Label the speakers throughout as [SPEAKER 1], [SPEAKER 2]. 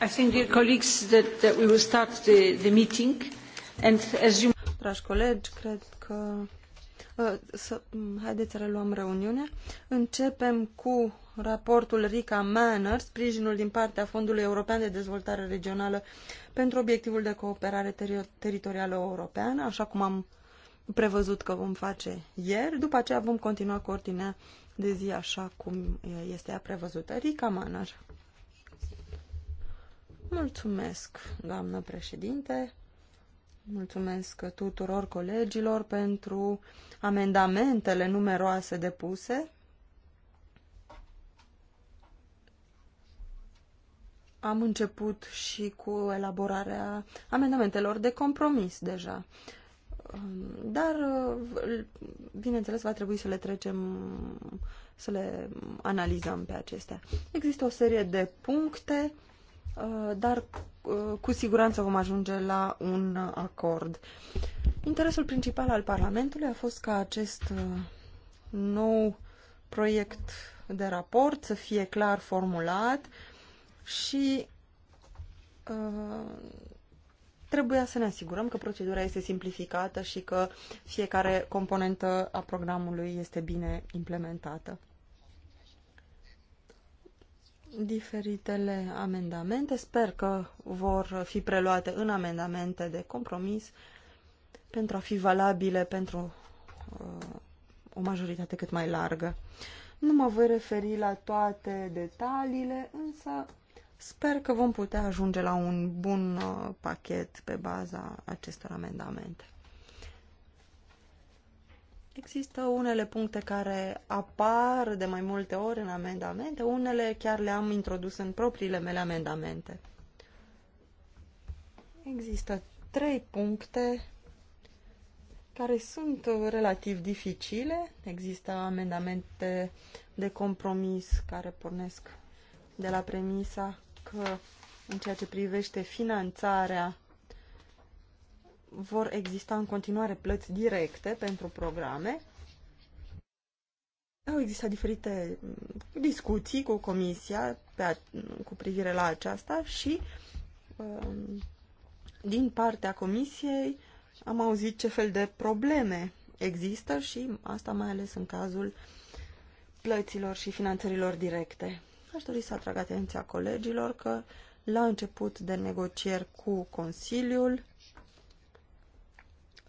[SPEAKER 1] I think, dear colleagues, that, that we will start the, the meeting. And as you... Dragi colegi, cred că ă, să, haideți să reluăm reuniunea. Începem cu raportul RICA Manner, sprijinul din partea Fondului European de Dezvoltare Regională pentru obiectivul de cooperare teri teritorială europeană, așa cum am prevăzut că vom face ieri. După aceea vom continua cu ordinea de zi așa cum este ea prevăzută. RICA Manner. Mulțumesc, doamnă președinte. Mulțumesc tuturor colegilor pentru amendamentele numeroase depuse. Am început și cu elaborarea amendamentelor de compromis deja. Dar, bineînțeles, va trebui să le trecem, să le analizăm pe acestea. Există o serie de puncte Uh, dar uh, cu siguranță vom ajunge la un acord. Interesul principal al Parlamentului a fost ca acest uh, nou proiect de raport să fie clar formulat și uh, trebuia să ne asigurăm că procedura este simplificată și că fiecare componentă a programului este bine implementată diferitele amendamente. Sper că vor fi preluate în amendamente de compromis pentru a fi valabile pentru uh, o majoritate cât mai largă. Nu mă voi referi la toate detaliile, însă sper că vom putea ajunge la un bun uh, pachet pe baza acestor amendamente. Există unele puncte care apar de mai multe ori în amendamente, unele chiar le-am introdus în propriile mele amendamente. Există trei puncte care sunt relativ dificile. Există amendamente de compromis care pornesc de la premisa că în ceea ce privește finanțarea vor exista în continuare plăți directe pentru programe. Au existat diferite mm, discuții cu Comisia pe a, cu privire la aceasta și um, din partea Comisiei am auzit ce fel de probleme există și asta mai ales în cazul plăților și finanțărilor directe. Aș dori să atrag atenția colegilor că la început de negocieri cu Consiliul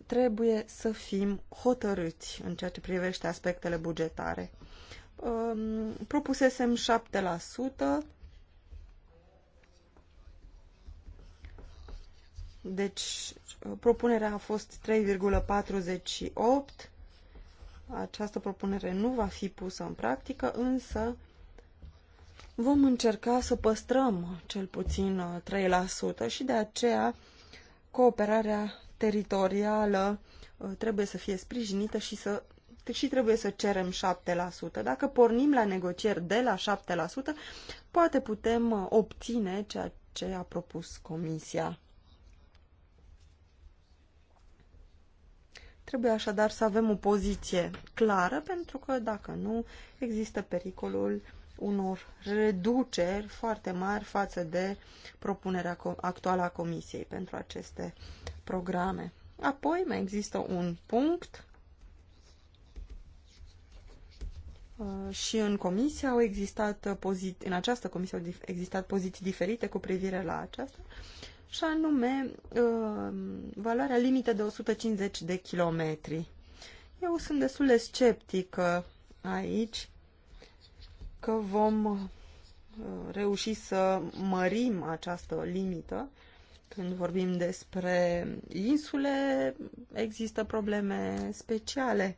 [SPEAKER 1] trebuie să fim hotărâți în ceea ce privește aspectele bugetare. Um, propusesem 7%, deci propunerea a fost 3,48%, această propunere nu va fi pusă în practică, însă vom încerca să păstrăm cel puțin 3% și de aceea cooperarea teritorială uh, trebuie să fie sprijinită și să și trebuie să cerem 7%. Dacă pornim la negocieri de la 7%, poate putem uh, obține ceea ce a propus Comisia. Trebuie așadar să avem o poziție clară, pentru că dacă nu, există pericolul unor reduceri foarte mari față de propunerea actuală a Comisiei pentru aceste programe. Apoi mai există un punct uh, și în comisie au existat pozit, în această comisie au existat poziții diferite cu privire la aceasta și anume uh, valoarea limită de 150 de kilometri. Eu sunt destul de sceptic aici că vom uh, reuși să mărim această limită. Când vorbim despre insule, există probleme speciale.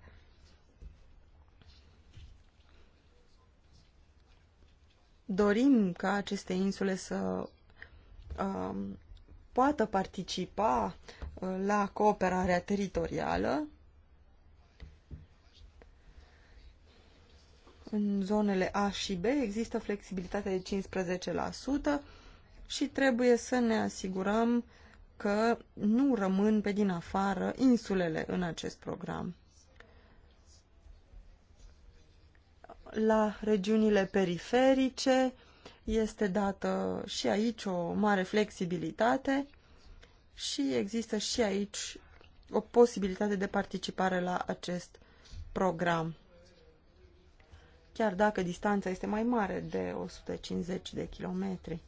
[SPEAKER 1] Dorim ca aceste insule să um, poată participa uh, la cooperarea teritorială, În zonele A și B există flexibilitate de 15% și trebuie să ne asigurăm că nu rămân pe din afară insulele în acest program. La regiunile periferice este dată și aici o mare flexibilitate și există și aici o posibilitate de participare la acest program chiar dacă distanța este mai mare de 150 de kilometri.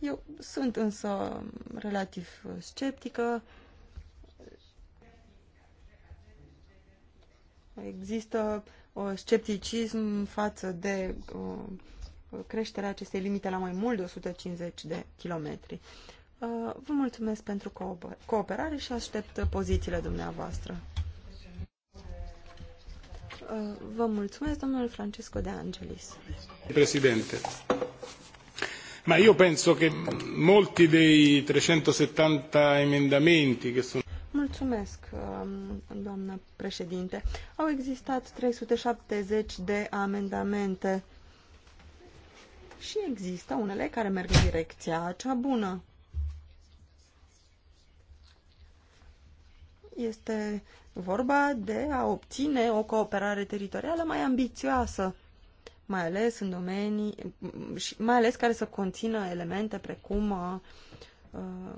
[SPEAKER 1] Eu sunt însă relativ sceptică. Există uh, scepticism față de uh, creșterea acestei limite la mai mult de 150 de kilometri. Uh, vă mulțumesc pentru cooperare și aștept pozițiile dumneavoastră. Uh, vă mulțumesc, domnul Francesco de Angelis. Președinte, ma io penso che molti dei 370 emendamenti che sono Mulțumesc, um, doamnă președinte. Au existat 370 de amendamente și există unele care merg în direcția cea bună. Este vorba de a obține o cooperare teritorială mai ambițioasă, mai ales în domenii, și mai ales care să conțină elemente precum uh, uh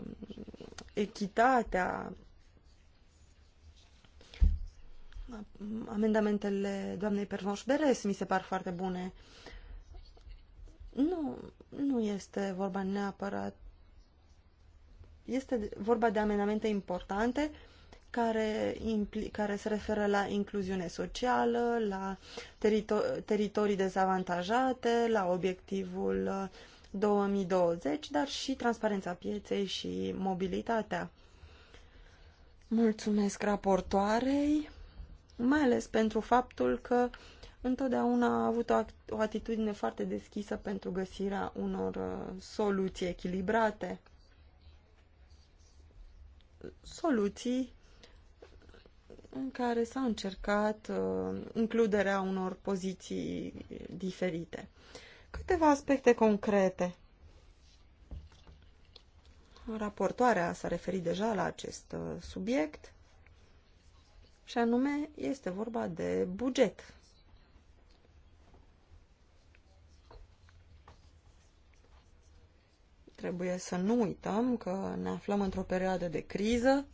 [SPEAKER 1] echitatea, amendamentele doamnei Pervanș Beres mi se par foarte bune. Nu, nu este vorba neapărat. Este vorba de amendamente importante care, care se referă la incluziune socială, la terito- teritorii dezavantajate, la obiectivul 2020, uh, dar și transparența pieței și mobilitatea. Mulțumesc raportoarei, mai ales pentru faptul că întotdeauna a avut o, o atitudine foarte deschisă pentru găsirea unor uh, soluții echilibrate. Soluții în care s-a încercat uh, includerea unor poziții diferite. Câteva aspecte concrete. Raportoarea s-a referit deja la acest uh, subiect și anume este vorba de buget. Trebuie să nu uităm că ne aflăm într-o perioadă de criză,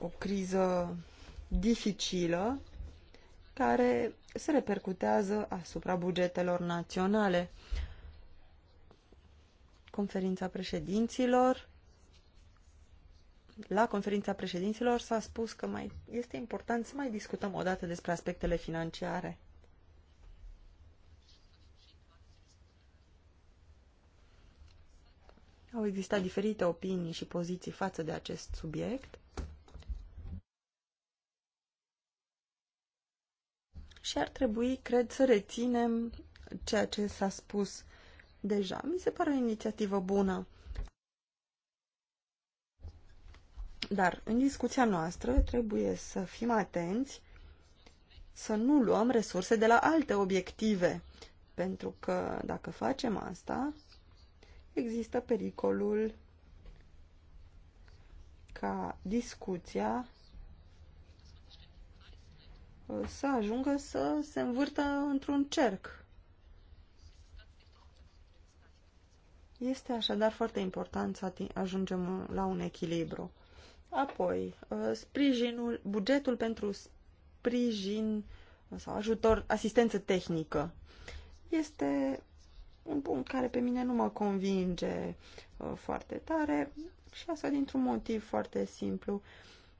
[SPEAKER 1] o criză dificilă care se repercutează asupra bugetelor naționale. Conferința președinților la conferința președinților s-a spus că mai este important să mai discutăm o dată despre aspectele financiare. Au existat diferite opinii și poziții față de acest subiect. și ar trebui, cred, să reținem ceea ce s-a spus deja. Mi se pare o inițiativă bună. Dar în discuția noastră trebuie să fim atenți să nu luăm resurse de la alte obiective, pentru că dacă facem asta, există pericolul ca discuția să ajungă să se învârtă într-un cerc. Este așadar foarte important să ajungem la un echilibru. Apoi, uh, sprijinul, bugetul pentru sprijin sau ajutor, asistență tehnică este un punct care pe mine nu mă convinge uh, foarte tare și asta dintr-un motiv foarte simplu.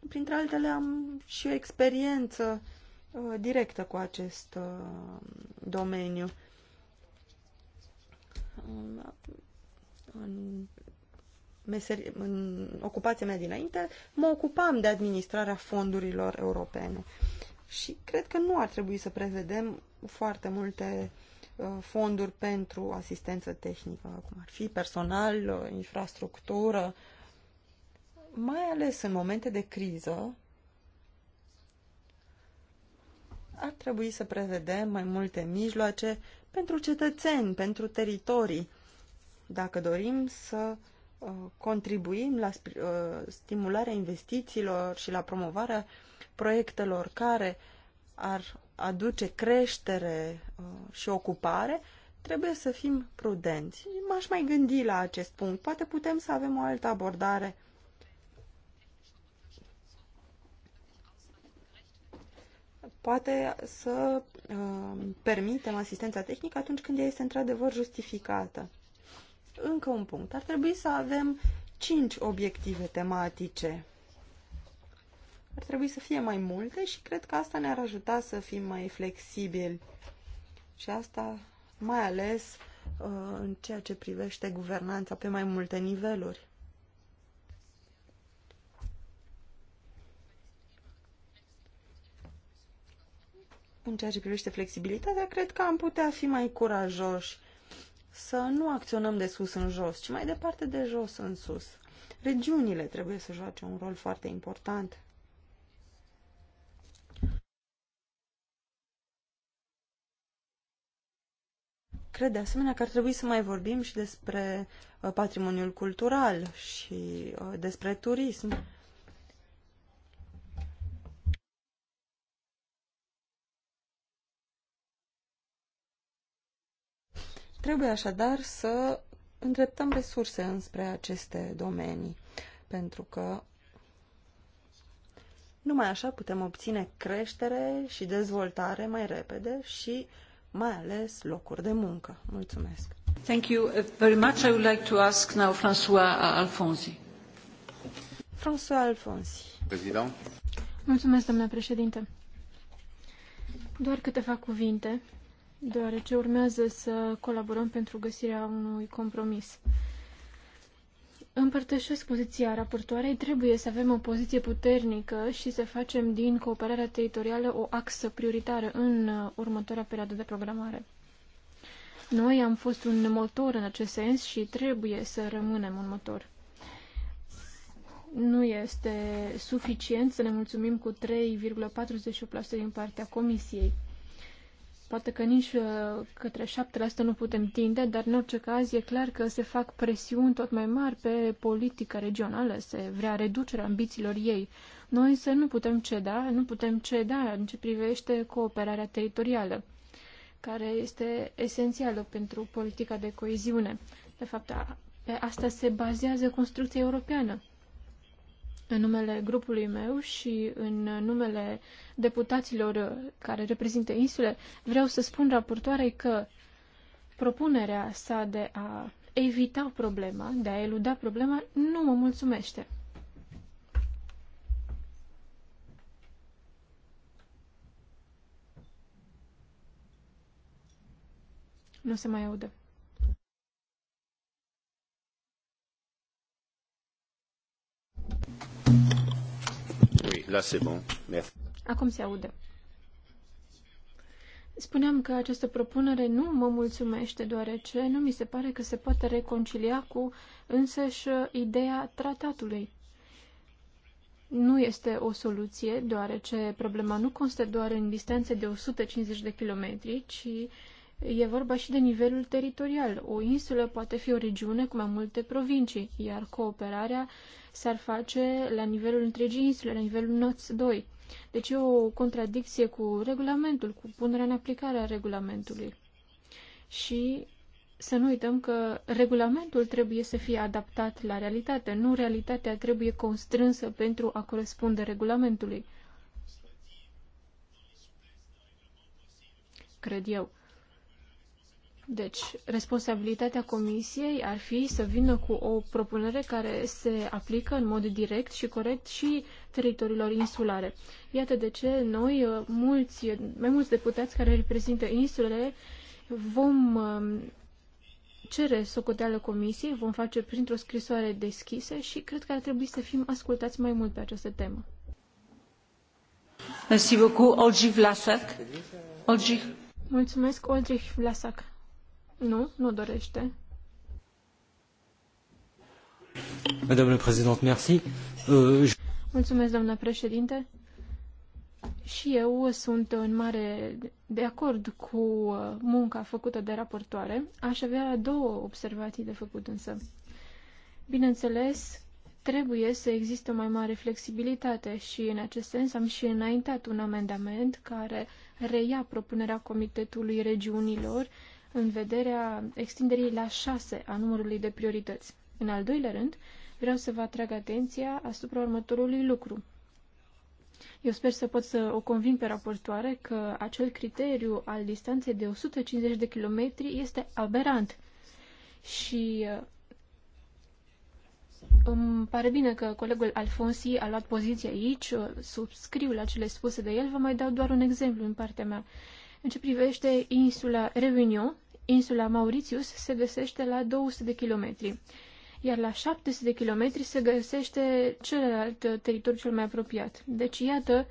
[SPEAKER 1] Printre altele am și o experiență uh, Uh, directă cu acest uh, domeniu. Um, în, meserie, în ocupația mea dinainte, mă ocupam de administrarea fondurilor europene. Și cred că nu ar trebui să prevedem foarte multe uh, fonduri pentru asistență tehnică, cum ar fi personal, infrastructură, mai ales în momente de criză, ar trebui să prevedem mai multe mijloace pentru cetățeni, pentru teritorii, dacă dorim să uh, contribuim la uh, stimularea investițiilor și la promovarea proiectelor care ar aduce creștere uh, și ocupare, trebuie să fim prudenți. M-aș mai gândi la acest punct. Poate putem să avem o altă abordare poate să uh, permitem asistența tehnică atunci când ea este într-adevăr justificată. Încă un punct. Ar trebui să avem cinci obiective tematice. Ar trebui să fie mai multe și cred că asta ne-ar ajuta să fim mai flexibili. Și asta mai ales uh, în ceea ce privește guvernanța pe mai multe niveluri. În ceea ce privește flexibilitatea, cred că am putea fi mai curajoși să nu acționăm de sus în jos, ci mai departe de jos în sus. Regiunile trebuie să joace un rol foarte important. Cred de asemenea că ar trebui să mai vorbim și despre uh, patrimoniul cultural și uh, despre turism Trebuie așadar să îndreptăm resurse înspre aceste domenii, pentru că numai așa putem obține creștere și dezvoltare mai repede și mai ales locuri de muncă. Mulțumesc!
[SPEAKER 2] Thank you very much. I would like to ask now François Alfonsi. François Alfonsi. President. Mulțumesc, domnule președinte. Doar câteva cuvinte deoarece urmează să colaborăm pentru găsirea unui compromis. Împărtășesc poziția raportoarei, trebuie să avem o poziție puternică și să facem din cooperarea teritorială o axă prioritară în uh, următoarea perioadă de programare. Noi am fost un motor în acest sens și trebuie să rămânem un motor. Nu este suficient să ne mulțumim cu 3,48% din partea Comisiei. Poate că nici uh, către 7% nu putem tinde, dar în orice caz e clar că se fac presiuni tot mai mari pe politica regională, se vrea reducerea ambițiilor ei. Noi să nu putem ceda, nu putem ceda în ce privește cooperarea teritorială, care este esențială pentru politica de coeziune. De fapt, pe asta se bazează construcția europeană în numele grupului meu și în numele deputaților care reprezintă insule, vreau să spun raportoarei că propunerea sa de a evita problema, de a eluda problema, nu mă mulțumește. Nu se mai audă. Acum se aude. Spuneam că această propunere nu mă mulțumește, deoarece nu mi se pare că se poate reconcilia cu însăși ideea tratatului. Nu este o soluție, deoarece problema nu constă doar în distanțe de 150 de kilometri, ci E vorba și de nivelul teritorial. O insulă poate fi o regiune cu mai multe provincii, iar cooperarea s-ar face la nivelul întregii insule, la nivelul NOTS 2. Deci e o contradicție cu regulamentul, cu punerea în aplicare a regulamentului. Și să nu uităm că regulamentul trebuie să fie adaptat la realitate, nu realitatea trebuie constrânsă pentru a corespunde regulamentului. Cred eu. Deci, responsabilitatea comisiei ar fi să vină cu o propunere care se aplică în mod direct și corect și teritoriilor insulare. Iată de ce noi, uh, mulți, mai mulți deputați care reprezintă insulele, vom um, cere socoteală comisiei, vom face printr-o scrisoare deschisă și cred că ar trebui să fim ascultați mai mult pe această temă. Mulțumesc, Oldrich Vlasac. Mulțumesc, Olgi Vlasac. Nu, nu dorește. Madame la Présidente, merci. Uh, Mulțumesc, doamnă președinte. Și eu sunt în mare de acord cu uh, munca făcută de raportoare. Aș avea două observații de făcut însă. Bineînțeles, trebuie să existe o mai mare flexibilitate și în acest sens am și înaintat un amendament care reia propunerea Comitetului Regiunilor în vederea extinderii la șase a numărului de priorități. În al doilea rând, vreau să vă atrag atenția asupra următorului lucru. Eu sper să pot să o convin pe raportoare că acel criteriu al distanței de 150 de kilometri este aberant și uh, îmi pare bine că colegul Alfonsi a luat poziția aici, uh, subscriu la cele spuse de el, vă mai dau doar un exemplu în partea mea. În ce privește insula Reunion, Insula Mauritius se găsește la 200 de kilometri, iar la 700 de kilometri se găsește celălalt teritoriu cel mai apropiat. Deci, iată,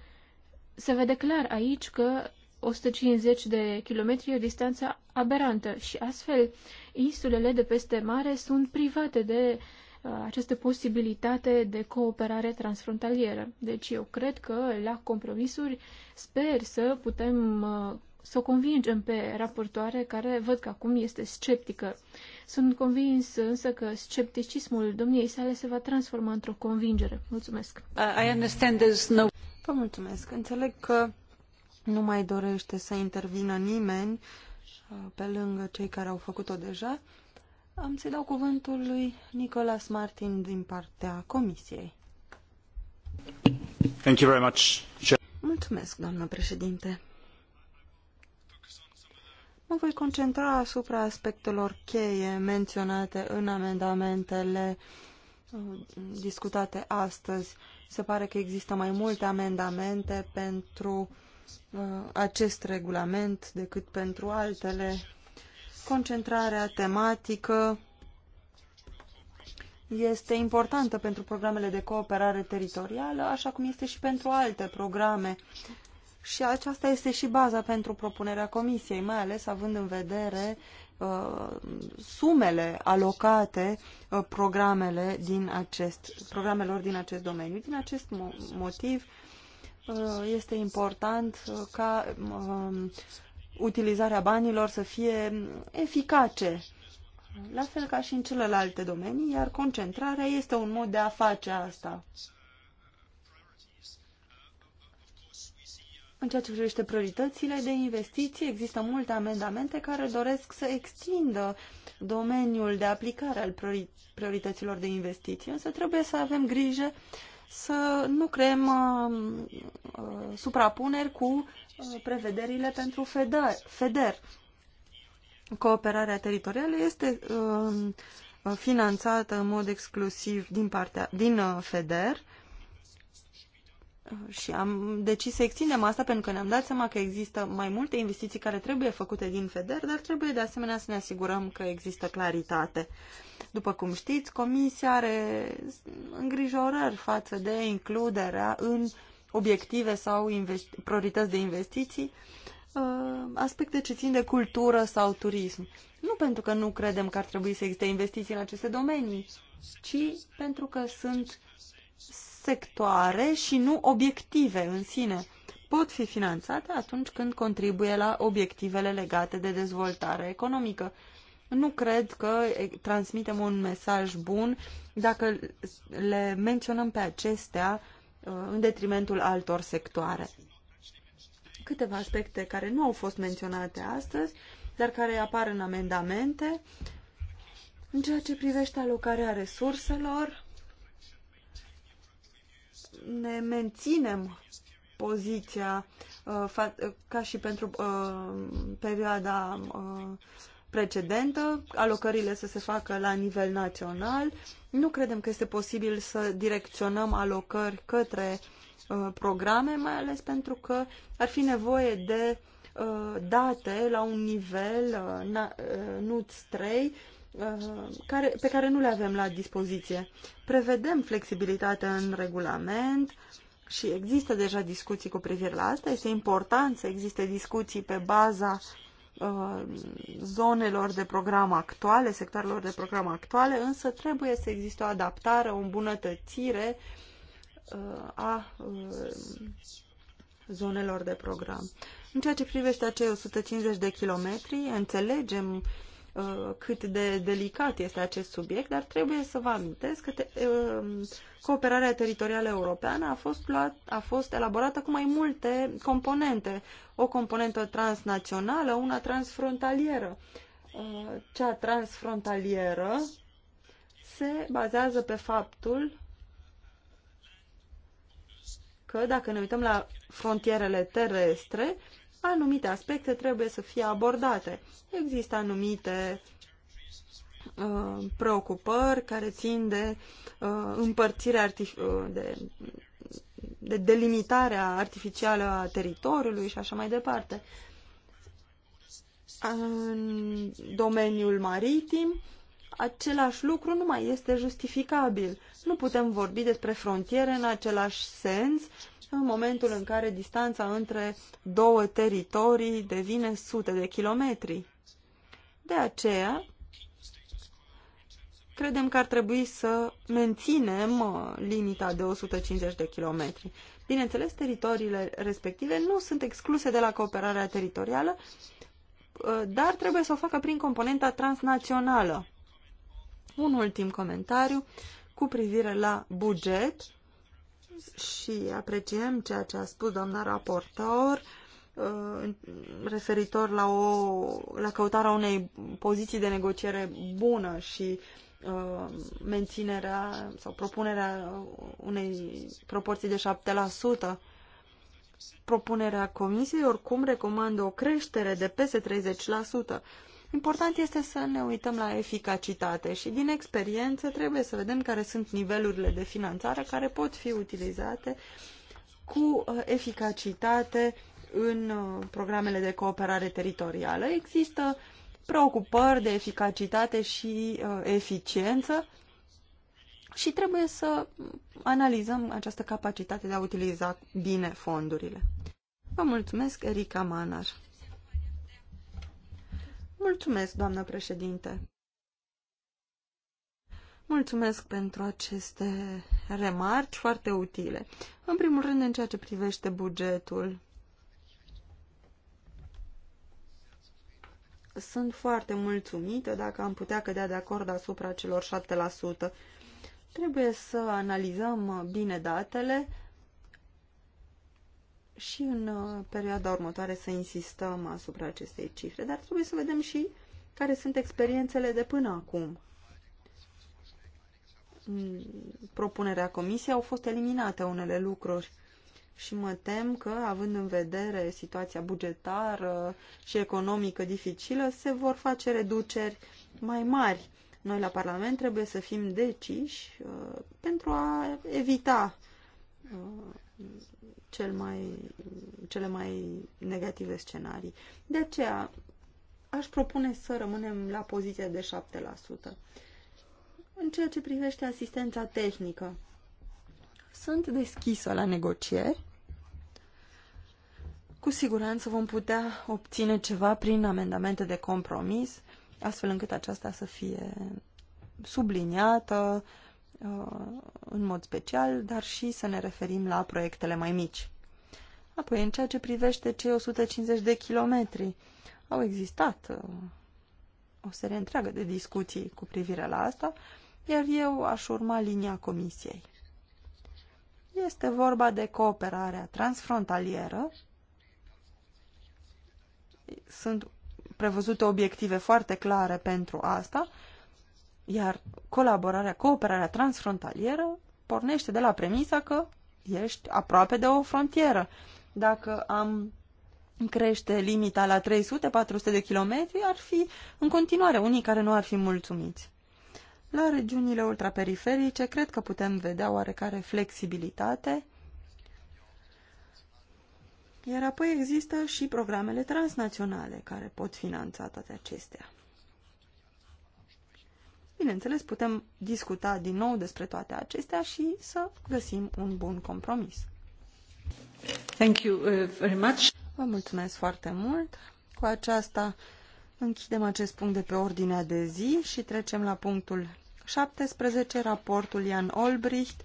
[SPEAKER 2] se vede clar aici că 150 de kilometri e o distanță aberantă și astfel insulele de peste mare sunt private de uh, această posibilitate de cooperare transfrontalieră. Deci eu cred că la compromisuri sper să putem uh, să o convingem pe raportoare care văd că acum este sceptică. Sunt convins însă că scepticismul domniei sale se va transforma într-o convingere. Mulțumesc.
[SPEAKER 3] Uh, I understand there's no...
[SPEAKER 2] Vă mulțumesc. Înțeleg
[SPEAKER 1] că nu mai dorește să intervină nimeni uh, pe lângă cei care au făcut-o deja. Am să-i dau cuvântul lui Nicolas Martin din partea Comisiei.
[SPEAKER 3] Thank you very much.
[SPEAKER 1] Mulțumesc, doamnă președinte. Mă voi concentra asupra aspectelor cheie menționate în amendamentele uh, discutate astăzi. Se pare că există mai multe amendamente pentru uh, acest regulament decât pentru altele. Concentrarea tematică este importantă pentru programele de cooperare teritorială, așa cum este și pentru alte programe. Și aceasta este și baza pentru propunerea Comisiei, mai ales având în vedere uh, sumele alocate uh, programele din acest, programelor din acest domeniu. Din acest mo motiv uh, este important uh, ca um, utilizarea banilor să fie eficace, la fel ca și în celelalte domenii, iar concentrarea este un mod de a face asta. În ceea ce privește prioritățile de investiții, există multe amendamente care doresc să extindă domeniul de aplicare al priori priorităților de investiții, însă trebuie să avem grijă să nu creăm uh, uh, suprapuneri cu uh, prevederile pentru FEDER. FEDER. Cooperarea teritorială este um, finanțată în mod exclusiv din, partea, din uh, FEDER Uh, și am decis să extindem asta pentru că ne-am dat seama că există mai multe investiții care trebuie făcute din FEDER, dar trebuie de asemenea să ne asigurăm că există claritate. După cum știți, Comisia are îngrijorări față de includerea în obiective sau priorități de investiții uh, aspecte ce țin de cultură sau turism. Nu pentru că nu credem că ar trebui să existe investiții în aceste domenii, ci pentru că sunt sectoare și nu obiective în sine. Pot fi finanțate atunci când contribuie la obiectivele legate de dezvoltare economică. Nu cred că transmitem un mesaj bun dacă le menționăm pe acestea uh, în detrimentul altor sectoare. Câteva aspecte care nu au fost menționate astăzi, dar care apar în amendamente, în ceea ce privește alocarea resurselor, ne menținem poziția uh, uh, ca și pentru uh, perioada precedentă, alocările să se facă la nivel național. Nu credem că este posibil să direcționăm alocări către programe, mai ales pentru că ar fi nevoie de date la un nivel NUTS 3 Uh, care, pe care nu le avem la dispoziție. Prevedem flexibilitate în regulament și există deja discuții cu privire la asta. Este important să existe discuții pe baza uh, zonelor de program actuale, sectoarelor de program actuale, însă trebuie să existe o adaptare, o îmbunătățire uh, a zonelor de program. În ceea ce privește acei 150 de kilometri, înțelegem Uh, cât de delicat este acest subiect, dar trebuie să vă amintesc că te, uh, cooperarea teritorială europeană a fost, luat, a fost elaborată cu mai multe componente. O componentă transnațională, una transfrontalieră. Uh, cea transfrontalieră se bazează pe faptul că dacă ne uităm la frontierele terestre, anumite aspecte trebuie să fie abordate. Există anumite uh, preocupări care țin de uh, împărțirea uh, de, de delimitarea artificială a teritoriului și așa mai departe. În domeniul maritim, același lucru nu mai este justificabil. Nu putem vorbi despre frontiere în același sens în momentul în care distanța între două teritorii devine sute de kilometri. De aceea, credem că ar trebui să menținem uh, limita de 150 de kilometri. Bineînțeles, teritoriile respective nu sunt excluse de la cooperarea teritorială, uh, dar trebuie să o facă prin componenta transnațională. Un ultim comentariu cu privire la buget și apreciem ceea ce a spus doamna raportor uh, referitor la, o, la căutarea unei poziții de negociere bună și uh, menținerea sau propunerea unei proporții de 7%. Propunerea Comisiei oricum recomandă o creștere de peste 30%. Important este să ne uităm la eficacitate și din experiență trebuie să vedem care sunt nivelurile de finanțare care pot fi utilizate cu uh, eficacitate în uh, programele de cooperare teritorială. Există preocupări de eficacitate și uh, eficiență și trebuie să analizăm această capacitate de a utiliza bine fondurile. Vă mulțumesc, Erika Manar. Mulțumesc, doamnă președinte. Mulțumesc pentru aceste remarci foarte utile. În primul rând, în ceea ce privește bugetul, sunt foarte mulțumită dacă am putea cădea de acord asupra celor 7%. Trebuie să analizăm bine datele, și în uh, perioada următoare să insistăm asupra acestei cifre, dar trebuie să vedem și care sunt experiențele de până acum. Mm, propunerea comisiei au fost eliminate unele lucruri și mă tem că, având în vedere situația bugetară și economică dificilă, se vor face reduceri mai mari. Noi la Parlament trebuie să fim deciși uh, pentru a evita uh, cel mai, cele mai negative scenarii. De aceea, aș propune să rămânem la poziția de 7%. În ceea ce privește asistența tehnică, sunt deschisă la negocieri. Cu siguranță vom putea obține ceva prin amendamente de compromis, astfel încât aceasta să fie subliniată, Uh, în mod special, dar și să ne referim la proiectele mai mici. Apoi, în ceea ce privește cei 150 de kilometri, au existat uh, o serie întreagă de discuții cu privire la asta, iar eu aș urma linia comisiei. Este vorba de cooperarea transfrontalieră. Sunt prevăzute obiective foarte clare pentru asta iar colaborarea, cooperarea transfrontalieră pornește de la premisa că ești aproape de o frontieră. Dacă am crește limita la 300-400 de kilometri, ar fi în continuare unii care nu ar fi mulțumiți. La regiunile ultraperiferice cred că putem vedea oarecare flexibilitate, iar apoi există și programele transnaționale care pot finanța toate acestea. Bineînțeles, putem discuta din nou despre toate acestea și să găsim un bun compromis. Thank you uh, very much. Vă mulțumesc foarte mult. Cu aceasta închidem acest punct de pe ordinea de zi și trecem la punctul 17, raportul Ian Olbricht,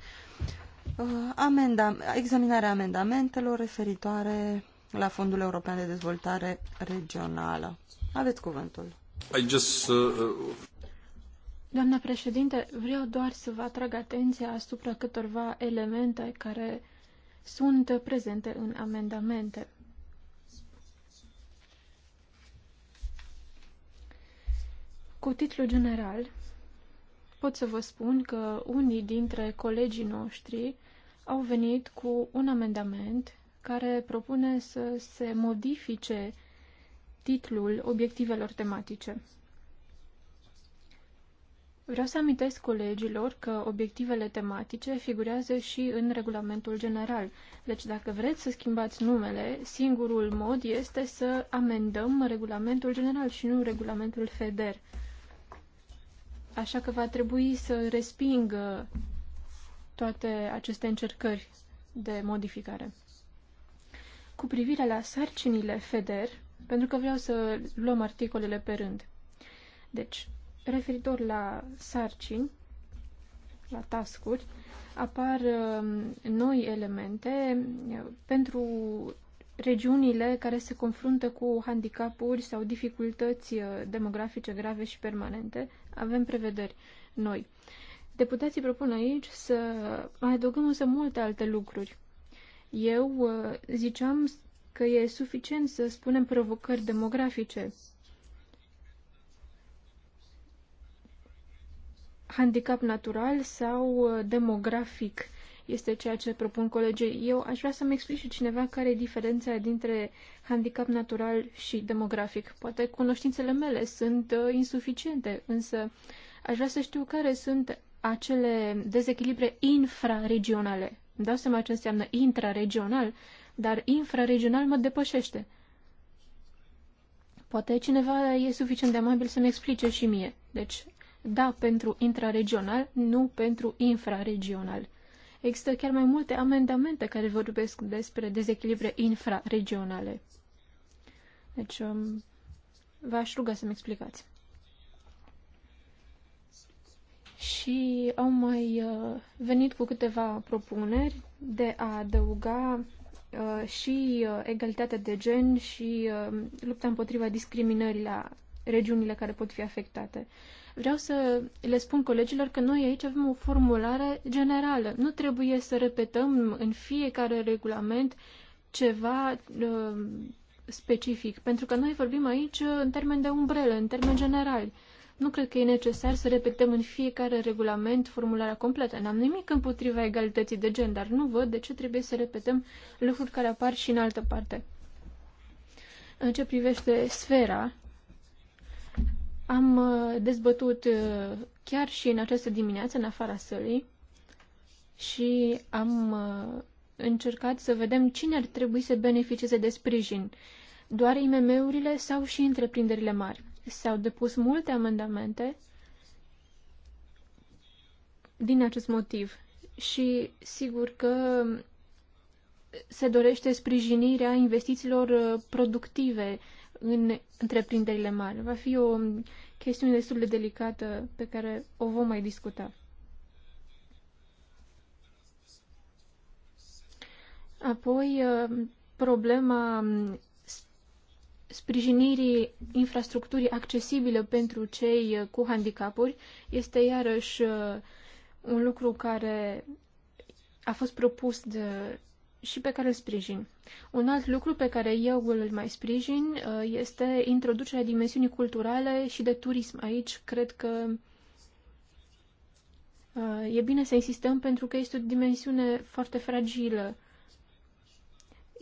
[SPEAKER 1] uh, amenda, examinarea amendamentelor referitoare la Fondul European de Dezvoltare Regională. Aveți cuvântul. I
[SPEAKER 3] just, uh, uh
[SPEAKER 2] Doamna președinte, vreau doar să vă atrag atenția asupra câtorva elemente care sunt prezente în amendamente. Cu titlu general, pot să vă spun că unii dintre colegii noștri au venit cu un amendament care propune să se modifice titlul obiectivelor tematice. Vreau să amintesc colegilor că obiectivele tematice figurează și în regulamentul general. Deci dacă vreți să schimbați numele, singurul mod este să amendăm regulamentul general și nu regulamentul FEDER. Așa că va trebui să resping toate aceste încercări de modificare. Cu privire la sarcinile FEDER, pentru că vreau să luăm articolele pe rând. Deci, Referitor la sarcini, la tascuri, apar um, noi elemente uh, pentru regiunile care se confruntă cu handicapuri sau dificultăți uh, demografice grave și permanente. Avem prevederi noi. Deputații propun aici să mai adăugăm însă multe alte lucruri. Eu uh, ziceam că e suficient să spunem provocări demografice, handicap natural sau uh, demografic. Este ceea ce propun colegii. Eu aș vrea să-mi explice cineva care e diferența dintre handicap natural și demografic. Poate cunoștințele mele sunt uh, insuficiente, însă aș vrea să știu care sunt acele dezechilibre infraregionale. Îmi dau seama ce înseamnă intraregional, dar infraregional mă depășește. Poate cineva e suficient de amabil să-mi explice și mie. Deci da pentru intraregional, nu pentru infraregional. Există chiar mai multe amendamente care vorbesc despre dezechilibre infraregionale. Deci, um, v-aș ruga să-mi explicați. Și au mai uh, venit cu câteva propuneri de a adăuga uh, și uh, egalitatea de gen și lupta împotriva discriminării la regiunile care pot fi afectate. Vreau să le spun colegilor că noi aici avem o formulare generală. Nu trebuie să repetăm în fiecare regulament ceva uh, specific, pentru că noi vorbim aici în termen de umbrelă, în termen general. Nu cred că e necesar să repetăm în fiecare regulament formularea completă. N-am nimic împotriva egalității de gen, dar nu văd de ce trebuie să repetăm lucruri care apar și în altă parte. În ce privește sfera am uh, dezbătut uh, chiar și în această dimineață, în afara sălii, și am uh, încercat să vedem cine ar trebui să beneficieze de sprijin, doar IMM-urile sau și întreprinderile mari. S-au depus multe amendamente din acest motiv și sigur că se dorește sprijinirea investițiilor productive, în întreprinderile mari. Va fi o chestiune destul de delicată pe care o vom mai discuta. Apoi, uh, problema um, sprijinirii infrastructurii accesibile pentru cei uh, cu handicapuri este iarăși uh, un lucru care a fost propus de și pe care îl sprijin. Un alt lucru pe care eu îl mai sprijin uh, este introducerea dimensiunii culturale și de turism. Aici cred că uh, e bine să insistăm pentru că este o dimensiune foarte fragilă.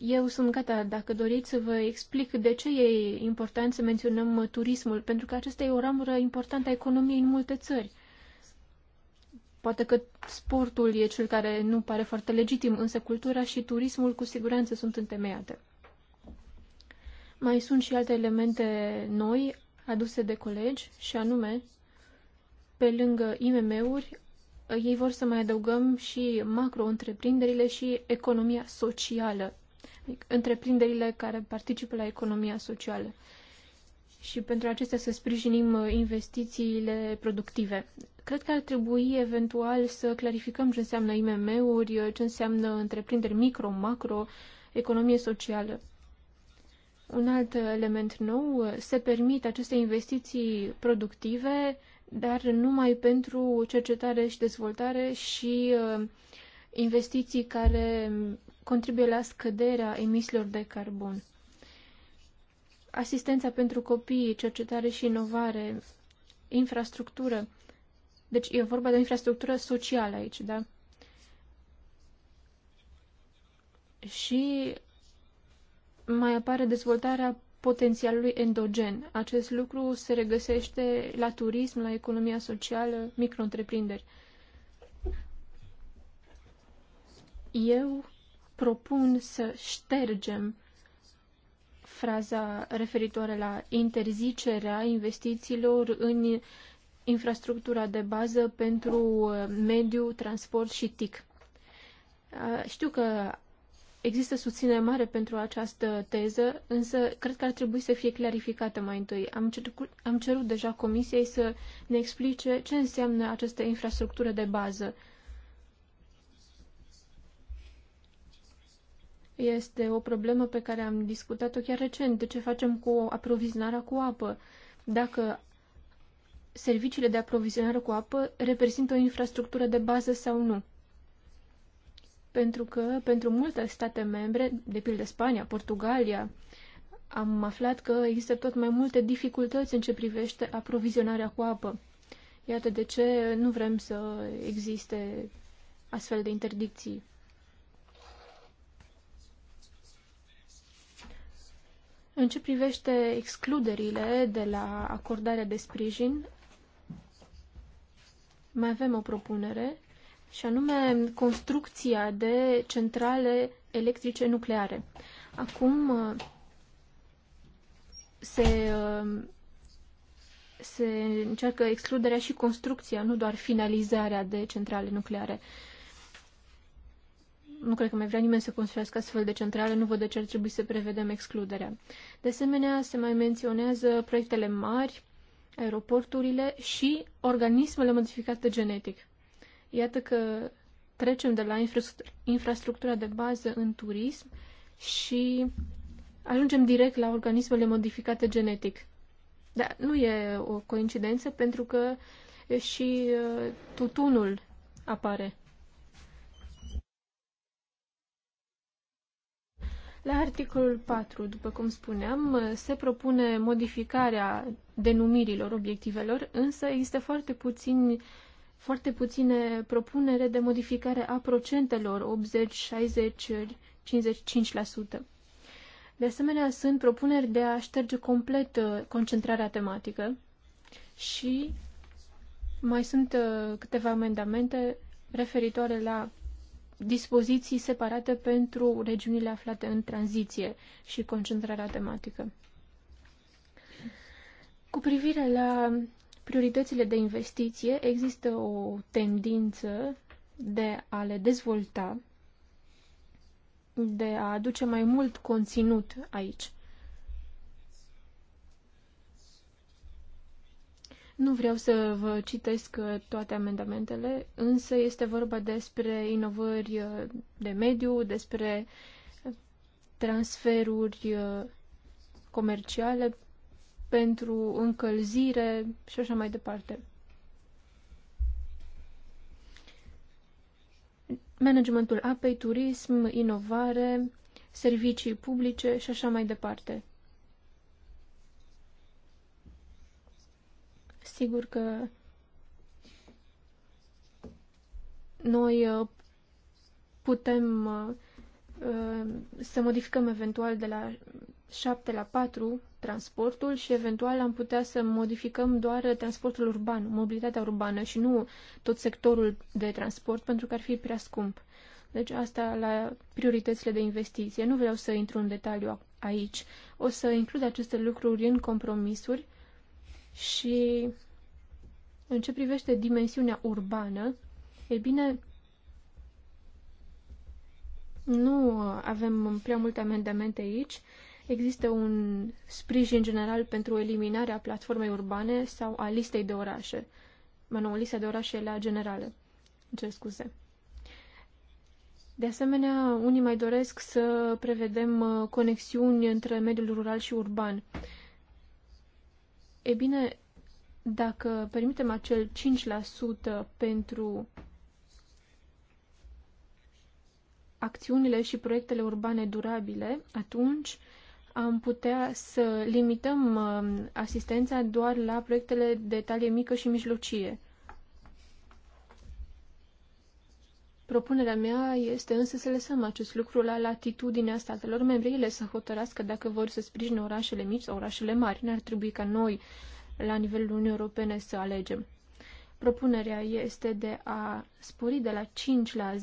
[SPEAKER 2] Eu sunt gata, dacă doriți, să vă explic de ce e important să menționăm turismul, pentru că acesta e o ramură importantă a economiei în multe țări. Poate că sportul e cel care nu pare foarte legitim, însă cultura și turismul cu siguranță sunt întemeiate. Mai sunt și alte elemente noi aduse de colegi și anume, pe lângă IMM-uri, ei vor să mai adăugăm și macro-întreprinderile și economia socială, adică întreprinderile care participă la economia socială și pentru acestea să sprijinim uh, investițiile productive. Cred că ar trebui eventual să clarificăm ce înseamnă IMM-uri, uh, ce înseamnă întreprinderi micro, macro, economie socială. Un alt element nou, uh, se permit aceste investiții productive, dar numai pentru cercetare și dezvoltare și investiții care contribuie la scăderea emisiilor de carbon asistența pentru copii, cercetare și inovare, infrastructură. Deci e vorba de o infrastructură socială aici, da? Și mai apare dezvoltarea potențialului endogen. Acest lucru se regăsește la turism, la economia socială, micro Eu propun să ștergem fraza referitoare la interzicerea investițiilor în infrastructura de bază pentru uh, mediu, transport și TIC. Uh, știu că există susținere mare pentru această teză, însă cred că ar trebui să fie clarificată mai întâi. Am cerut, am cerut deja Comisiei să ne explice ce înseamnă această infrastructură de bază Este o problemă pe care am discutat-o chiar recent. ce facem cu aprovizionarea cu apă? Dacă serviciile de aprovizionare cu apă reprezintă o infrastructură de bază sau nu. Pentru că pentru multe state membre, de pildă Spania, Portugalia, am aflat că există tot mai multe dificultăți în ce privește aprovizionarea cu apă. Iată de ce nu vrem să existe astfel de interdicții. În ce privește excluderile de la acordarea de sprijin, mai avem o propunere și anume construcția de centrale electrice nucleare. Acum uh, se, uh, se încearcă excluderea și construcția, nu doar finalizarea de centrale nucleare. Uh, nu cred că mai vrea nimeni să construiască astfel de centrale, nu văd de ce ar trebui să prevedem excluderea. De asemenea, se mai menționează proiectele mari, aeroporturile și organismele modificate genetic. Iată că trecem de la infrastructura de bază în turism și ajungem direct la organismele modificate genetic. Dar nu e o coincidență pentru că și uh, tutunul apare La articolul 4, după cum spuneam, se propune modificarea denumirilor obiectivelor, însă există foarte puțin foarte puține propunere de modificare a procentelor 80, 60, 55%. De asemenea, sunt propuneri de a șterge complet uh, concentrarea tematică și mai sunt uh, câteva amendamente referitoare la dispoziții separate pentru regiunile aflate în tranziție și concentrarea tematică. Cu privire la prioritățile de investiție, există o tendință de a le dezvolta, de a aduce mai mult conținut aici. Nu vreau să vă citesc uh, toate amendamentele, însă este vorba despre inovări uh, de mediu, despre uh, transferuri comerciale pentru încălzire și așa mai departe. Managementul apei, turism, inovare, servicii publice și așa mai departe. Sigur că noi uh, putem uh, să modificăm eventual de la 7 la 4 transportul și eventual am putea să modificăm doar transportul urban, mobilitatea urbană și nu tot sectorul de transport pentru că ar fi prea scump. Deci asta la prioritățile de investiție. Nu vreau să intru în detaliu aici. O să includ aceste lucruri în compromisuri și în ce privește dimensiunea urbană, e bine, nu avem prea multe amendamente aici. Există un sprijin general pentru eliminarea platformei urbane sau a listei de orașe. Mă nu, lista de orașe la generală. Ce scuze. De asemenea, unii mai doresc să prevedem uh, conexiuni între mediul rural și urban. E bine, dacă permitem acel 5% pentru acțiunile și proiectele urbane durabile, atunci am putea să limităm uh, asistența doar la proiectele de talie mică și mijlocie. Propunerea mea este însă să lăsăm acest lucru la latitudinea statelor membre. Ele să hotărască dacă vor să sprijine orașele mici sau orașele mari. N-ar trebui ca noi, la nivelul Uniunii Europene, să alegem. Propunerea este de a spori de la 5 la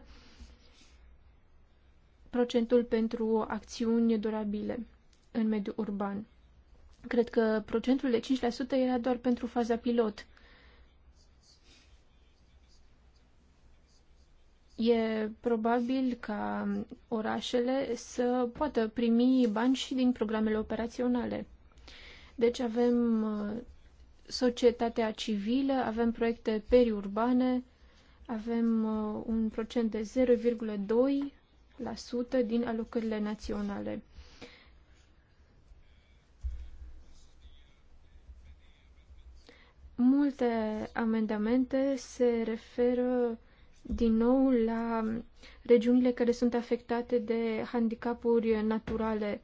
[SPEAKER 2] 10% procentul pentru acțiuni durabile în mediul urban. Cred că procentul de 5% era doar pentru faza pilot. e probabil ca orașele să poată primi bani și din programele operaționale. Deci avem uh, societatea civilă, avem proiecte periurbane, avem uh, un procent de 0,2% din alocările naționale. Multe amendamente se referă din nou la regiunile care sunt afectate de handicapuri naturale.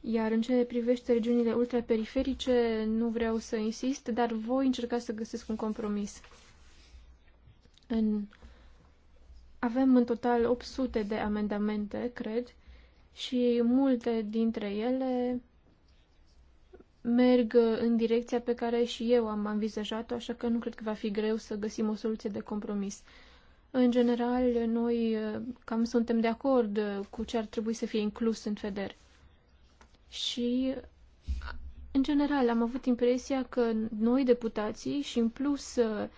[SPEAKER 2] Iar în ce privește regiunile ultraperiferice, nu vreau să insist, dar voi încerca să găsesc un compromis. În... Avem în total 800 de amendamente, cred, și multe dintre ele merg în direcția pe care și eu am învizajat-o, așa că nu cred că va fi greu să găsim o soluție de compromis. În general, noi uh, cam suntem de acord uh, cu ce ar trebui să fie inclus în FEDER. Și, în general, am avut impresia că noi, deputații, și în plus uh,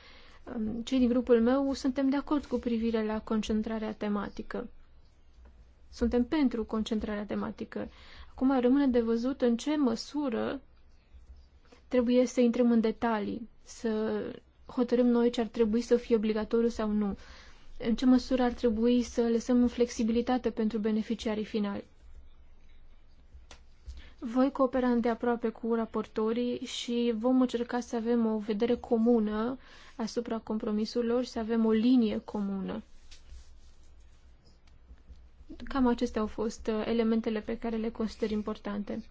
[SPEAKER 2] um, cei din grupul meu, suntem de acord cu privire la concentrarea tematică. Suntem pentru concentrarea tematică. Acum rămâne de văzut în ce măsură trebuie să intrăm în detalii, să hotărâm noi ce ar trebui să fie obligatoriu sau nu în ce măsură ar trebui să lăsăm în flexibilitate pentru beneficiarii finali. Voi coopera îndeaproape cu raportorii și vom încerca să avem o vedere comună asupra compromisurilor și să avem o linie comună. Cam acestea au fost uh, elementele pe care le consider importante.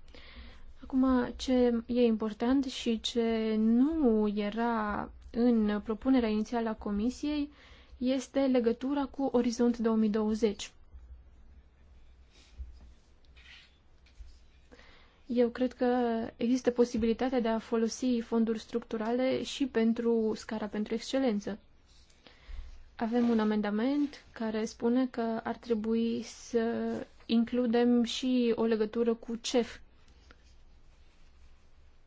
[SPEAKER 2] Acum, ce e important și ce nu era în propunerea inițială a Comisiei, uh, este legătura cu Orizont 2020. Eu cred că există posibilitatea de a folosi fonduri structurale și pentru scara pentru excelență. Avem un amendament care spune că ar trebui să includem și o legătură cu CEF,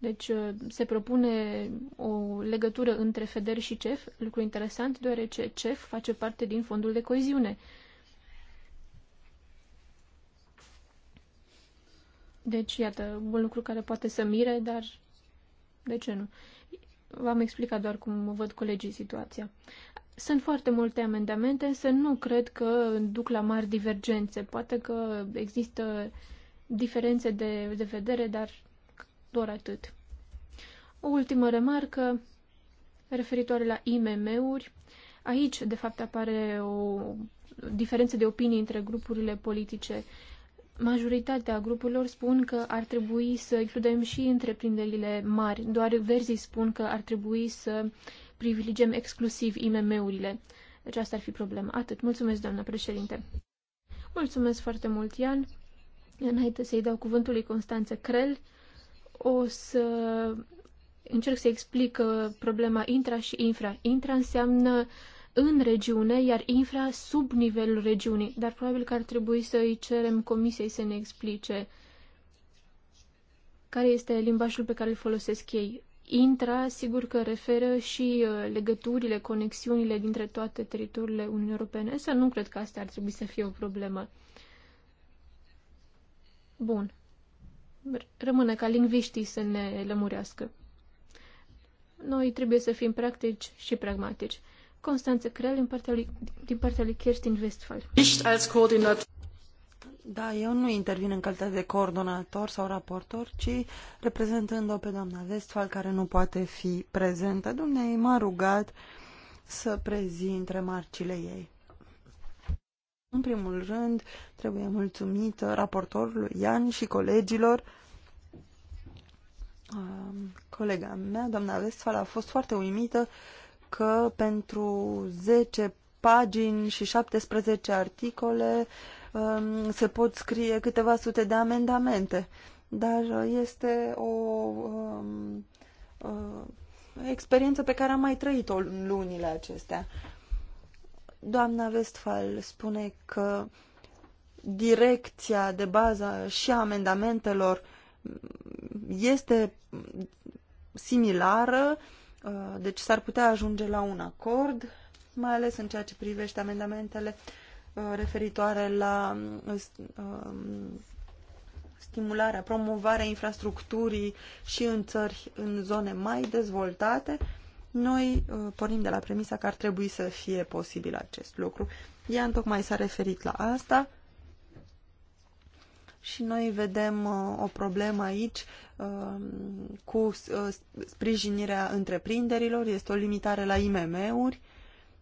[SPEAKER 2] deci uh, se propune o legătură între FEDER și CEF, lucru interesant, deoarece CEF face parte din fondul de coeziune. Deci, iată, un lucru care poate să mire, dar de ce nu? V-am explicat doar cum văd colegii situația. Sunt foarte multe amendamente, însă nu cred că duc la mari divergențe. Poate că există diferențe de, de vedere, dar doar atât. O ultimă remarcă referitoare la IMM-uri. Aici, de fapt, apare o diferență de opinie între grupurile politice. Majoritatea grupurilor spun că ar trebui să includem și întreprinderile mari, doar verzii spun că ar trebui să privilegiem exclusiv IMM-urile. Deci asta ar fi problema. Atât. Mulțumesc, doamna președinte. Mulțumesc foarte mult, Ian. Înainte să-i dau cuvântul lui Constanță Crel, o să încerc să explic uh, problema intra și infra. Intra înseamnă în regiune, iar infra sub nivelul regiunii. Dar probabil că ar trebui să îi cerem comisiei să ne explice care este limbajul pe care îl folosesc ei. Intra, sigur că referă și uh, legăturile, conexiunile dintre toate teritoriile Uniunii Europene, să nu cred că asta ar trebui să fie o problemă. Bun rămâne ca lingviștii să ne lămurească. Noi trebuie să fim practici și pragmatici. Constanță Crel din partea lui, din partea lui Kirsten Westphal. Da, eu nu intervin
[SPEAKER 1] în calitate de coordonator sau raportor, ci reprezentând-o pe doamna Westphal, care nu poate fi prezentă. Dumnezeu m-a rugat să prezint remarcile ei. În primul rând, trebuie mulțumită raportorului Ian și colegilor. Um, colega mea, doamna Westphal, a fost foarte uimită că pentru 10 pagini și 17 articole um, se pot scrie câteva sute de amendamente. Dar este o um, uh, experiență pe care am mai trăit-o în lunile acestea. Doamna Westphal spune că direcția de bază și a amendamentelor este similară, uh, deci s-ar putea ajunge la un acord, mai ales în ceea ce privește amendamentele uh, referitoare la um, stimularea, promovarea infrastructurii și în țări, în zone mai dezvoltate, noi uh, pornim de la premisa că ar trebui să fie posibil acest lucru. Ea întocmai s-a referit la asta și noi vedem uh, o problemă aici uh, cu sprijinirea întreprinderilor, este o limitare la IMM-uri.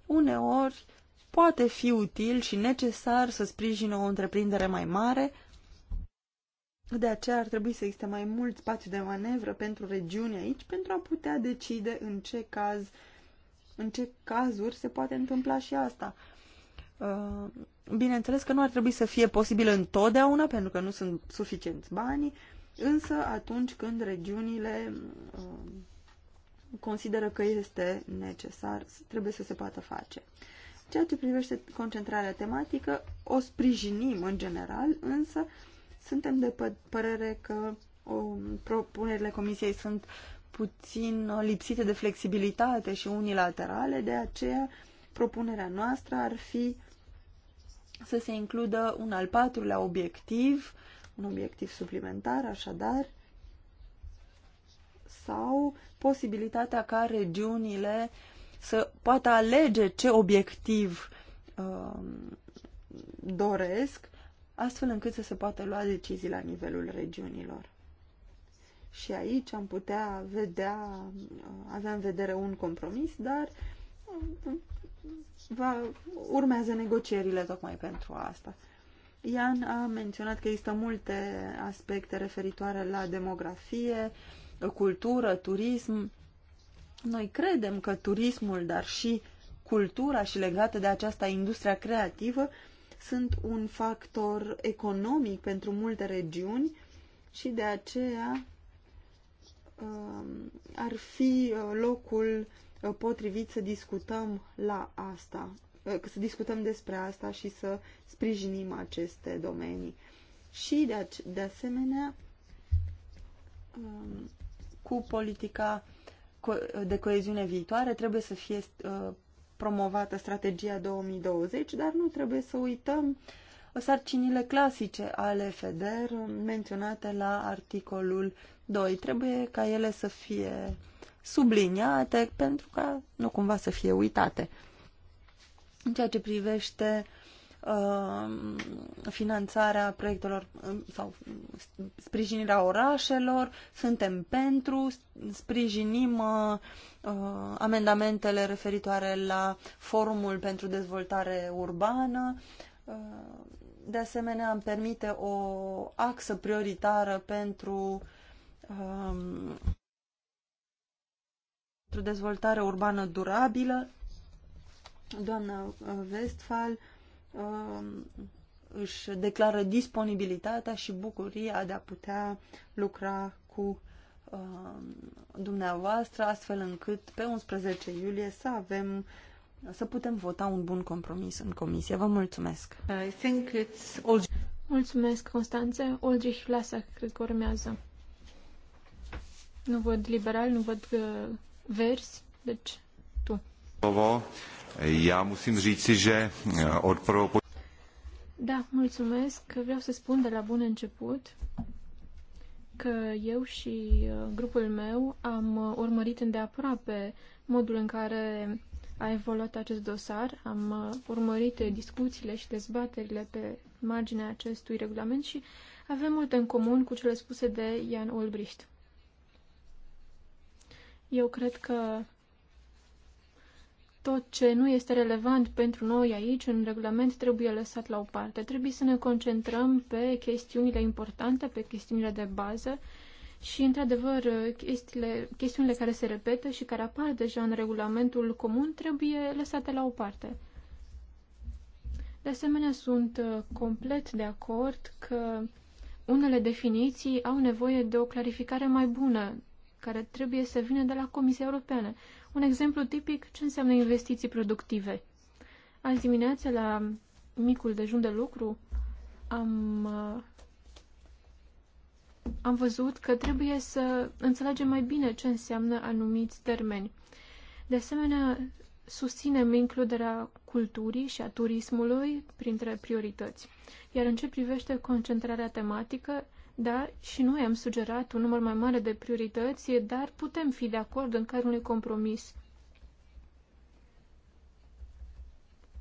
[SPEAKER 1] Uneori poate fi util și necesar să sprijină o întreprindere mai mare, de aceea ar trebui să existe mai mult spațiu de manevră pentru regiuni aici, pentru a putea decide în ce caz, în ce cazuri se poate întâmpla și asta. Uh, bineînțeles că nu ar trebui să fie posibil întotdeauna, pentru că nu sunt suficienți banii, însă atunci când regiunile uh, consideră că este necesar, trebuie să se poată face. Ceea ce privește concentrarea tematică, o sprijinim în general, însă suntem de părere că o, propunerile Comisiei sunt puțin lipsite de flexibilitate și unilaterale, de aceea propunerea noastră ar fi să se includă un al patrulea obiectiv, un obiectiv suplimentar, așadar, sau posibilitatea ca regiunile să poată alege ce obiectiv uh, doresc astfel încât să se poată lua decizii la nivelul regiunilor. Și aici am putea vedea, avea în vedere un compromis, dar va, urmează negocierile tocmai pentru asta. Ian a menționat că există multe aspecte referitoare la demografie, cultură, turism. Noi credem că turismul, dar și cultura și legată de aceasta industria creativă sunt un factor economic pentru multe regiuni și de aceea um, ar fi uh, locul uh, potrivit să discutăm la asta, uh, să discutăm despre asta și să sprijinim aceste domenii. Și de, de asemenea, um, cu politica de coeziune viitoare trebuie să fie promovată strategia 2020, dar nu trebuie să uităm sarcinile clasice ale FEDER menționate la articolul 2. Trebuie ca ele să fie subliniate pentru ca nu cumva să fie uitate. În ceea ce privește uh, Uh, finanțarea proiectelor uh, sau sprijinirea orașelor, suntem pentru, sprijinim uh, amendamentele referitoare la Forumul pentru Dezvoltare Urbană. De asemenea, îmi permite o axă prioritară pentru um, pentru dezvoltare urbană durabilă. Doamna Westphal Um, își declară disponibilitatea și bucuria de a putea lucra cu um, dumneavoastră, astfel încât pe 11 iulie să avem să putem vota un bun compromis în comisie. Vă mulțumesc!
[SPEAKER 2] I think it's all... Mulțumesc, Constanțe. Olgi Lasa, cred că urmează. Nu văd liberal, nu văd uh, verzi, deci tu.
[SPEAKER 1] Bravo říci, že eh, od
[SPEAKER 2] Da, mulțumesc. Vreau să spun de la bun început că eu și eh, grupul meu am eh, urmărit îndeaproape modul în care a evoluat acest dosar. Am urmărit discuțiile și dezbaterile pe marginea acestui regulament și avem multe în comun cu cele spuse de Ian Ulbricht. Eu cred că tot ce nu este relevant pentru noi aici, în regulament, trebuie lăsat la o parte. Trebuie să ne concentrăm pe chestiunile importante, pe chestiunile de bază și, într-adevăr, chestiile, chestiunile care se repetă și care apar deja în regulamentul comun trebuie lăsate la o parte. De asemenea, sunt uh, complet de acord că unele definiții au nevoie de o clarificare mai bună, care trebuie să vină de la Comisia Europeană. Un exemplu tipic ce înseamnă investiții productive. Azi dimineața, la micul dejun de lucru, am, uh, am văzut că trebuie să înțelegem mai bine ce înseamnă anumiți termeni. De asemenea, susținem includerea culturii și a turismului printre priorități. Iar în ce privește concentrarea tematică, da, și noi am sugerat un număr mai mare de priorități, dar putem fi de acord în cadrul unui compromis.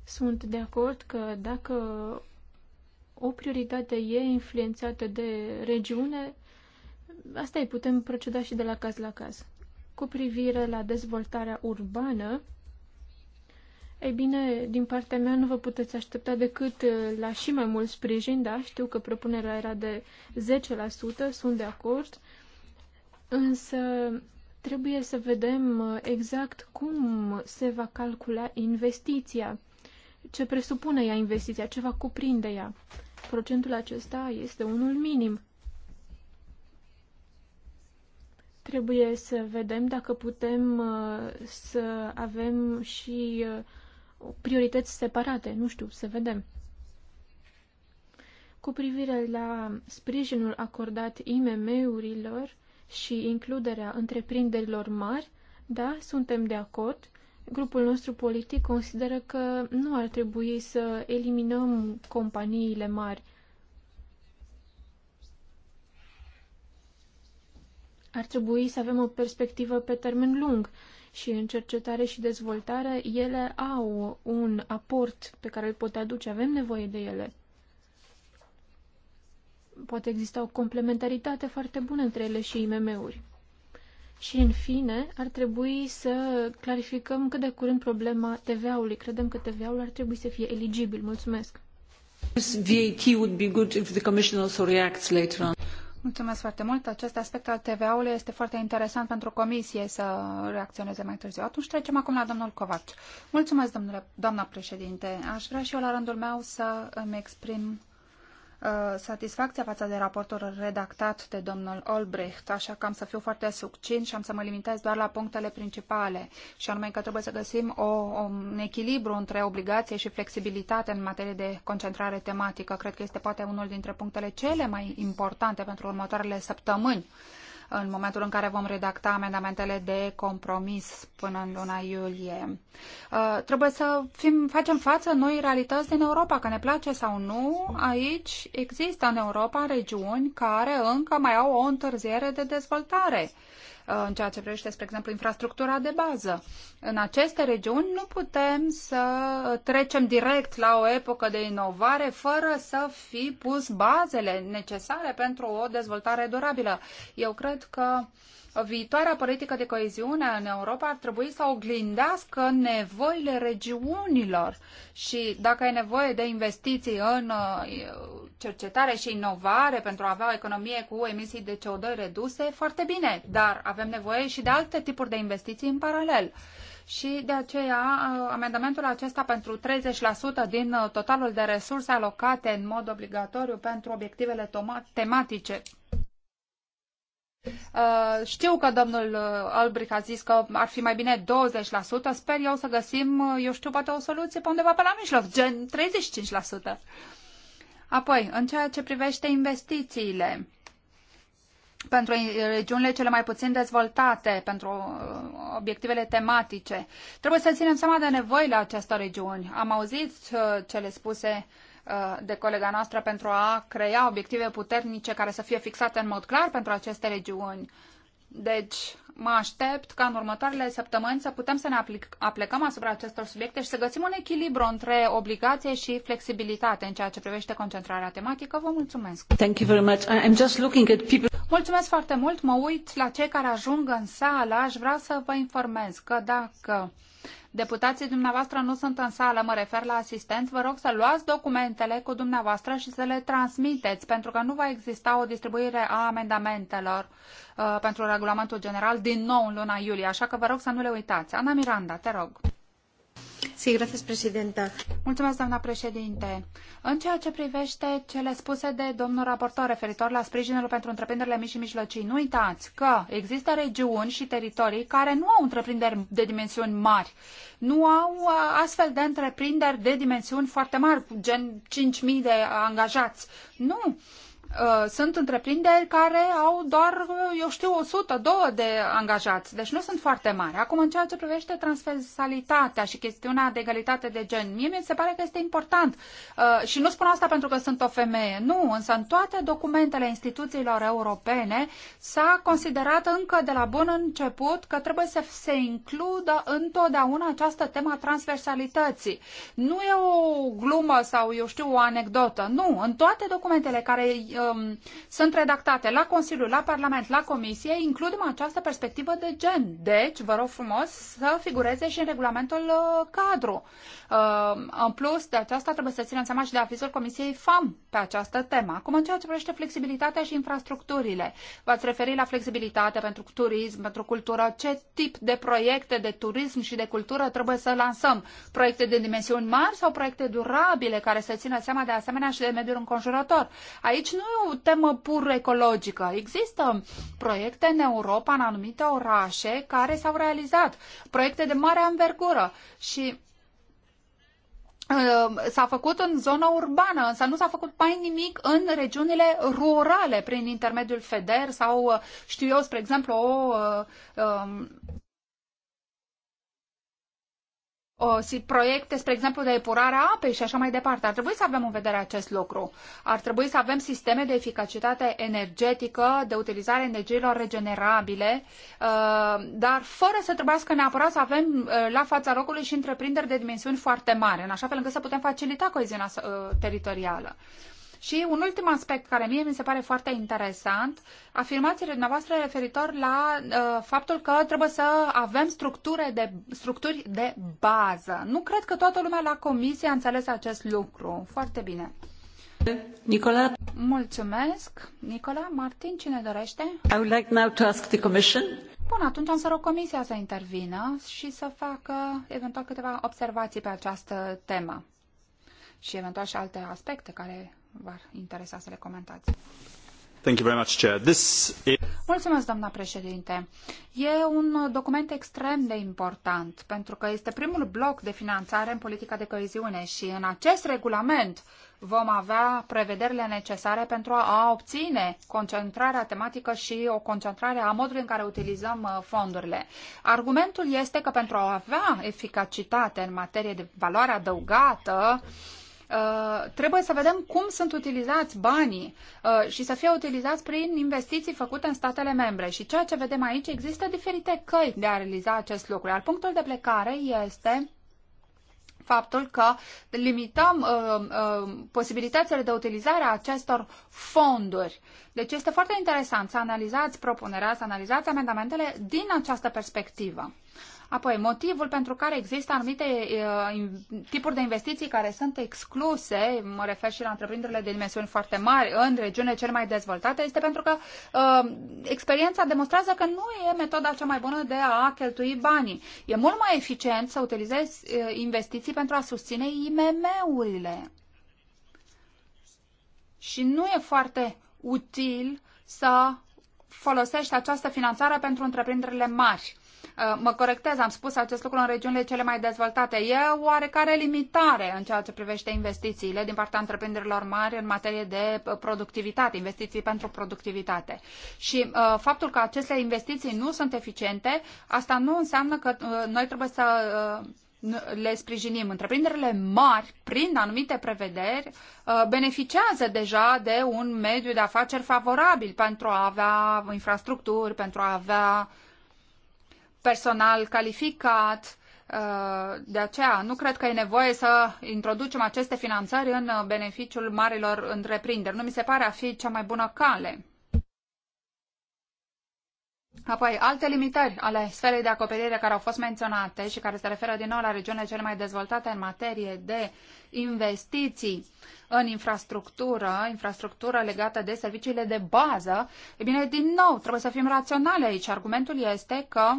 [SPEAKER 2] Sunt de acord că dacă o prioritate e influențată de regiune, asta e, putem proceda și de la caz la caz. Cu privire la dezvoltarea urbană, ei bine, din partea mea nu vă puteți aștepta decât uh, la și mai mult sprijin, da, știu că propunerea era de 10%, sunt de acord, însă trebuie să vedem uh, exact cum se va calcula investiția, ce presupune ea investiția, ce va cuprinde ea. Procentul acesta este unul minim. Trebuie să vedem dacă putem uh, să avem și priorități separate, nu știu, să vedem. Cu privire la sprijinul acordat IMM-urilor și includerea întreprinderilor mari, da, suntem de acord. Grupul nostru politic consideră că nu ar trebui să eliminăm companiile mari. Ar trebui să avem o perspectivă pe termen lung și în cercetare și dezvoltare, ele au un aport pe care îl pot aduce, avem nevoie de ele. Poate exista o complementaritate foarte bună între ele și IMM-uri. Și, în fine, ar trebui să clarificăm cât de curând problema TVA-ului. Credem că TVA-ul ar trebui să fie eligibil. Mulțumesc!
[SPEAKER 3] VAT would be good if the Commission also reacts later on. Mulțumesc foarte mult. Acest aspect al TVA-ului este foarte interesant pentru comisie să reacționeze mai târziu. Atunci trecem acum la domnul Covaci. Mulțumesc, domnule, doamna președinte. Aș vrea și eu la rândul meu să îmi exprim Uh, satisfacția față de raportul redactat de domnul Olbrecht, așa că am să fiu foarte succint și am să mă limitez doar la punctele principale, și anume că trebuie să găsim o, un echilibru între obligație și flexibilitate în materie de concentrare tematică. Cred că este poate unul dintre punctele cele mai importante pentru următoarele săptămâni în momentul în care vom redacta amendamentele de compromis până în luna iulie. Uh, trebuie să fim, facem față noi realități din Europa, că ne place sau nu, aici există în Europa regiuni care încă mai au o întârziere de dezvoltare Uh, în ceea ce privește, spre exemplu, infrastructura de bază. În aceste regiuni nu putem să trecem direct la o epocă de inovare fără să fi pus bazele necesare pentru o dezvoltare durabilă. Eu cred că viitoarea politică de coeziune în Europa ar trebui să oglindească nevoile regiunilor și dacă e nevoie de investiții în uh, cercetare și inovare pentru a avea o economie cu emisii de CO2 reduse, foarte bine, dar avem nevoie și de alte tipuri de investiții în paralel și de aceea uh, amendamentul acesta pentru 30% din uh, totalul de resurse alocate în mod obligatoriu pentru obiectivele tematice Uh, știu că domnul uh, Albrecht a zis că ar fi mai bine 20%, sper eu să găsim, uh, eu știu, poate o soluție pe undeva pe la mijloc, gen 35%. Apoi, în ceea ce privește investițiile, pentru regiunile cele mai puțin dezvoltate, pentru obiectivele tematice. Trebuie să ținem seama de nevoile acestor regiuni. Am auzit cele spuse uh, Uh, de colega noastră pentru a crea obiective puternice care să fie fixate în mod clar pentru aceste regiuni. Deci, mă aștept ca în următoarele săptămâni să putem să ne aplic- aplecăm asupra acestor subiecte și să găsim un echilibru între obligație și flexibilitate în ceea ce privește concentrarea tematică. Vă mulțumesc! Thank you very much. I'm just looking at people... Mulțumesc foarte mult! Mă uit la cei care ajung în sală. Aș vrea să vă informez că dacă Deputații dumneavoastră nu sunt în sală, mă refer la asistenți, vă rog să luați documentele cu dumneavoastră și să le transmiteți, pentru că nu va exista o distribuire a amendamentelor uh, pentru regulamentul general din nou în luna iulie, așa că vă rog să nu le uitați. Ana Miranda, te rog. Mulțumesc, doamna președinte. În ceea ce privește cele spuse de domnul raportor referitor la sprijinul pentru întreprinderile mici și mijlocii, nu uitați că există regiuni și teritorii care nu au întreprinderi de dimensiuni mari, nu au uh, astfel de întreprinderi de dimensiuni foarte mari, gen 5.000 de angajați. Nu! Uh, sunt întreprinderi care au doar, uh, eu știu, 102 de angajați, deci nu sunt foarte mari. Acum, în ceea ce privește transversalitatea și chestiunea de egalitate de gen, mie mi se pare că este important. Uh, și nu spun asta pentru că sunt o femeie, nu, însă în toate documentele instituțiilor europene s-a considerat încă de la bun început că trebuie să se includă întotdeauna această temă a transversalității. Nu e o glumă sau, eu știu, o anecdotă, nu. În toate documentele care uh, um, sunt redactate la Consiliu, la Parlament, la Comisie, includem această perspectivă de gen. Deci, vă rog frumos să figureze și în regulamentul uh, cadru. Uh, în plus de aceasta, trebuie să ținem seama și de avizul Comisiei FAM pe această temă. Acum, în ceea ce privește flexibilitatea și infrastructurile, v-ați referit la flexibilitate pentru turism, pentru cultură, ce tip de proiecte de turism și de cultură trebuie să lansăm? Proiecte de dimensiuni mari sau proiecte durabile care să țină seama de asemenea și de mediul înconjurător? Aici nu e o temă pur ecologică. Există proiecte în Europa, în anumite orașe, care s-au realizat. Proiecte de mare anvergură și uh, s-a făcut în zona urbană, însă nu s-a făcut mai nimic în regiunile rurale prin intermediul FEDER sau, uh, știu eu, spre exemplu, o uh, um, o, proiecte, spre exemplu, de epurare a apei și așa mai departe. Ar trebui să avem în vedere acest lucru. Ar trebui să avem sisteme de eficacitate energetică, de utilizare energiilor regenerabile, uh, dar fără să trebuiască neapărat să avem uh, la fața locului și întreprinderi de dimensiuni foarte mari, în așa fel încât să putem facilita coeziunea uh, teritorială. Și un ultim aspect care mie mi se pare foarte interesant, afirmațiile dumneavoastră referitor la uh, faptul că trebuie să avem structuri de, structuri de bază. Nu cred că toată lumea la comisie a înțeles acest lucru. Foarte bine. Nicola. Mulțumesc. Nicola, Martin, cine dorește? I would like now to ask the commission. Bun, atunci am să rog comisia să intervină și să facă eventual câteva observații pe această temă și eventual și alte aspecte care v-ar interesa să le comentați. Thank you very much, Chair. This is... Mulțumesc, doamna președinte. E un document extrem de important pentru că este primul bloc de finanțare în politica de coeziune și în acest regulament vom avea prevederile necesare pentru a obține concentrarea tematică și o concentrare a modului în care utilizăm uh, fondurile. Argumentul este că pentru a avea eficacitate în materie de valoare adăugată, uh, Uh, trebuie să vedem cum sunt utilizați banii uh, și să fie utilizați prin investiții făcute în statele membre. Și ceea ce vedem aici, există diferite căi de a realiza acest lucru. Iar punctul de plecare este faptul că limităm uh, uh, posibilitățile de utilizare a acestor fonduri. Deci este foarte interesant să analizați propunerea, să analizați amendamentele din această perspectivă. Uh, Apoi, motivul pentru care există anumite uh, tipuri de investiții care sunt excluse, mă refer și la întreprinderile de dimensiuni foarte mari în regiunile cele mai dezvoltate, este pentru că uh, experiența demonstrează că nu e metoda cea mai bună de a cheltui banii. E mult mai eficient să utilizezi uh, investiții pentru a susține IMM-urile. Și nu e foarte util să folosești această finanțare pentru întreprinderile mari. Uh, mă corectez, am spus acest lucru în regiunile cele mai dezvoltate. E oarecare limitare în ceea ce privește investițiile din partea întreprinderilor mari în materie de uh, productivitate, investiții pentru productivitate. Și uh, faptul că aceste investiții nu sunt eficiente, asta nu înseamnă că uh, noi trebuie să uh, le sprijinim. Întreprinderile mari, prin anumite prevederi, uh, beneficiază deja de un mediu de afaceri favorabil pentru a avea infrastructuri, pentru a avea uh, personal calificat, uh, de aceea nu cred că e nevoie să introducem aceste finanțări în uh, beneficiul marilor întreprinderi. Nu mi se pare a fi cea mai bună cale. Apoi, alte limitări ale sferei de acoperire care au fost menționate și care se referă din nou la regiunile cele mai dezvoltate în materie de investiții în infrastructură, infrastructură legată de serviciile de bază, e bine, din nou, trebuie să fim raționali aici. Argumentul este că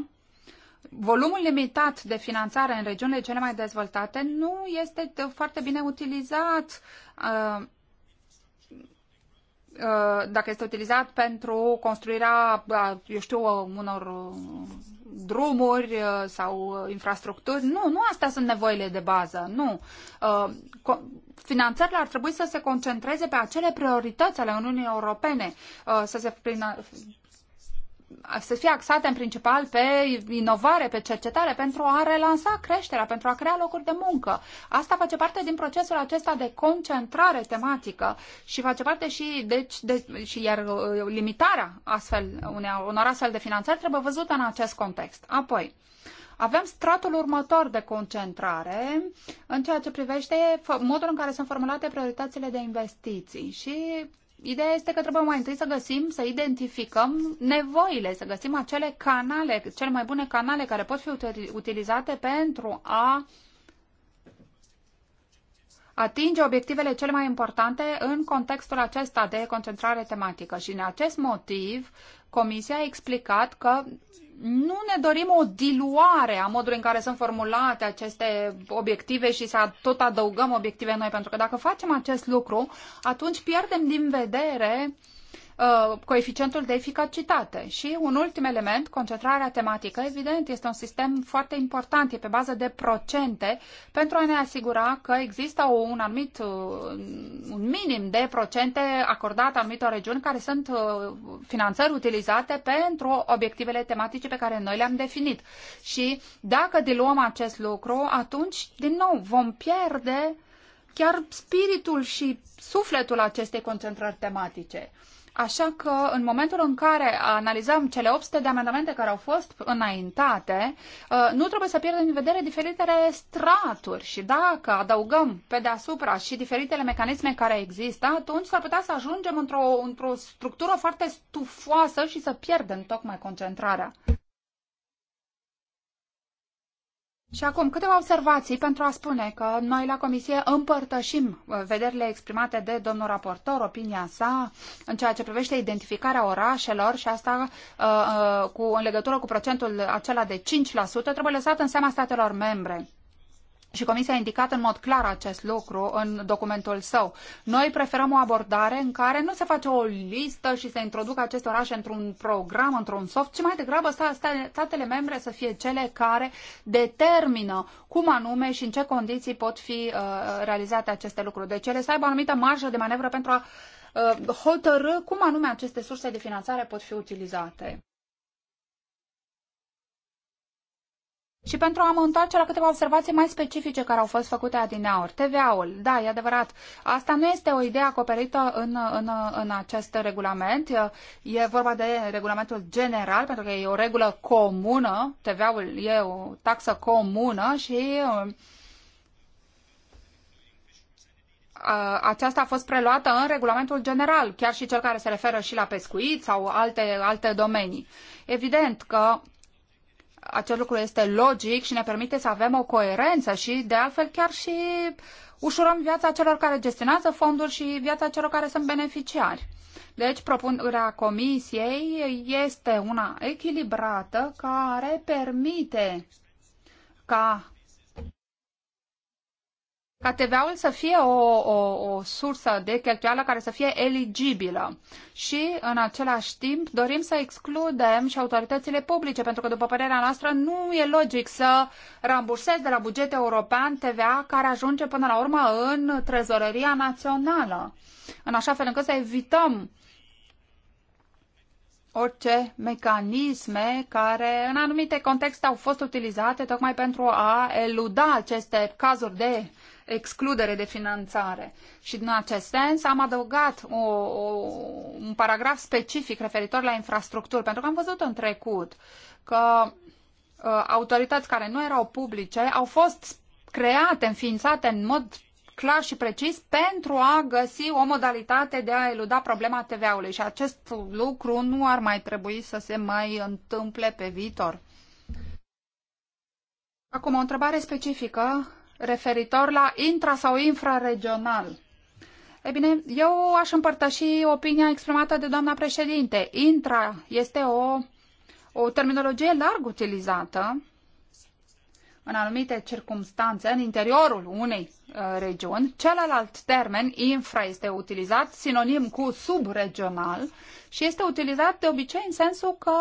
[SPEAKER 3] volumul limitat de finanțare în regiunile cele mai dezvoltate nu este foarte bine utilizat uh, uh, dacă este utilizat pentru construirea, uh, eu știu, unor drumuri sau infrastructuri. Nu, nu astea sunt nevoile de bază, nu. Finanțările ar trebui să se concentreze pe acele priorități ale Uniunii Europene, să se să fie axate în principal pe inovare, pe cercetare, pentru a relansa creșterea, pentru a crea locuri de muncă. Asta face parte din procesul acesta de concentrare tematică și face parte și, deci, de, și iar uh, limitarea astfel, unor astfel de finanțări trebuie văzută în acest context. Apoi, avem stratul următor de concentrare în ceea ce privește modul în care sunt formulate prioritățile de investiții și Ideea este că trebuie mai întâi să găsim, să identificăm nevoile, să găsim acele canale, cele mai bune canale care pot fi utilizate pentru a atinge obiectivele cele mai importante în contextul acesta de concentrare tematică. Și în acest motiv, Comisia a explicat că nu ne dorim o diluare a modului în care sunt formulate aceste obiective și să tot adăugăm obiective noi, pentru că dacă facem acest lucru, atunci pierdem din vedere uh, Uh, coeficientul de eficacitate. Și un ultim element, concentrarea tematică, evident, este un sistem foarte important, e pe bază de procente, pentru a ne asigura că există un anumit, uh, un minim de procente acordat anumitor regiuni care sunt uh, finanțări utilizate pentru obiectivele tematice pe care noi le-am definit. Și dacă diluăm acest lucru, atunci, din nou, vom pierde chiar spiritul și sufletul acestei concentrări tematice. Așa că, în momentul în care analizăm cele 800 de amendamente care au fost înaintate, uh, nu trebuie să pierdem în vedere diferitele straturi și dacă adăugăm pe deasupra și diferitele mecanisme care există, atunci s-ar putea să ajungem într-o într, -o, într -o structură foarte stufoasă și să pierdem tocmai concentrarea. Și acum câteva observații pentru a spune că noi la Comisie împărtășim uh, vederile exprimate de domnul raportor, opinia sa în ceea ce privește identificarea orașelor și asta uh, uh cu, în legătură cu procentul acela de 5% trebuie lăsat în seama statelor membre. Și Comisia a indicat în mod clar acest lucru în documentul său. Noi preferăm o abordare în care nu se face o listă și se introduc aceste orașe într-un program, într-un soft, ci mai degrabă statele membre să fie cele care determină cum anume și în ce condiții pot fi uh, realizate aceste lucruri. Deci ele să aibă o anumită marjă de manevră pentru a uh, hotărâ cum anume aceste surse de finanțare pot fi utilizate. Și pentru a mă întoarce la câteva observații mai specifice care au fost făcute adineaori, TVA-ul, da, e adevărat, asta nu este o idee acoperită în, în, în acest regulament, e vorba de regulamentul general, pentru că e o regulă comună, TVA-ul e o taxă comună și uh, aceasta a fost preluată în regulamentul general, chiar și cel care se referă și la pescuit sau alte, alte domenii. Evident că acest lucru este logic și ne permite să avem o coerență și, de altfel, chiar și ușurăm viața celor care gestionează fonduri și viața celor care sunt beneficiari. Deci, propunerea comisiei este una echilibrată care permite ca ca TVA-ul să fie o, o, o sursă de cheltuială care să fie eligibilă. Și, în același timp, dorim să excludem și autoritățile publice, pentru că, după părerea noastră, nu e logic să rambursezi de la buget european TVA care ajunge până la urmă în trezorăria națională, în așa fel încât să evităm orice mecanisme care în anumite contexte au fost utilizate tocmai pentru a eluda aceste cazuri de excludere de finanțare. Și în acest sens am adăugat o, o, un paragraf specific referitor la infrastructură, pentru că am văzut în trecut că uh, autorități care nu erau publice au fost create, înființate în mod clar și precis pentru a găsi o modalitate de a eluda problema TVA-ului și acest lucru nu ar mai trebui să se mai întâmple pe viitor. Acum, o întrebare specifică referitor la intra- sau infraregional. E bine, eu aș împărtăși opinia exprimată de doamna președinte. Intra este o, o terminologie larg utilizată în anumite circumstanțe, în interiorul unei uh, regiuni. Celălalt termen, infra, este utilizat sinonim cu subregional și este utilizat de obicei în sensul că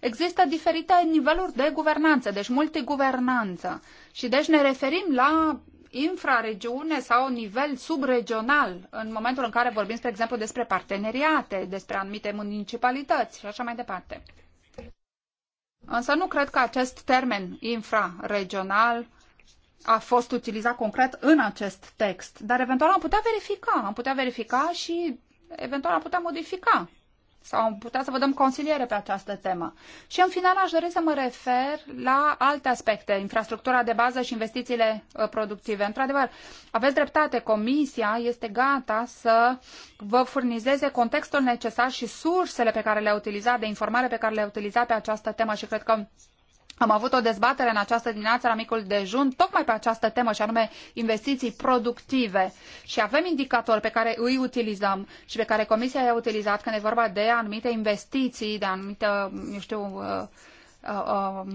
[SPEAKER 3] există diferite niveluri de guvernanță, deci multiguvernanță. Și deci ne referim la infraregiune sau nivel subregional, în momentul în care vorbim, spre exemplu, despre parteneriate, despre anumite municipalități și așa mai departe. Însă nu cred că acest termen infraregional a fost utilizat concret în acest text, dar eventual am putea verifica, am putea verifica și eventual am putea modifica sau am putea să vă dăm consiliere pe această temă. Și în final aș dori să mă refer la alte aspecte, infrastructura de bază și investițiile uh, productive. Într-adevăr, aveți dreptate, Comisia este gata să vă furnizeze contextul necesar și sursele pe care le-a utilizat, de informare pe care le-a utilizat pe această temă și cred că am avut o dezbatere în această dimineață la micul dejun tocmai pe această temă și anume investiții productive și avem indicatori pe care îi utilizăm și pe care Comisia i-a utilizat când e vorba de anumite investiții, de anumite, eu știu, uh, uh, uh,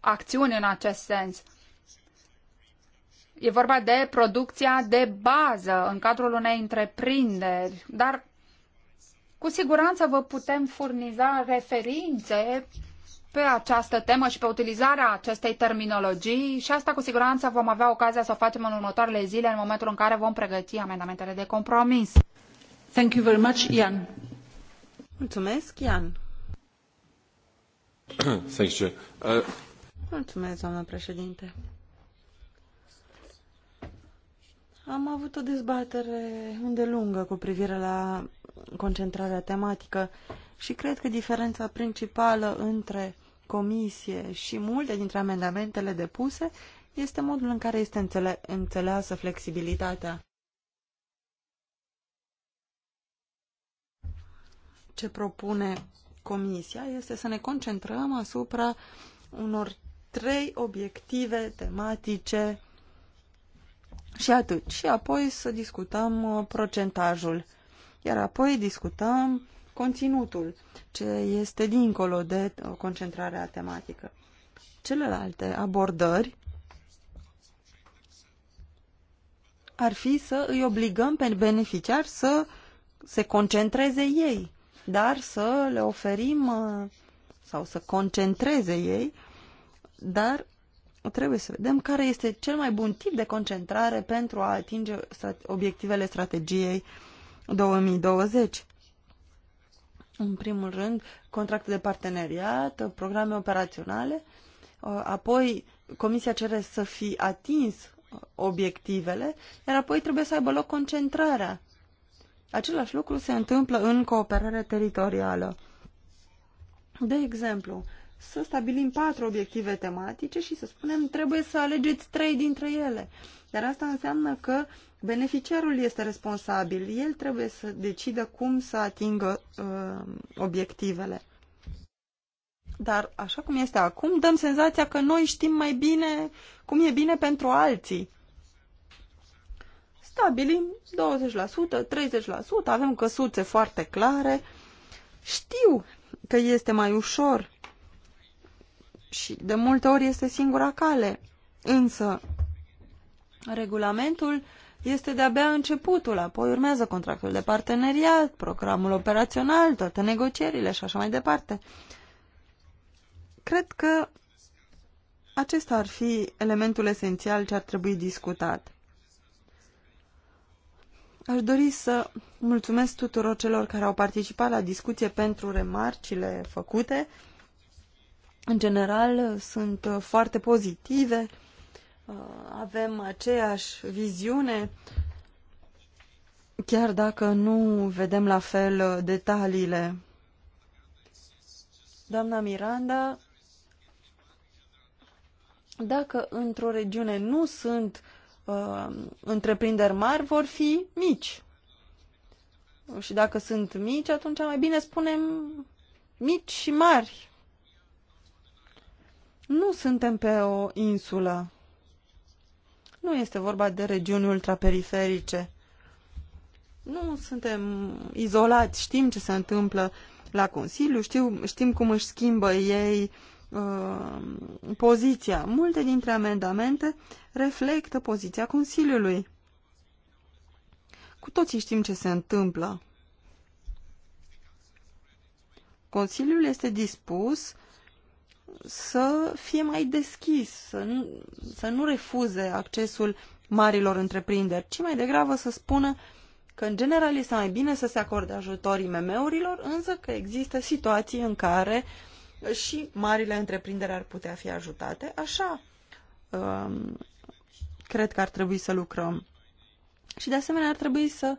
[SPEAKER 3] acțiuni în acest sens. E vorba de producția de bază în cadrul unei întreprinderi, dar cu siguranță vă putem furniza referințe pe această temă și pe utilizarea acestei terminologii și asta cu siguranță vom avea ocazia să o facem în următoarele zile, în momentul în care vom pregăti amendamentele de compromis. Thank you very much, Ian. Mulțumesc, Ian.
[SPEAKER 1] Thanks, uh... Mulțumesc, doamnă președinte. Am avut o dezbatere îndelungă cu privire la concentrarea tematică și cred că diferența principală între comisie și multe dintre amendamentele depuse este modul în care este înțele înțeleasă flexibilitatea. Ce propune comisia este să ne concentrăm asupra unor trei obiective tematice și atât. Și apoi să discutăm uh, procentajul. Iar apoi discutăm conținutul, ce este dincolo de uh, concentrarea tematică. Celelalte abordări ar fi să îi obligăm pe beneficiari să se concentreze ei, dar să le oferim uh, sau să concentreze ei, dar trebuie să vedem care este cel mai bun tip de concentrare pentru a atinge obiectivele strategiei 2020 în primul rând, contracte de parteneriat, programe operaționale, apoi Comisia cere să fi atins obiectivele, iar apoi trebuie să aibă loc concentrarea. Același lucru se întâmplă în cooperare teritorială. De exemplu, să stabilim patru obiective tematice și să spunem trebuie să alegeți trei dintre ele. Dar asta înseamnă că Beneficiarul este responsabil, el trebuie să decidă cum să atingă uh, obiectivele. Dar așa cum este acum, dăm senzația că noi știm mai bine cum e bine pentru alții. Stabilim 20%, 30%, avem căsuțe foarte clare. Știu că este mai ușor și de multe ori este singura cale. Însă, regulamentul uh, este de-abia începutul, apoi urmează contractul de parteneriat, programul operațional, toate negocierile și așa mai departe. Cred că acesta ar fi elementul esențial ce ar trebui discutat. Aș dori să mulțumesc tuturor celor care au participat la discuție pentru remarcile făcute. În general, sunt foarte pozitive Uh, avem aceeași viziune, chiar dacă nu vedem la fel detaliile. Doamna Miranda, dacă într-o regiune nu sunt uh, întreprinderi mari, vor fi mici. Și dacă sunt mici, atunci mai bine spunem mici și mari. Nu suntem pe o insulă. Nu este vorba de regiuni ultraperiferice. Nu suntem izolați, știm ce se întâmplă la Consiliu, știu, știm cum își schimbă ei uh, poziția. Multe dintre amendamente reflectă poziția Consiliului. Cu toții știm ce se întâmplă. Consiliul este dispus să fie mai deschis, să nu, să nu refuze accesul marilor întreprinderi, ci mai degrabă să spună că în general este mai bine să se acorde ajutor IMM-urilor, însă că există situații în care și marile întreprinderi ar putea fi ajutate. Așa um, cred că ar trebui să lucrăm. Și de asemenea ar trebui să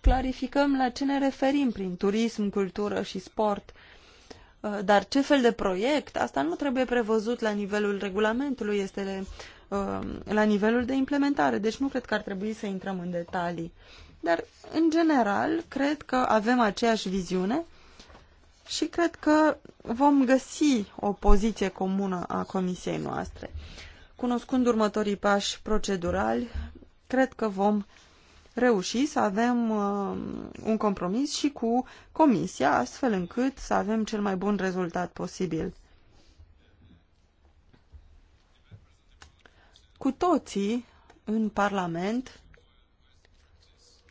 [SPEAKER 1] clarificăm la ce ne referim prin turism, cultură și sport. Uh, dar ce fel de proiect, asta nu trebuie prevăzut la nivelul regulamentului, este uh, la nivelul de implementare. Deci nu cred că ar trebui să intrăm în detalii. Dar, în general, cred că avem aceeași viziune și cred că vom găsi o poziție comună a comisiei noastre. Cunoscând următorii pași procedurali, cred că vom reuși să avem uh, un compromis și cu Comisia, astfel încât să avem cel mai bun rezultat posibil. Cu toții în Parlament,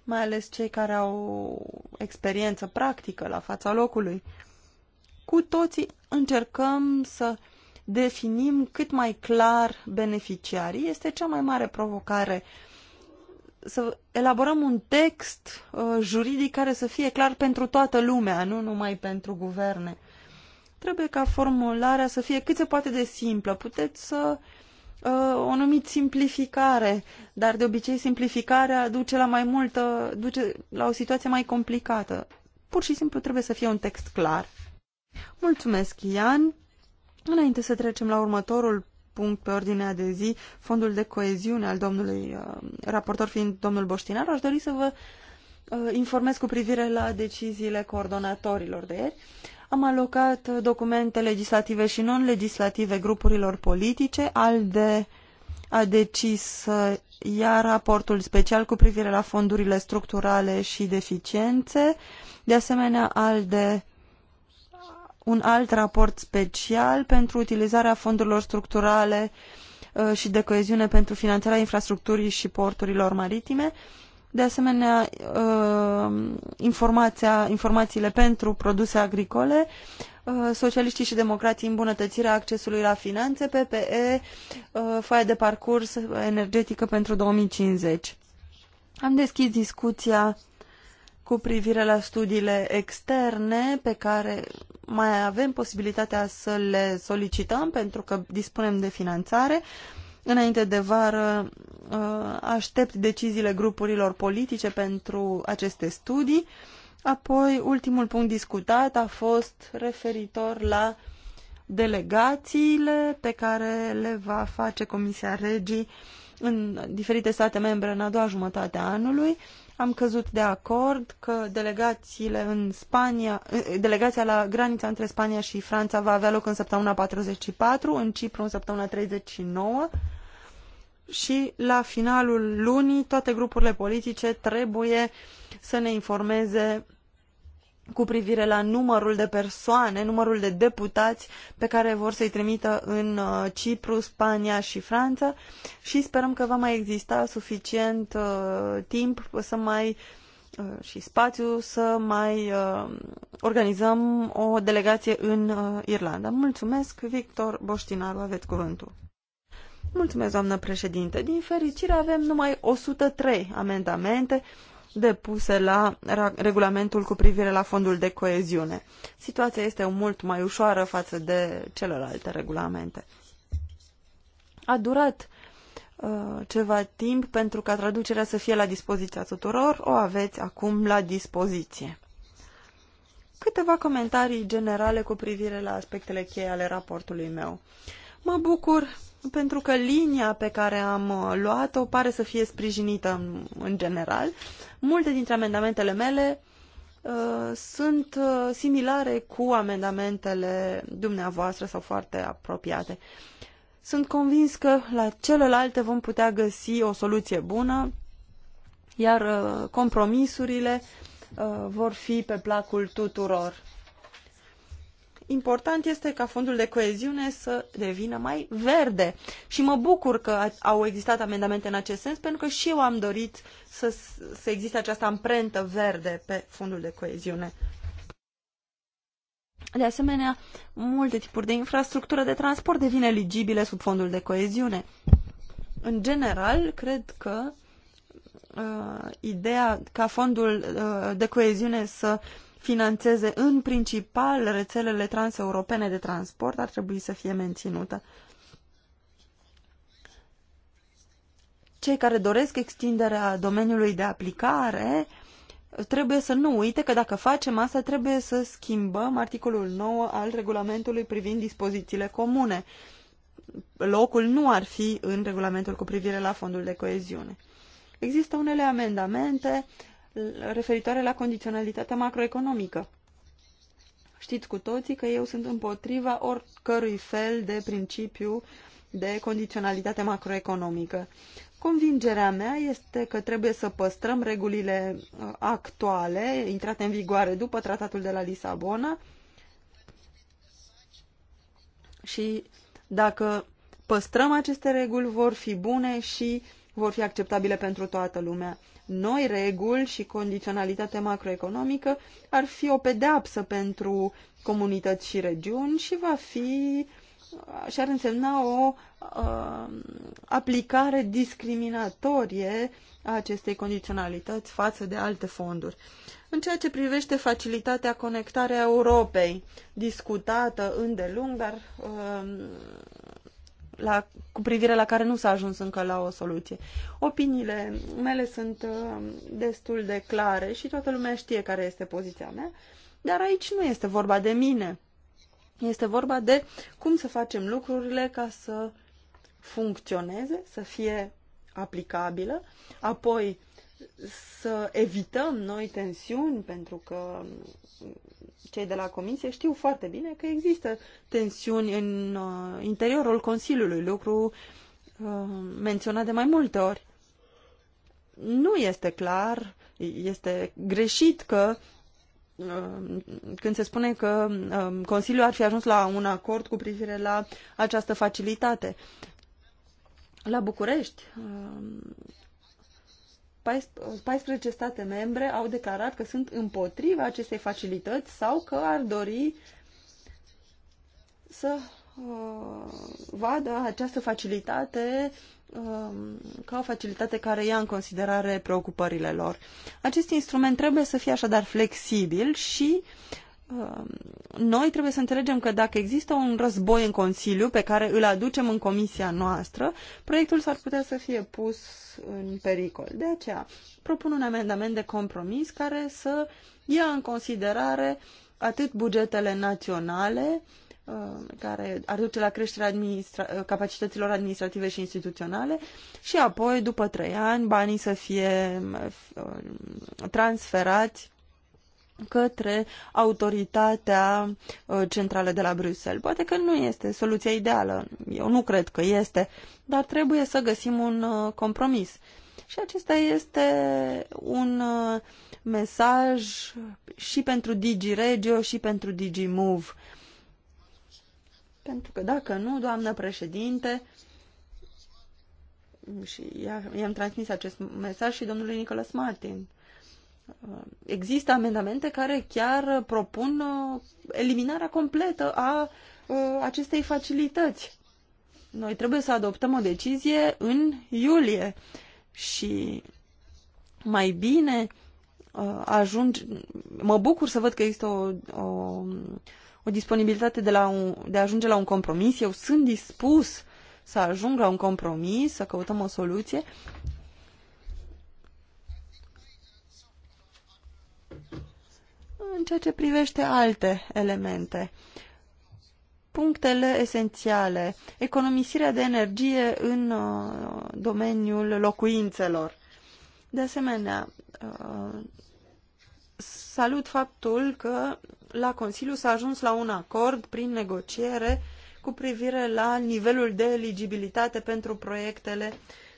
[SPEAKER 1] mai ales cei care au experiență practică la fața locului, cu toții încercăm să definim cât mai clar beneficiarii. Este cea mai mare provocare uh, să elaborăm un text uh, juridic care să fie clar pentru toată lumea, nu numai pentru guverne. Trebuie ca formularea să fie cât se poate de simplă. Puteți să uh, o numiți simplificare, dar de obicei simplificarea duce la mai multă, duce la o situație mai complicată. Pur și simplu trebuie să fie un text clar. Mulțumesc, Ian. Înainte să trecem la următorul punct pe ordinea de zi, fondul de coeziune al domnului uh, raportor fiind domnul Boștinar, aș dori să vă uh, informez cu privire la deciziile coordonatorilor de ieri. Am alocat documente legislative și non-legislative grupurilor politice, al de a decis să ia raportul special cu privire la fondurile structurale și deficiențe, de asemenea al de un alt raport special pentru utilizarea fondurilor structurale uh, și de coeziune pentru finanțarea infrastructurii și porturilor maritime. De asemenea, uh, informația, informațiile pentru produse agricole, uh, socialiștii și democrații îmbunătățirea accesului la finanțe, PPE, foaia de parcurs energetică pentru 2050. Am deschis discuția cu privire la studiile externe pe care mai avem posibilitatea să le solicităm pentru că dispunem de finanțare. Înainte de vară uh, aștept deciziile grupurilor politice pentru aceste studii. Apoi, ultimul punct discutat a fost referitor la delegațiile pe care le va face Comisia Regii în diferite state membre în a doua jumătate a anului am căzut de acord că delegațiile în Spania, eh, eh, delegația la granița între Spania și Franța va avea loc în săptămâna 44, în Cipru în săptămâna 39 și la finalul lunii toate grupurile politice trebuie să ne informeze cu privire la numărul de persoane, numărul de deputați pe care vor să-i trimită în uh, Cipru, Spania și Franța și sperăm că va mai exista suficient uh, timp să mai uh, și spațiu să mai uh, organizăm o delegație în uh, Irlanda. Mulțumesc, Victor Boștinaru, aveți cuvântul. Mulțumesc, doamnă președinte. Din fericire avem numai 103 amendamente depuse la regulamentul cu privire la fondul de coeziune. Situația este mult mai ușoară față de celelalte regulamente. A durat uh, ceva timp pentru ca traducerea să fie la dispoziția tuturor, o aveți acum la dispoziție. Câteva comentarii generale cu privire la aspectele cheie ale raportului meu. Mă bucur pentru că linia pe care am uh, luat-o pare să fie sprijinită în general. Multe dintre amendamentele mele uh, sunt uh, similare cu amendamentele dumneavoastră sau foarte apropiate. Sunt convins că la celelalte vom putea găsi o soluție bună, iar uh, compromisurile uh, vor fi pe placul tuturor important este ca fondul de coeziune să devină mai verde. Și mă bucur că au existat amendamente în acest sens, pentru că și eu am dorit să, să existe această amprentă verde pe fondul de coeziune. De asemenea, multe tipuri de infrastructură de transport devin eligibile sub fondul de coeziune. În general, cred că uh, ideea ca fondul uh, de coeziune să financeze în principal rețelele transeuropene de transport ar trebui să fie menținută. Cei care doresc extinderea domeniului de aplicare trebuie să nu uite că dacă facem asta trebuie să schimbăm articolul 9 al regulamentului privind dispozițiile comune. Locul nu ar fi în regulamentul cu privire la fondul de coeziune. Există unele amendamente referitoare la condiționalitatea macroeconomică. Știți cu toții că eu sunt împotriva oricărui fel de principiu de condiționalitate macroeconomică. Convingerea mea este că trebuie să păstrăm regulile uh, actuale, intrate în vigoare după tratatul de la Lisabona și dacă păstrăm aceste reguli, vor fi bune și vor fi acceptabile pentru toată lumea noi reguli și condiționalitate macroeconomică ar fi o pedeapsă pentru comunități și regiuni și va fi și ar însemna o uh, aplicare discriminatorie a acestei condiționalități față de alte fonduri. În ceea ce privește facilitatea conectarea Europei, discutată îndelung, dar uh, la, cu privire la care nu s-a ajuns încă la o soluție. Opiniile mele sunt uh, destul de clare și toată lumea știe care este poziția mea, dar aici nu este vorba de mine. Este vorba de cum să facem lucrurile ca să funcționeze, să fie aplicabilă, apoi să evităm noi tensiuni, pentru că cei de la Comisie știu foarte bine că există tensiuni în uh, interiorul Consiliului, lucru uh, menționat de mai multe ori. Nu este clar, este greșit că uh, când se spune că um, Consiliul ar fi ajuns la un acord cu privire la această facilitate. La București um, 14 state membre au declarat că sunt împotriva acestei facilități sau că ar dori să uh, vadă această facilitate um, ca o facilitate care ia în considerare preocupările lor. Acest instrument trebuie să fie așadar flexibil și Um, noi trebuie să înțelegem că dacă există un război în Consiliu pe care îl aducem în comisia noastră, proiectul s-ar putea să fie pus în pericol. De aceea propun un amendament de compromis care să ia în considerare atât bugetele naționale, um, care ar duce la creșterea administra- capacităților administrative și instituționale și apoi, după trei ani, banii să fie um, transferați către autoritatea uh, centrală de la Bruxelles. Poate că nu este soluția ideală, eu nu cred că este, dar trebuie să găsim un uh, compromis. Și acesta este un uh, mesaj și pentru DigiRegio și pentru DigiMove. Pentru că dacă nu, doamnă președinte, și i-am transmis acest mesaj și domnului Nicolas Martin există amendamente care chiar propun uh, eliminarea completă a uh, acestei facilități. Noi trebuie să adoptăm o decizie în iulie și mai bine uh, ajung. mă bucur să văd că există o, o, o disponibilitate de, la un, de a ajunge la un compromis. Eu sunt dispus să ajung la un compromis, să căutăm o soluție, în ceea ce privește alte elemente. Punctele esențiale. Economisirea de energie în uh, domeniul locuințelor. De asemenea, uh, salut faptul că la Consiliu s-a ajuns la un acord prin negociere cu privire la nivelul de eligibilitate pentru proiectele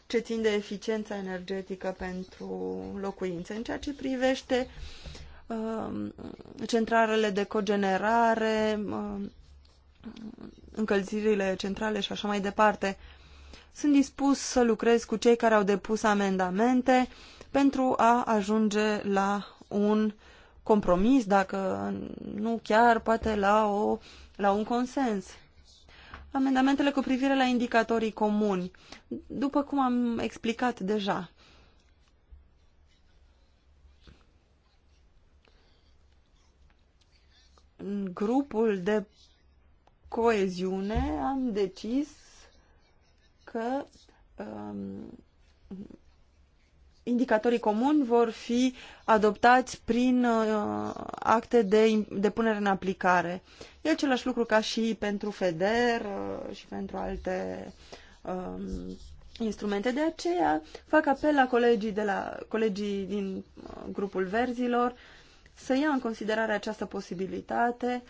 [SPEAKER 1] ce țin de eficiența energetică pentru locuințe. În ceea ce privește Uh, centralele de cogenerare, uh, încălzirile centrale și așa mai departe. Sunt dispus să lucrez cu cei care au depus amendamente pentru a ajunge la un compromis, dacă nu chiar, poate la, o, la un consens. Amendamentele cu privire la indicatorii comuni. După cum am explicat deja, în grupul de coeziune am decis că um, indicatorii comuni vor fi adoptați prin uh, acte de, de punere în aplicare. E același lucru ca și pentru FEDER uh, și pentru alte um, instrumente. De aceea fac apel la colegii, de la, colegii din uh, grupul verzilor să ia în considerare această posibilitate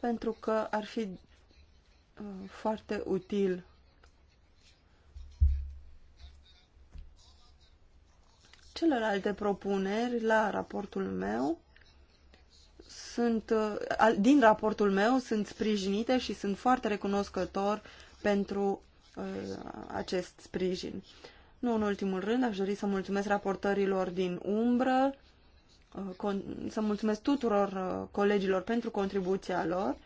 [SPEAKER 1] pentru că ar fi uh, foarte util. Celelalte propuneri la raportul meu sunt, uh, din raportul meu sunt sprijinite și sunt foarte recunoscător pentru uh, acest sprijin. Nu în ultimul rând, aș dori să mulțumesc raportărilor din umbră, Uh, să mulțumesc tuturor uh, colegilor pentru contribuția lor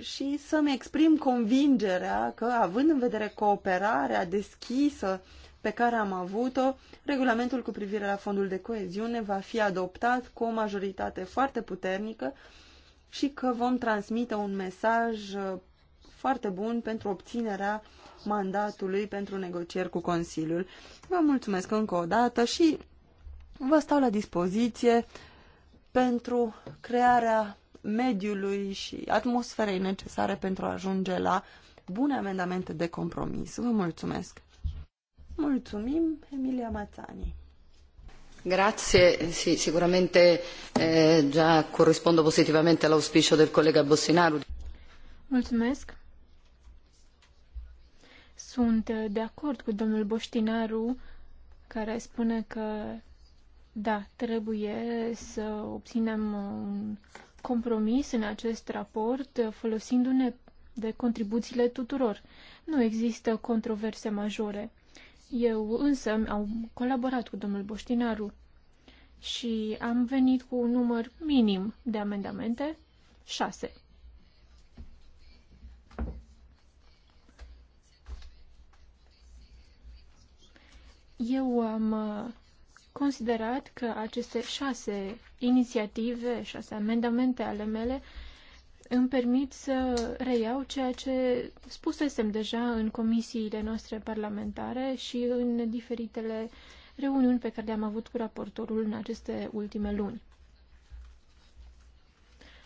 [SPEAKER 1] și să-mi exprim convingerea că, având în vedere cooperarea deschisă pe care am avut-o, regulamentul cu privire la fondul de coeziune va fi adoptat cu o majoritate foarte puternică și că vom transmite un mesaj uh, foarte bun pentru obținerea mandatului pentru negocieri cu Consiliul. Vă mulțumesc încă o dată și vă stau la dispoziție pentru crearea mediului și atmosferei necesare pentru a ajunge la bune amendamente de compromis. Vă mulțumesc! Mulțumim, Emilia Mațani!
[SPEAKER 3] Grazie, sì, sicuramente eh, già corrispondo positivamente all'auspicio del collega Bossinaru.
[SPEAKER 2] Mulțumesc. Sunt de acord cu domnul Boștinaru care spune că da, trebuie să obținem un compromis în acest raport folosindu-ne de contribuțiile tuturor. Nu există controverse majore. Eu însă am colaborat cu domnul Boștinaru și am venit cu un număr minim de amendamente, șase. Eu am considerat că aceste șase inițiative, șase amendamente ale mele, îmi permit să reiau ceea ce spusesem deja în comisiile noastre parlamentare și în diferitele reuniuni pe care le-am avut cu raportorul în aceste ultime luni.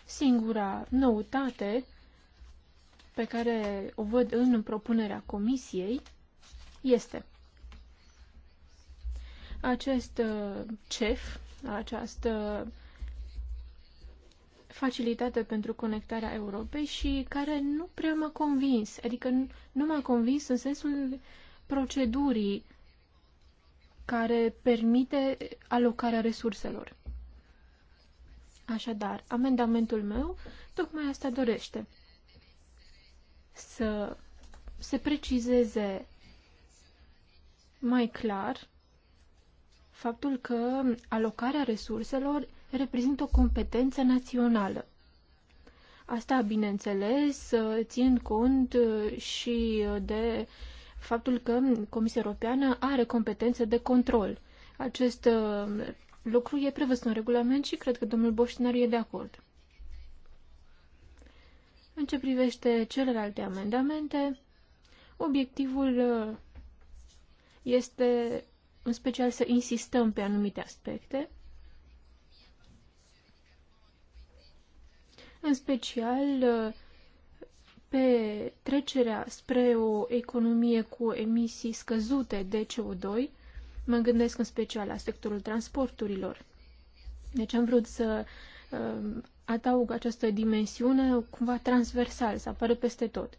[SPEAKER 2] Singura noutate pe care o văd în propunerea comisiei este acest uh, CEF, această facilitate pentru conectarea Europei și care nu prea m-a convins, adică nu m-a convins în sensul procedurii care permite alocarea resurselor. Așadar, amendamentul meu tocmai asta dorește. Să se precizeze mai clar faptul că alocarea resurselor reprezintă o competență națională. Asta, bineînțeles, țin cont uh, și uh, de faptul că Comisia Europeană are competențe de control. Acest uh, lucru e prevăzut în regulament și cred că domnul Boștinar e de acord. În ce privește celelalte amendamente, obiectivul este în special să insistăm pe anumite aspecte, în special uh, pe trecerea spre o economie cu emisii scăzute de CO2, mă gândesc în special la sectorul transporturilor. Deci am vrut să uh, adaug această dimensiune cumva transversal, să apară peste tot.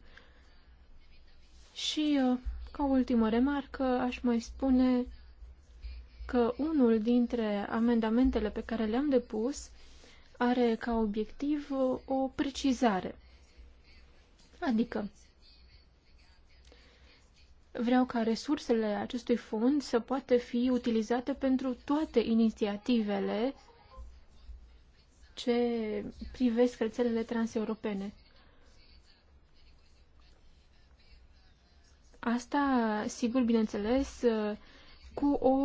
[SPEAKER 2] Și, uh, ca ultimă remarcă, aș mai spune că unul dintre amendamentele pe care le-am depus are ca obiectiv o precizare. Adică, vreau ca resursele acestui fond să poată fi utilizate pentru toate inițiativele ce privesc rețelele transeuropene. Asta, sigur, bineînțeles, cu o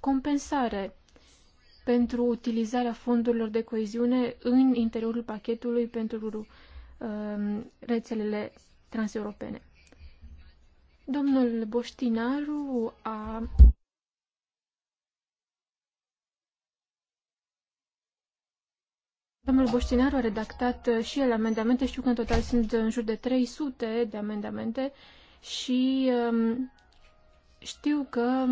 [SPEAKER 2] compensare pentru utilizarea fondurilor de coeziune în interiorul pachetului pentru uh, rețelele transeuropene. Domnul Boștinaru a Domnul Boștinaru a redactat uh, și el amendamente, știu că în total sunt în jur de 300 de amendamente și um, știu că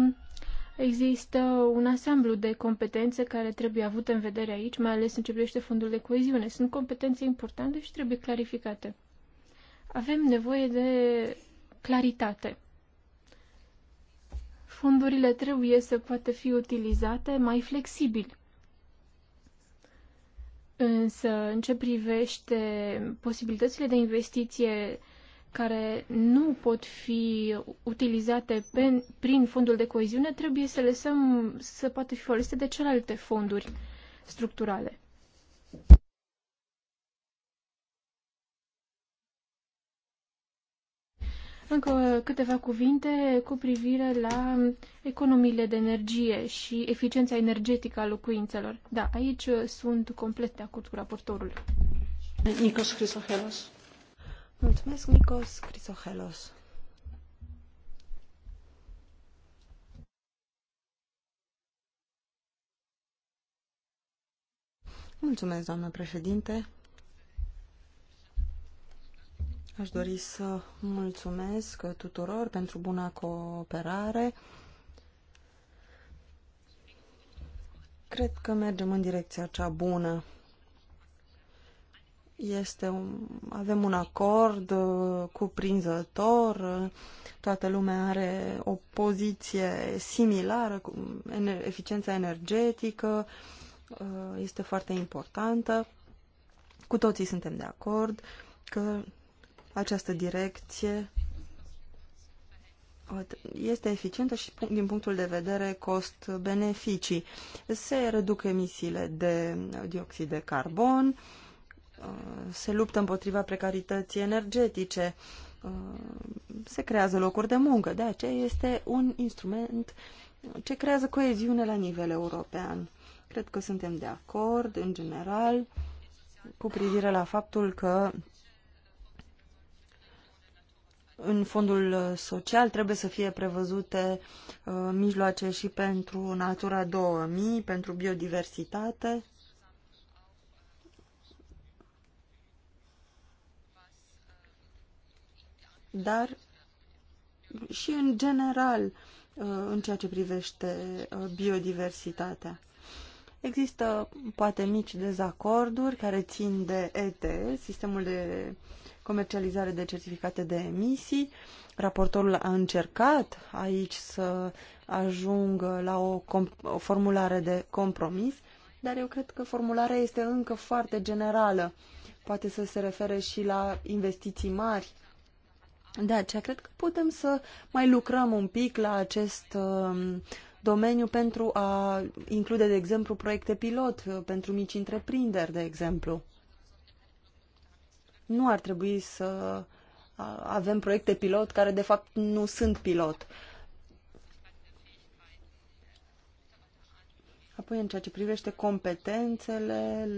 [SPEAKER 2] Există un asamblu de competențe care trebuie avut în vedere aici, mai ales în ce privește fondul de coeziune. Sunt competențe importante și trebuie clarificate. Avem nevoie de claritate. Fondurile trebuie să poată fi utilizate mai flexibil. Însă, în ce privește posibilitățile de investiție care nu pot fi utilizate pe, prin fondul de coeziune, trebuie să lăsăm să poată fi folosite de celelalte fonduri structurale. Încă câteva cuvinte cu privire la economiile de energie și eficiența energetică a locuințelor. Da, aici sunt complet de acord cu raportorul.
[SPEAKER 1] Nikos Chrysohelos. Mulțumesc, Nikos Crisohelos. Mulțumesc, doamnă președinte. Aș dori să mulțumesc tuturor pentru buna cooperare. Cred că mergem în direcția cea bună este un, avem un acord uh, cuprinzător, uh, toată lumea are o poziție similară, cu eficiența energetică uh, este foarte importantă. Cu toții suntem de acord că această direcție este eficientă și din punctul de vedere cost-beneficii. Se reduc emisiile de dioxid de carbon, uh, Uh, se luptă împotriva precarității energetice, uh, se creează locuri de muncă. De aceea este un instrument ce creează coeziune la nivel european. Cred că suntem de acord, în general, cu privire la faptul că în fondul social trebuie să fie prevăzute uh, mijloace și pentru Natura 2000, pentru biodiversitate dar și în general uh, în ceea ce privește uh, biodiversitatea. Există poate mici dezacorduri care țin de ETS, sistemul de comercializare de certificate de emisii. Raportorul a încercat aici să ajungă la o, o formulare de compromis, dar eu cred că formularea este încă foarte generală. Poate să se refere și la investiții mari de aceea cred că putem să mai lucrăm un pic la acest um, domeniu pentru a include, de exemplu, proiecte pilot uh, pentru mici întreprinderi, de exemplu. Nu ar trebui să uh, avem proiecte pilot care, de fapt, nu sunt pilot. Apoi, în ceea ce privește competențele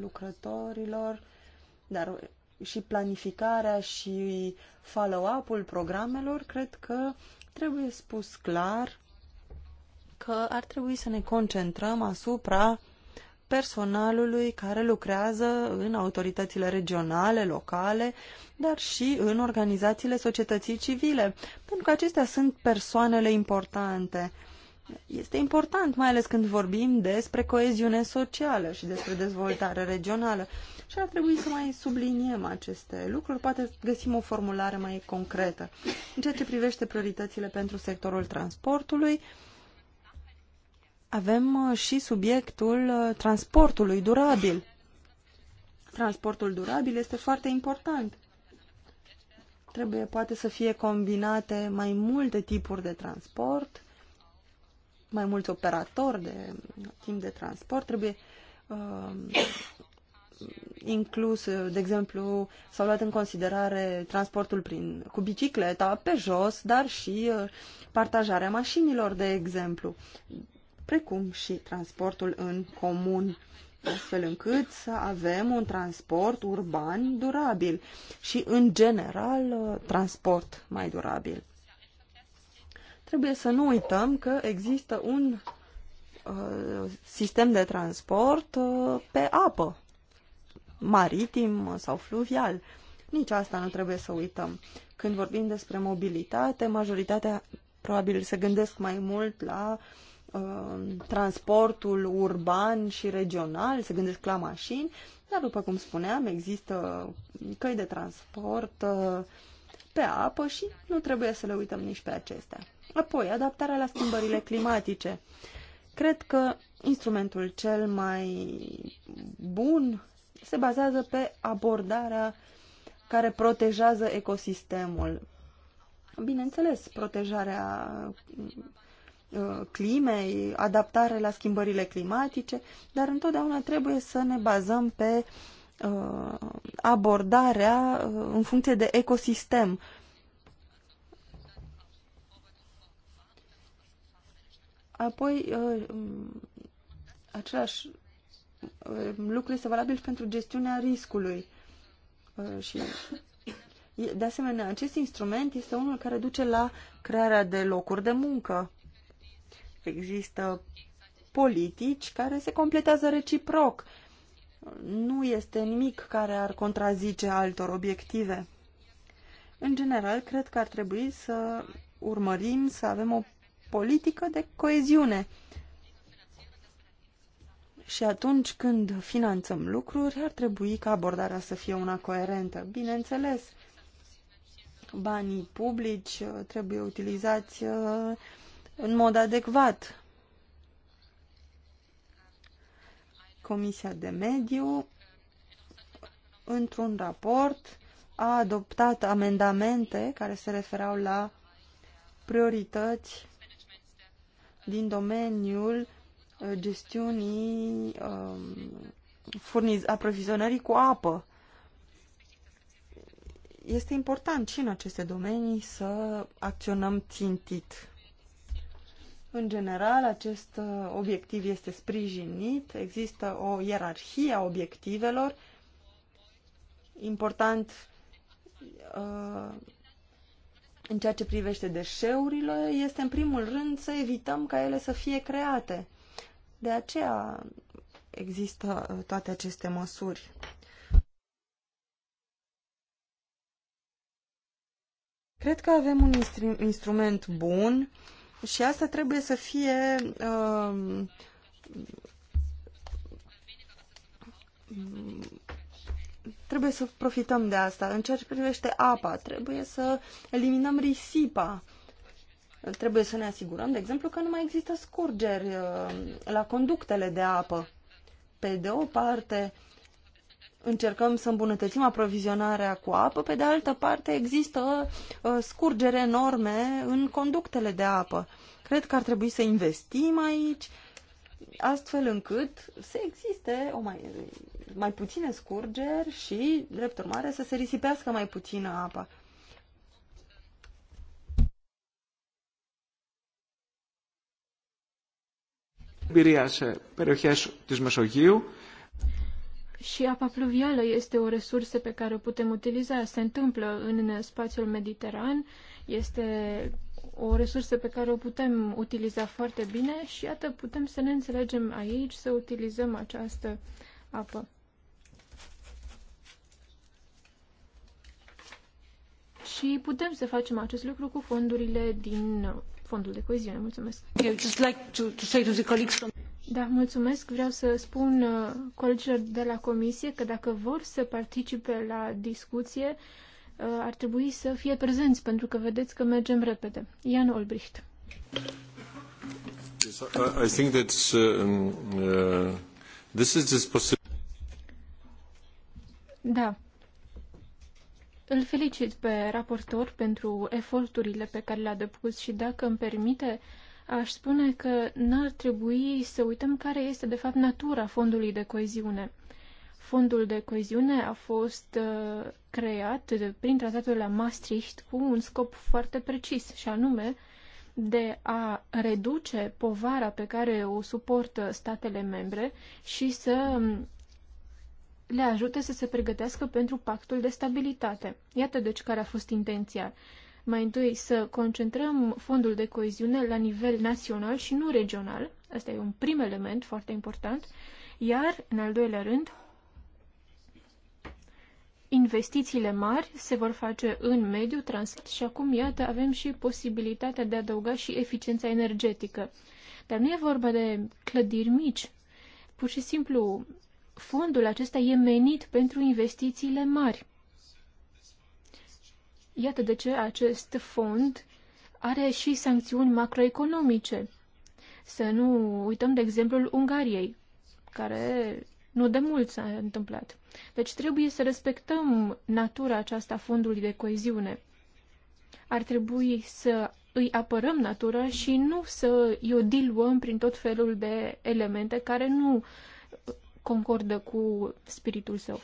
[SPEAKER 1] lucrătorilor, dar și planificarea și follow-up-ul programelor, cred că trebuie spus clar că ar trebui să ne concentrăm asupra personalului care lucrează în autoritățile regionale, locale, dar și în organizațiile societății civile, pentru că acestea sunt persoanele importante. Este important, mai ales când vorbim despre coeziune socială și despre dezvoltare regională și ar trebui să mai subliniem aceste lucruri, poate găsim o formulare mai concretă. În ceea ce privește prioritățile pentru sectorul transportului, avem uh, și subiectul uh, transportului durabil. Transportul durabil este foarte important. Trebuie poate să fie combinate mai multe tipuri de transport, mai mulți operatori de uh, timp de transport. Trebuie uh, inclus, uh, de exemplu, s-au luat în considerare transportul prin, cu bicicleta, pe jos, dar și uh, partajarea mașinilor, de exemplu, precum și transportul în comun astfel încât să avem un transport urban durabil și, în general, uh, transport mai durabil. Trebuie să nu uităm că există un uh, sistem de transport uh, pe apă maritim sau fluvial. Nici asta nu trebuie să uităm. Când vorbim despre mobilitate, majoritatea probabil se gândesc mai mult la uh, transportul urban și regional, se gândesc la mașini, dar după cum spuneam, există căi de transport uh, pe apă și nu trebuie să le uităm nici pe acestea. Apoi, adaptarea la schimbările climatice. Cred că instrumentul cel mai bun se bazează pe abordarea care protejează ecosistemul. Bineînțeles, protejarea uh, climei, adaptare la schimbările climatice, dar întotdeauna trebuie să ne bazăm pe uh, abordarea uh, în funcție de ecosistem. Apoi, același Uh, lucru este valabil pentru gestiunea riscului. Uh, și de asemenea, acest instrument este unul care duce la crearea de locuri de muncă. Există politici care se completează reciproc. Nu este nimic care ar contrazice altor obiective. În general, cred că ar trebui să urmărim să avem o politică de coeziune și atunci când finanțăm lucruri, ar trebui ca abordarea să fie una coerentă. Bineînțeles, banii publici uh, trebuie utilizați uh, în mod adecvat. Comisia de Mediu, într-un raport, a adoptat amendamente care se referau la priorități din domeniul Uh, gestiunii um, furniz- aprovizionării cu apă. Este important și în aceste domenii să acționăm țintit. În general, acest uh, obiectiv este sprijinit, există o ierarhie a obiectivelor. Important uh, în ceea ce privește deșeurile este, în primul rând, să evităm ca ele să fie create. De aceea există uh, toate aceste măsuri. Cred că avem un instrument bun și asta trebuie să fie uh, trebuie să profităm de asta. În ceea ce privește apa, trebuie să eliminăm risipa. Uh, Trebuie să ne asigurăm, de exemplu, că nu mai există scurgeri uh, la conductele de apă. Pe de o parte, încercăm să îmbunătățim aprovizionarea cu apă, pe de altă parte există uh, scurgere enorme în conductele de apă. Cred că ar trebui să investim aici, astfel încât să existe o mai, mai puține scurgeri și, drept urmare, să se risipească mai puțină apa. εμπειρία σε περιοχές της Μεσογείου.
[SPEAKER 2] Și apa pluvială este o resursă pe care o putem utiliza. Se întâmplă în spațiul mediteran, este o resursă pe care o putem utiliza foarte bine și iată, putem să ne înțelegem aici, să utilizăm această apă. Și putem să facem acest lucru cu fondurile din fondul de coeziune. Mulțumesc. Just like to, to say to the colleagues Da, mulțumesc. Vreau să spun uh, colegilor de la comisie că dacă vor să participe la discuție, uh, ar trebui să fie prezenți, pentru că vedeți că mergem repede. Ian Olbricht.
[SPEAKER 1] I think that uh, um, uh this is this possibility.
[SPEAKER 2] Da. Îl felicit pe raportor pentru eforturile pe care le-a depus și dacă îmi permite, aș spune că n-ar trebui să uităm care este de fapt natura fondului de coeziune. Fondul de coeziune a fost uh, creat prin tratatul la Maastricht cu un scop foarte precis, și anume de a reduce povara pe care o suportă statele membre și să le ajute să se pregătească pentru pactul de stabilitate. Iată deci care a fost intenția. Mai întâi să concentrăm fondul de coeziune la nivel național și nu regional. Asta e un prim element foarte important. Iar, în al doilea rând, investițiile mari se vor face în mediu, transport și acum, iată, avem și posibilitatea de a adăuga și eficiența energetică. Dar nu e vorba de clădiri mici. Pur și simplu, fondul acesta e menit pentru investițiile mari. Iată de ce acest fond are și sancțiuni macroeconomice. Să nu uităm de exemplul Ungariei, care nu de mult s-a întâmplat. Deci trebuie să respectăm natura aceasta fondului de coeziune. Ar trebui să îi apărăm natura și nu să i-o diluăm prin tot felul de elemente care nu concordă cu spiritul său.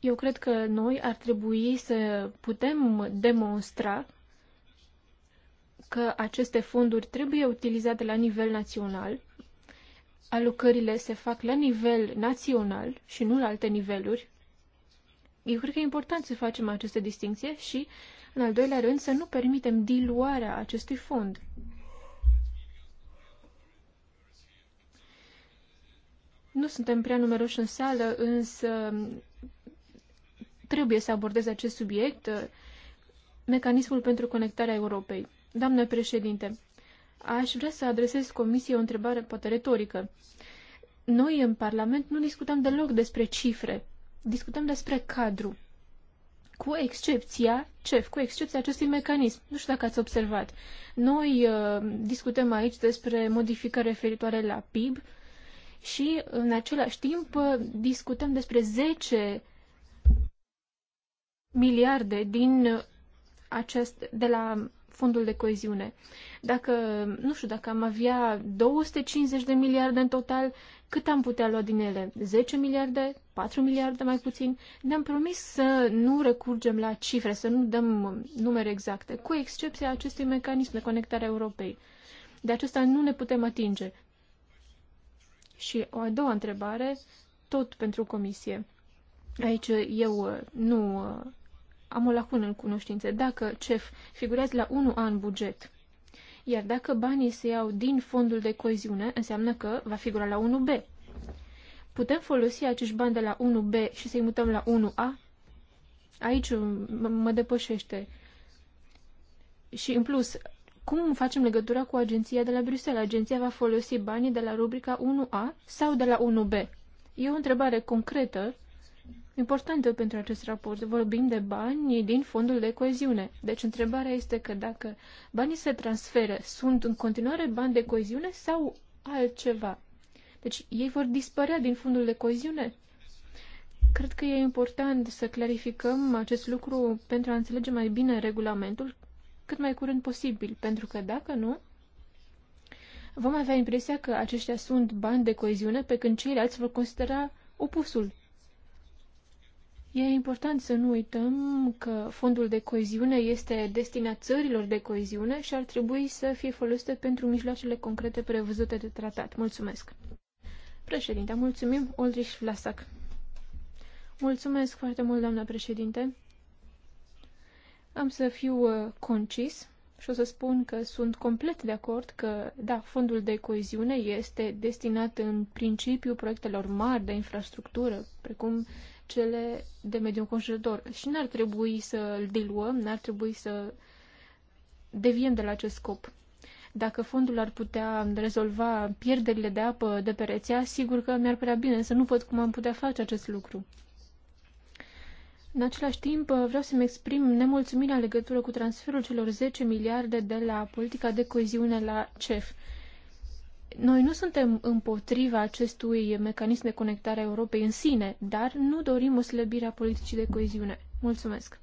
[SPEAKER 2] Eu cred că noi ar trebui să putem demonstra că aceste fonduri trebuie utilizate la nivel național, alocările se fac la nivel național și nu la alte niveluri. Eu cred că e important să facem această distinție și, în al doilea rând, să nu permitem diluarea acestui fond. Nu suntem prea numeroși în sală, însă trebuie să abordez acest subiect, uh, mecanismul pentru conectarea Europei. Doamnă președinte, aș vrea să adresez Comisiei o întrebare poate retorică. Noi în Parlament nu discutăm deloc despre cifre, discutăm despre cadru. Cu excepția, CEF, cu excepția acestui mecanism. Nu știu dacă ați observat. Noi uh, discutăm aici despre modificări referitoare la PIB, și în același timp discutăm despre 10 miliarde din acest, de la fondul de coeziune. Dacă, nu știu, dacă am avea 250 de miliarde în total, cât am putea lua din ele? 10 miliarde? 4 miliarde mai puțin? Ne-am promis să nu recurgem la cifre, să nu dăm numere exacte, cu excepția acestui mecanism de conectare a Europei. De acesta nu ne putem atinge. Și o a doua întrebare, tot pentru comisie. Aici eu uh, nu uh, am o lacună în cunoștințe. Dacă CEF figurează la 1A în buget, iar dacă banii se iau din fondul de coeziune, înseamnă că va figura la 1B. Putem folosi acești bani de la 1B și să-i mutăm la 1A? Aici uh, mă depășește. Și în plus, cum facem legătura cu agenția de la Bruxelles? Agenția va folosi banii de la rubrica 1A sau de la 1B? E o întrebare concretă, importantă pentru acest raport. Vorbim de bani din fondul de coeziune. Deci întrebarea este că dacă banii se transferă, sunt în continuare bani de coeziune sau altceva? Deci ei vor dispărea din fondul de coeziune? Cred că e important să clarificăm acest lucru pentru a înțelege mai bine regulamentul cât mai curând posibil, pentru că dacă nu, vom avea impresia că aceștia sunt bani de coeziune, pe când ceilalți vor considera opusul. E important să nu uităm că fondul de coeziune este destinat țărilor de coeziune și ar trebui să fie folosite pentru mijloacele concrete prevăzute de tratat. Mulțumesc! Președinte, mulțumim, Oldrich Vlasac. Mulțumesc foarte mult, doamna președinte. Am să fiu uh, concis și o să spun că sunt complet de acord că, da, fondul de coeziune este destinat în principiu proiectelor mari de infrastructură, precum cele de mediu înconjurător. Și n-ar trebui să îl diluăm, n-ar trebui să deviem de la acest scop. Dacă fondul ar putea rezolva pierderile de apă de pe rețea, sigur că mi-ar părea bine, să nu văd cum am putea face acest lucru. În același timp, vreau să-mi exprim nemulțumirea în legătură cu transferul celor 10 miliarde de la politica de coeziune la CEF. Noi nu suntem împotriva acestui mecanism de conectare a Europei în sine, dar nu dorim o slăbire a politicii de coeziune. Mulțumesc.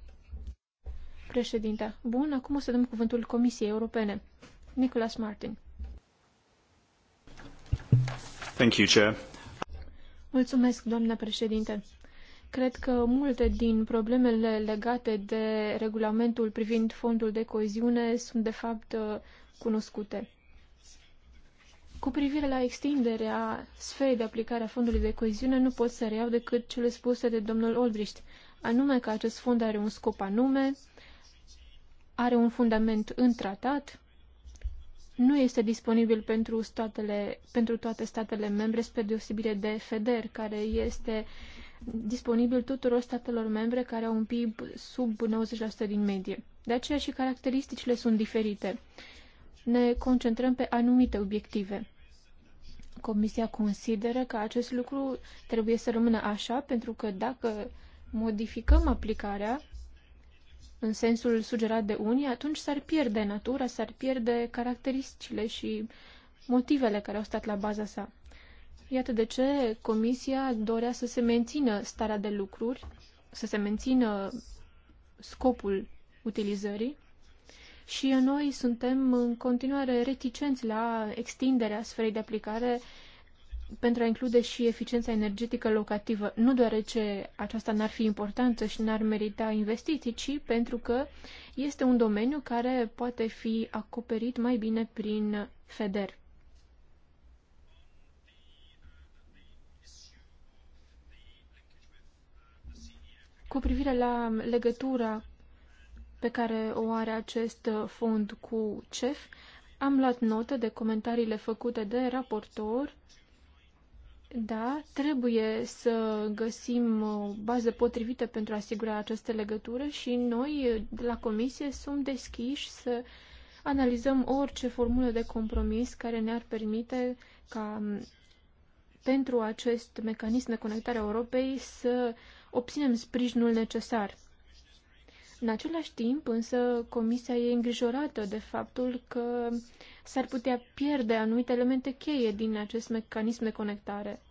[SPEAKER 2] Președinte, bun, acum o să dăm cuvântul Comisiei Europene. Nicolas Martin. Thank you, Chair. Mulțumesc, doamna președinte. Cred că multe din problemele legate de regulamentul privind fondul de coeziune sunt de fapt uh, cunoscute. Cu privire la extinderea sferei de aplicare a fondului de coeziune, nu pot să reiau decât cele spuse de domnul Oldrich, anume că acest fond are un scop anume, are un fundament în tratat, nu este disponibil pentru, statele, pentru toate statele membre, spre deosebire de FEDER, care este disponibil tuturor statelor membre care au un PIB sub 90% din medie. De aceea și caracteristicile sunt diferite. Ne concentrăm pe anumite obiective. Comisia consideră că acest lucru trebuie să rămână așa, pentru că dacă modificăm aplicarea în sensul sugerat de unii, atunci s-ar pierde natura, s-ar pierde caracteristicile și motivele care au stat la baza sa. Iată de ce Comisia dorea să se mențină starea de lucruri, să se mențină scopul utilizării și noi suntem în continuare reticenți la extinderea sferei de aplicare pentru a include și eficiența energetică locativă, nu deoarece aceasta n-ar fi importantă și n-ar merita investiții, ci pentru că este un domeniu care poate fi acoperit mai bine prin FEDER. Cu privire la legătura pe care o are acest fond cu CEF, am luat notă de comentariile făcute de raportor. Da, trebuie să găsim o bază potrivită pentru a asigura această legătură și noi de la comisie sunt deschiși să analizăm orice formulă de compromis care ne-ar permite ca mm, pentru acest mecanism de conectare a Europei să obținem sprijinul necesar. În același timp, însă, Comisia e îngrijorată de faptul că s-ar putea pierde anumite elemente cheie din acest mecanism de conectare,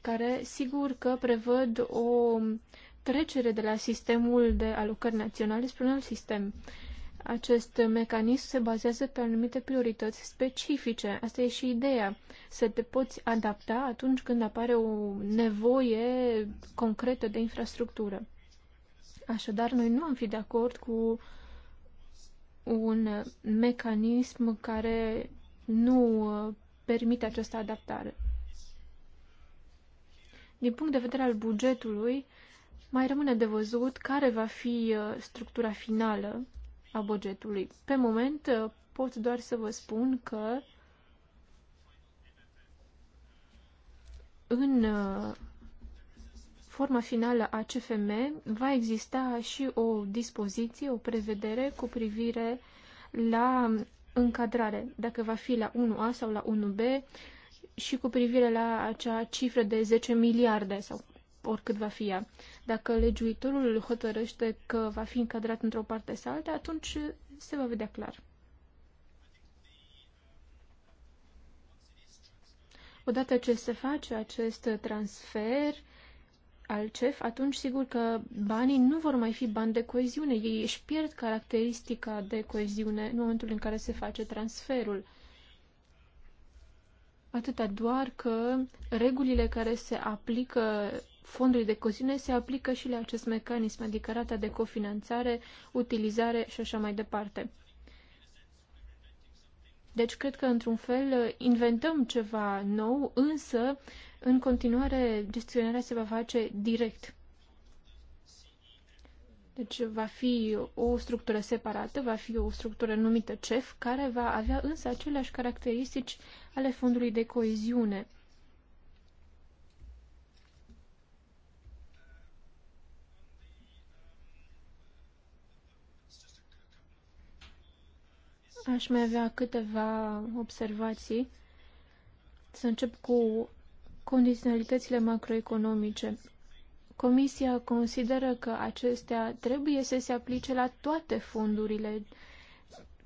[SPEAKER 2] care sigur că prevăd o trecere de la sistemul de alocări naționale spre un alt sistem. Acest mecanism se bazează pe anumite priorități specifice. Asta e și ideea, să te poți adapta atunci când apare o nevoie concretă de infrastructură. Așadar, noi nu am fi de acord cu un mecanism care nu uh, permite această adaptare. Din punct de vedere al bugetului, mai rămâne de văzut care va fi uh, structura finală a bugetului. Pe moment uh, pot doar să vă spun că în uh, forma finală a CFM va exista și o dispoziție, o prevedere cu privire la încadrare, dacă va fi la 1A sau la 1B și cu privire la acea cifră de 10 miliarde sau oricât va fi ea. Dacă legiuitorul hotărăște că va fi încadrat într-o parte sau alta, atunci se va vedea clar. Odată ce se face acest transfer al CEF, atunci sigur că banii nu vor mai fi bani de coeziune. Ei își pierd caracteristica de coeziune în momentul în care se face transferul atâta doar că regulile care se aplică fondului de coziune se aplică și la acest mecanism, adică rata de cofinanțare, utilizare și așa mai departe. Deci cred că, într-un fel, inventăm ceva nou, însă, în continuare, gestionarea se va face direct. Deci va fi o structură separată, va fi o structură numită CEF, care va avea însă aceleași caracteristici ale fondului de coeziune. Aș mai avea câteva observații. Să încep cu condiționalitățile macroeconomice. Comisia consideră că acestea trebuie să se aplice la toate fondurile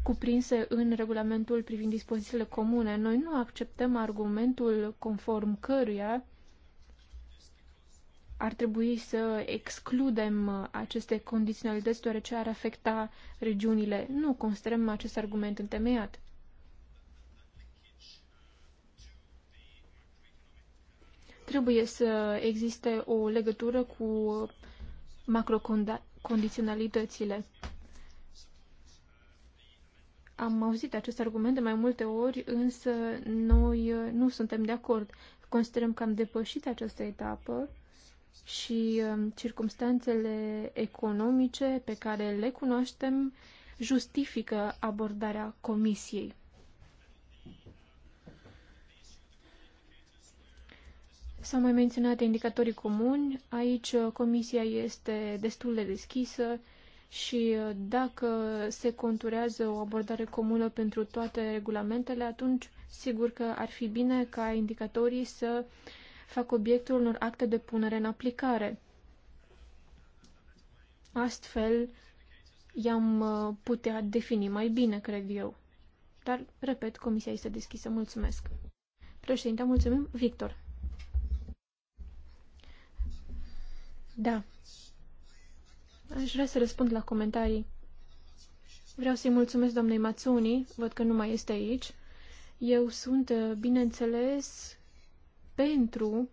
[SPEAKER 2] cuprinse în regulamentul privind dispozițiile comune. Noi nu acceptăm argumentul conform căruia ar trebui să excludem aceste condiționalități deoarece ar afecta regiunile. Nu considerăm acest argument întemeiat. Trebuie să existe o legătură cu macrocondiționalitățile. Am auzit acest argument de mai multe ori, însă noi nu suntem de acord. Considerăm că am depășit această etapă și um, circumstanțele economice pe care le cunoaștem justifică abordarea Comisiei. S-au mai menționat indicatorii comuni. Aici uh, Comisia este destul de deschisă și uh, dacă se conturează o abordare comună pentru toate regulamentele, atunci sigur că ar fi bine ca indicatorii să uh, fac obiectul unor acte de punere în aplicare. Astfel, i-am uh, putea defini mai bine, cred eu. Dar, repet, comisia este deschisă. Mulțumesc. Președinte, mulțumim. Victor. Da. Aș vrea să răspund la comentarii. Vreau să-i mulțumesc doamnei Mațuni, văd că nu mai este aici. Eu sunt, uh, bineînțeles, pentru,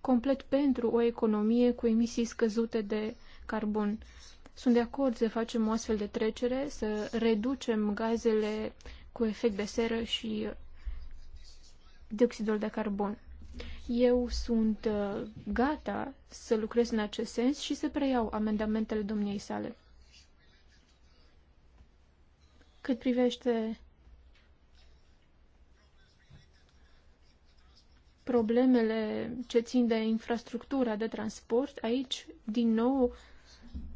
[SPEAKER 2] complet pentru o economie cu emisii scăzute de carbon. Sunt de acord să facem o astfel de trecere, să reducem gazele cu efect de seră și dioxidul de carbon. Eu sunt uh, gata să lucrez în acest sens și să preiau amendamentele domniei sale. Cât privește problemele ce țin de infrastructura de transport, aici, din nou,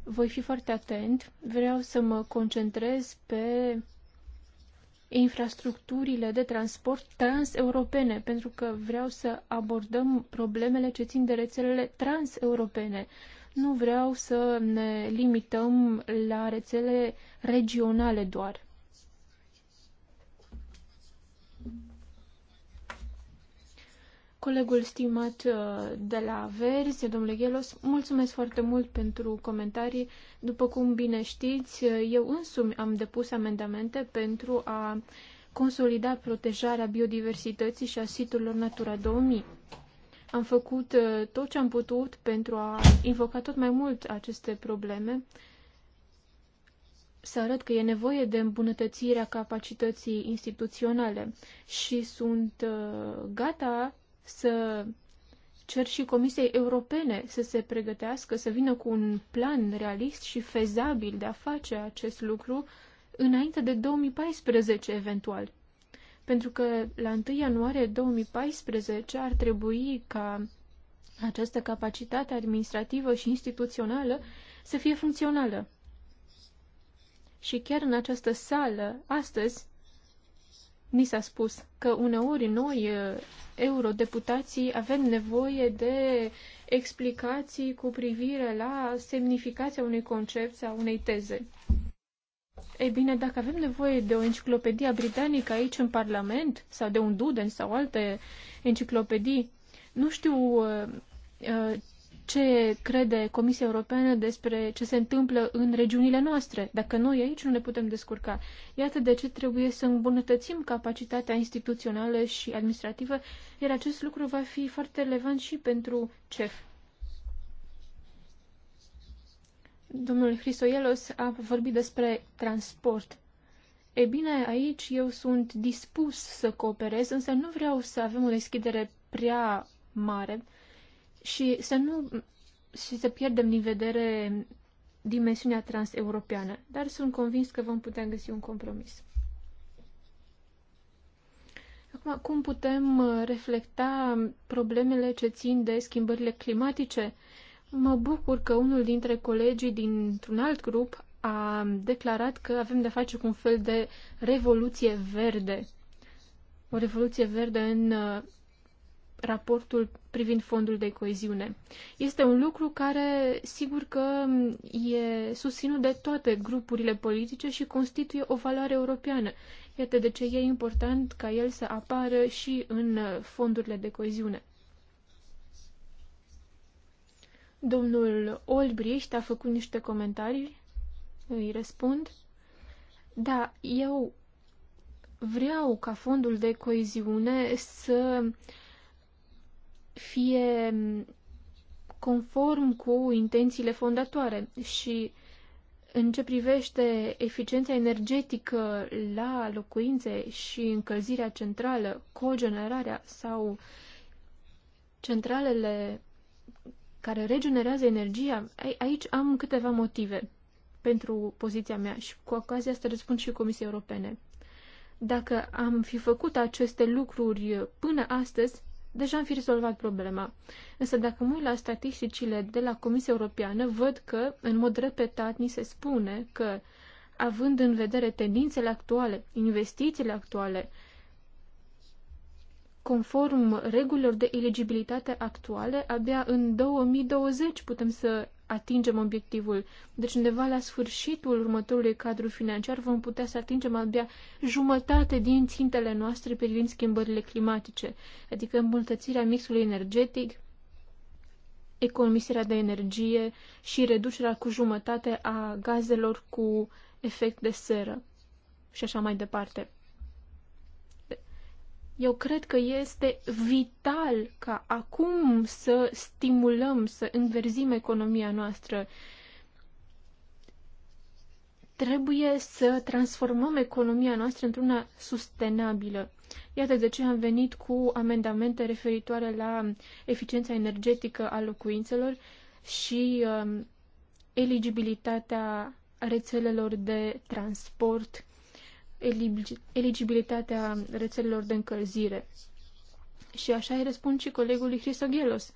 [SPEAKER 2] voi fi foarte atent. Vreau să mă concentrez pe infrastructurile de transport transeuropene, pentru că vreau să abordăm problemele ce țin de rețelele transeuropene. Nu vreau să ne limităm la rețele regionale doar. Colegul stimat uh, de la Verzi, domnule Ghelos, mulțumesc foarte mult pentru comentarii. După cum bine știți, uh, eu însumi am depus amendamente pentru a consolida protejarea biodiversității și a siturilor Natura 2000. Am făcut uh, tot ce am putut pentru a invoca tot mai mult aceste probleme, să arăt că e nevoie de îmbunătățirea capacității instituționale și sunt gata să cer și Comisiei Europene să se pregătească, să vină cu un plan realist și fezabil de a face acest lucru înainte de 2014, eventual. Pentru că la 1 ianuarie 2014 ar trebui ca această capacitate administrativă și instituțională să fie funcțională. Și chiar în această sală, astăzi, ni s-a spus că uneori noi, uh, eurodeputații, avem nevoie de explicații cu privire la semnificația unui concept sau unei teze. Ei bine, dacă avem nevoie de o enciclopedie britanică aici în Parlament sau de un Duden sau alte enciclopedii, nu știu uh, uh ce crede Comisia Europeană despre ce se întâmplă în regiunile noastre, dacă noi aici nu ne putem descurca. Iată de ce trebuie să îmbunătățim capacitatea instituțională și administrativă, iar acest lucru va fi foarte relevant și pentru CEF. Domnul Hristoielos a vorbit despre transport. E bine, aici eu sunt dispus să cooperez, însă nu vreau să avem o deschidere prea mare, și să nu și să pierdem din vedere dimensiunea transeuropeană, dar sunt convins că vom putea găsi un compromis. Acum, cum putem uh, reflecta problemele ce țin de schimbările climatice? Mă bucur că unul dintre colegii dintr-un alt grup a declarat că avem de face cu un fel de revoluție verde. O revoluție verde în uh, raportul privind fondul de coeziune. Este un lucru care, sigur că e susținut de toate grupurile politice și constituie o valoare europeană. Iată de ce e important ca el să apară și în fondurile de coeziune. Domnul Olbricht a făcut niște comentarii, îi răspund. Da, eu vreau ca fondul de coeziune să fie conform cu intențiile fondatoare și în ce privește eficiența energetică la locuințe și încălzirea centrală, cogenerarea sau centralele care regenerează energia, aici am câteva motive pentru poziția mea și cu ocazia asta răspund și Comisiei Europene. Dacă am fi făcut aceste lucruri până astăzi, deja am fi rezolvat problema. Însă dacă mă uit la statisticile de la Comisia Europeană, văd că, în mod repetat, ni se spune că, având în vedere tendințele actuale, investițiile actuale, conform regulilor de eligibilitate actuale, abia în 2020 putem să atingem obiectivul. Deci undeva la sfârșitul următorului cadru financiar vom putea să atingem abia jumătate din țintele noastre privind schimbările climatice, adică îmbunătățirea mixului energetic, economisirea de energie și reducerea cu jumătate a gazelor cu efect de seră și așa mai departe. Eu cred că este vital ca acum să stimulăm, să înverzim economia noastră. Trebuie să transformăm economia noastră într-una sustenabilă. Iată de ce am venit cu amendamente referitoare la eficiența energetică a locuințelor și um, eligibilitatea rețelelor de transport eligibilitatea rețelelor de încălzire. Și așa îi răspund și colegului Hristoghelos.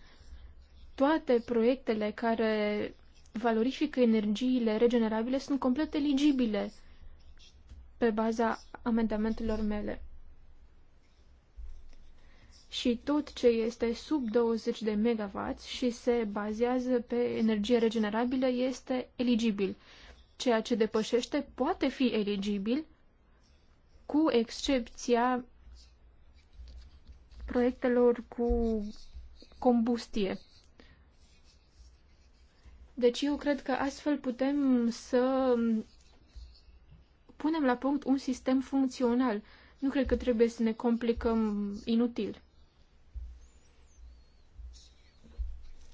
[SPEAKER 2] Toate proiectele care valorifică energiile regenerabile sunt complet eligibile pe baza amendamentelor mele. Și tot ce este sub 20 de MW și se bazează pe energie regenerabilă este eligibil. Ceea ce depășește poate fi eligibil, cu excepția proiectelor cu combustie. Deci eu cred că astfel putem să punem la punct un sistem funcțional. Nu cred că trebuie să ne complicăm inutil.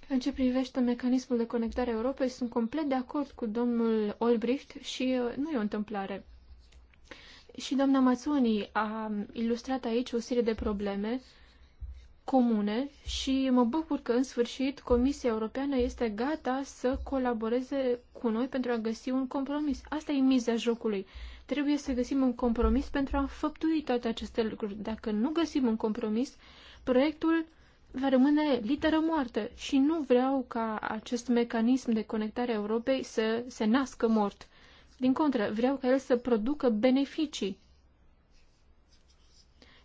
[SPEAKER 2] În ce privește mecanismul de conectare a Europei, sunt complet de acord cu domnul Olbricht și uh, nu e o întâmplare. Și doamna Mațuni a ilustrat aici o serie de probleme comune și mă bucur că, în sfârșit, Comisia Europeană este gata să colaboreze cu noi pentru a găsi un compromis. Asta e miza jocului. Trebuie să găsim un compromis pentru a făptui toate aceste lucruri. Dacă nu găsim un compromis, proiectul va rămâne literă moartă și nu vreau ca acest mecanism de conectare a Europei să se nască mort. Din contră, vreau ca el să producă beneficii.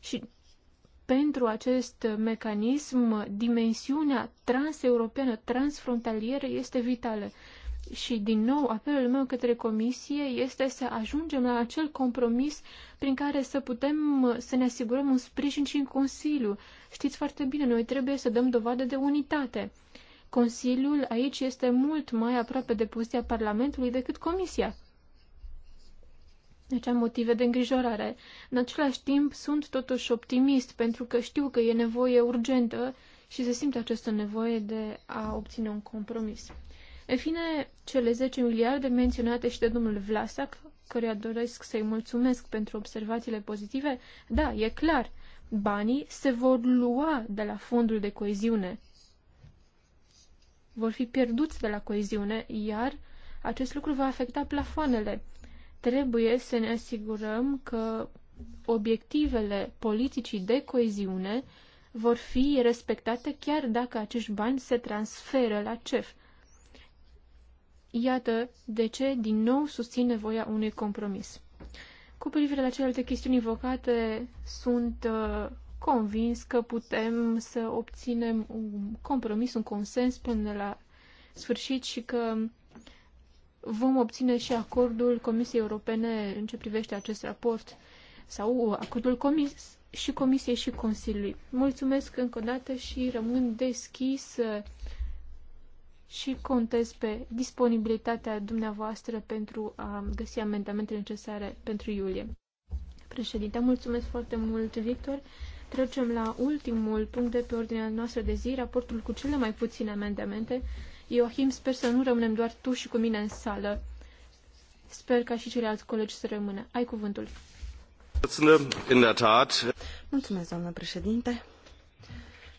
[SPEAKER 2] Și pentru acest mecanism, dimensiunea transeuropeană, transfrontalieră este vitală. Și, din nou, apelul meu către Comisie este să ajungem la acel compromis prin care să putem uh, să ne asigurăm un sprijin și în Consiliu. Știți foarte bine, noi trebuie să dăm dovadă de unitate. Consiliul aici este mult mai aproape de poziția Parlamentului decât Comisia. Deci am motive de îngrijorare. În același timp, sunt totuși optimist, pentru că știu că e nevoie urgentă și se simte această nevoie de a obține un compromis. În fine, cele 10 miliarde menționate și de domnul Vlasac, căruia doresc să-i mulțumesc pentru observațiile pozitive, da, e clar, banii se vor lua de la fondul de coeziune. Vor fi pierduți de la coeziune, iar acest lucru va afecta plafoanele trebuie să ne asigurăm că obiectivele politicii de coeziune vor fi respectate chiar dacă acești bani se transferă la CEF. Iată de ce, din nou, susțin nevoia unui compromis. Cu privire la celelalte chestiuni invocate, sunt uh, convins că putem să obținem un compromis, un consens până la sfârșit și că vom obține și acordul Comisiei Europene în ce privește acest raport sau uh, acordul comis și Comisiei și Consiliului. Mulțumesc încă o dată și rămân deschis uh, și contez pe disponibilitatea dumneavoastră pentru a găsi amendamentele necesare pentru iulie. Președinte, mulțumesc foarte mult, Victor. Trecem la ultimul punct de pe ordinea noastră de zi, raportul cu cele mai puține amendamente Ioachim, sper să nu rămânem doar tu și cu mine în sală. Sper ca și ceilalți colegi să rămână. Ai cuvântul.
[SPEAKER 1] Mulțumesc, doamnă președinte.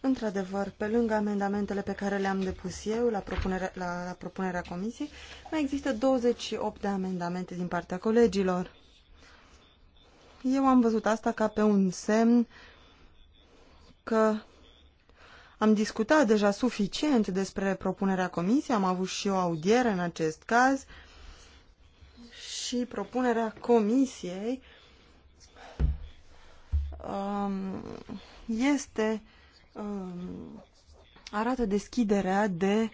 [SPEAKER 1] Într-adevăr, pe lângă amendamentele pe care le-am depus eu la propunerea, la, la propunerea comisiei, mai există 28 de amendamente din partea colegilor. Eu am văzut asta ca pe un semn că am discutat deja suficient despre propunerea comisiei, am avut și o audiere în acest caz și propunerea comisiei um, este um, arată deschiderea de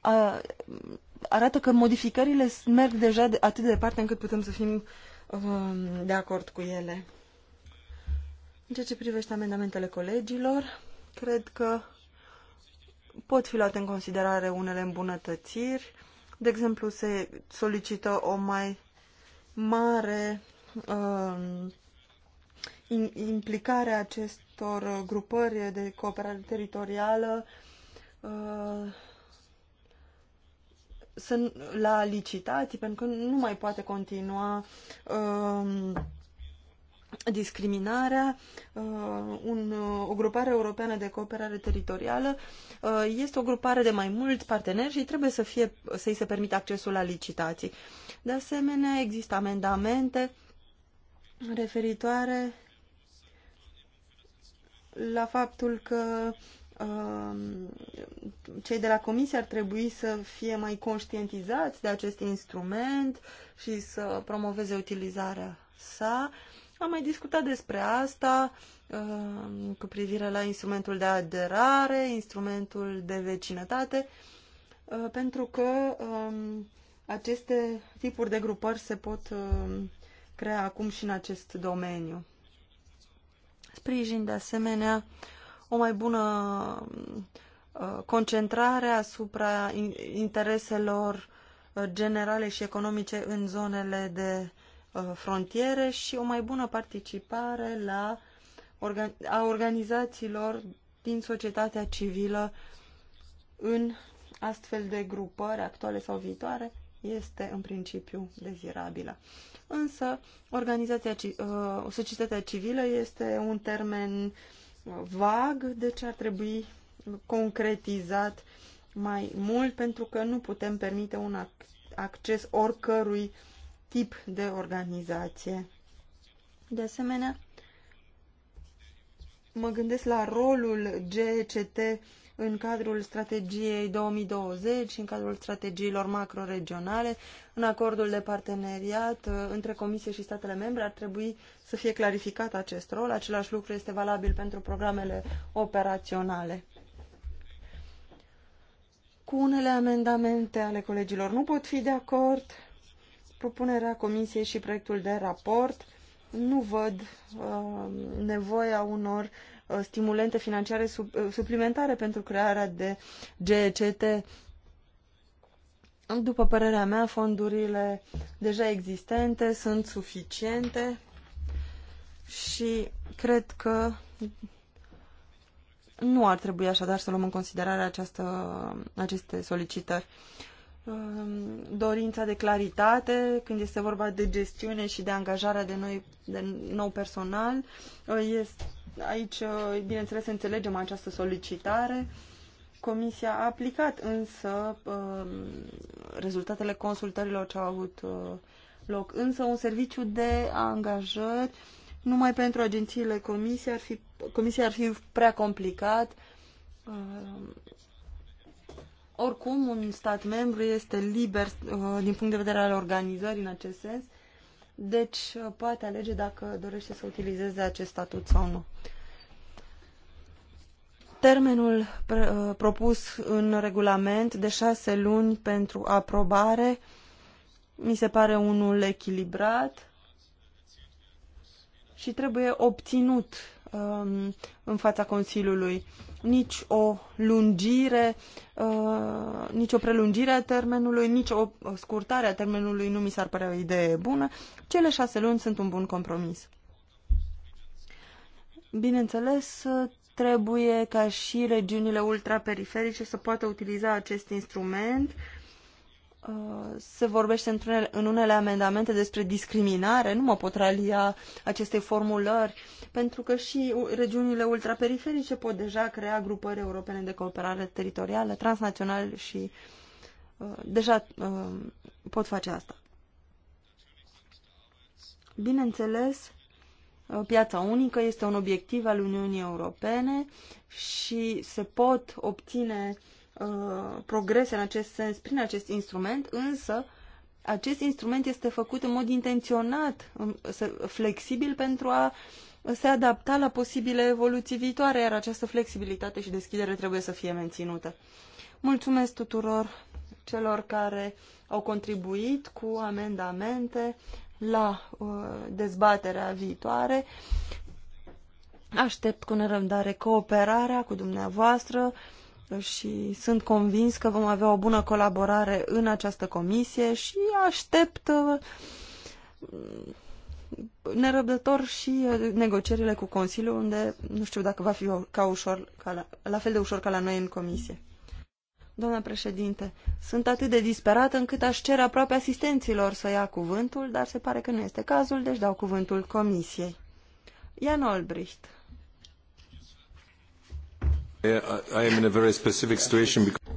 [SPEAKER 1] a, arată că modificările merg deja de, atât de departe încât putem să fim um, de acord cu ele. În ceea ce privește amendamentele colegilor, cred că pot fi luate în considerare unele îmbunătățiri. De exemplu, se solicită o mai mare uh, implicare a acestor grupări de cooperare teritorială uh, să, la licitații, pentru că nu mai poate continua uh, discriminarea, uh, un, uh, o grupare europeană de cooperare teritorială uh, este o grupare de mai mulți parteneri și trebuie să fie, să se permită accesul la licitații. De asemenea, există amendamente referitoare la faptul că cei de la comisie ar trebui să fie mai conștientizați de acest instrument și să promoveze utilizarea sa am mai discutat despre asta uh, cu privire la instrumentul de aderare, instrumentul de vecinătate, uh, pentru că um, aceste tipuri de grupări se pot um, crea acum și în acest domeniu. Sprijin, de asemenea, o mai bună uh, concentrare asupra intereselor generale și economice în zonele de Uh, frontiere și o mai bună participare la, a organizațiilor din societatea civilă în astfel de grupări actuale sau viitoare este în principiu dezirabilă. Însă, organizația, uh, societatea civilă este un termen uh, vag, deci ar trebui concretizat mai mult pentru că nu putem permite un acces oricărui uh, tip de organizație. De asemenea, mă gândesc la rolul GCT în cadrul strategiei 2020 și în cadrul strategiilor macroregionale, în acordul de parteneriat uh, între Comisie și statele membre, ar trebui să fie clarificat acest rol. Același lucru este valabil pentru programele operaționale. Cu unele amendamente ale colegilor nu pot fi de acord, propunerea Comisiei și proiectul de raport nu văd uh, nevoia unor uh, stimulente financiare sub, uh, suplimentare pentru crearea de GECT. După părerea mea, fondurile deja existente sunt suficiente și cred că nu ar trebui așadar să luăm în considerare această, aceste solicitări. Uh, Um, dorința de claritate când este vorba de gestiune și de angajarea de, noi, de nou personal. Uh, aici, uh, bineînțeles, înțelegem această solicitare. Comisia a aplicat însă um, rezultatele consultărilor ce au avut uh, loc. Însă un serviciu de angajări numai pentru agențiile comisiei ar fi, comisia ar fi prea complicat oricum, un stat membru este liber uh, din punct de vedere al organizării în acest sens, deci uh, poate alege dacă dorește să utilizeze acest statut sau nu. Termenul uh, propus în regulament de șase luni pentru aprobare mi se pare unul echilibrat și trebuie obținut um, în fața Consiliului nici o lungire, uh, nici o prelungire a termenului, nici o scurtare a termenului nu mi s-ar părea o idee bună. Cele șase luni sunt un bun compromis. Bineînțeles, trebuie ca și regiunile ultraperiferice să poată utiliza acest instrument Uh, se vorbește în unele amendamente despre discriminare, nu mă pot ralia acestei formulări, pentru că și regiunile ultraperiferice pot deja crea grupări europene de cooperare teritorială, transnațional și uh, deja uh, pot face asta. Bineînțeles, piața unică este un obiectiv al Uniunii Europene și se pot obține uh, Uh, progrese în acest sens prin acest instrument, însă acest instrument este făcut în mod intenționat, um, flexibil pentru a se adapta la posibile evoluții viitoare, iar această flexibilitate și deschidere trebuie să fie menținută. Mulțumesc tuturor celor care au contribuit cu amendamente la uh, dezbaterea viitoare. Aștept cu nerăbdare cooperarea cu dumneavoastră și sunt convins că vom avea o bună colaborare în această comisie și aștept uh, nerăbdător și uh, negocierile cu Consiliul, unde nu știu dacă va fi ca ușor, ca la, la fel de ușor ca la noi în comisie. Doamna președinte, sunt atât de disperată încât aș cere aproape asistenților să ia cuvântul, dar se pare că nu este cazul, deci dau cuvântul comisiei.
[SPEAKER 3] Ian Olbricht.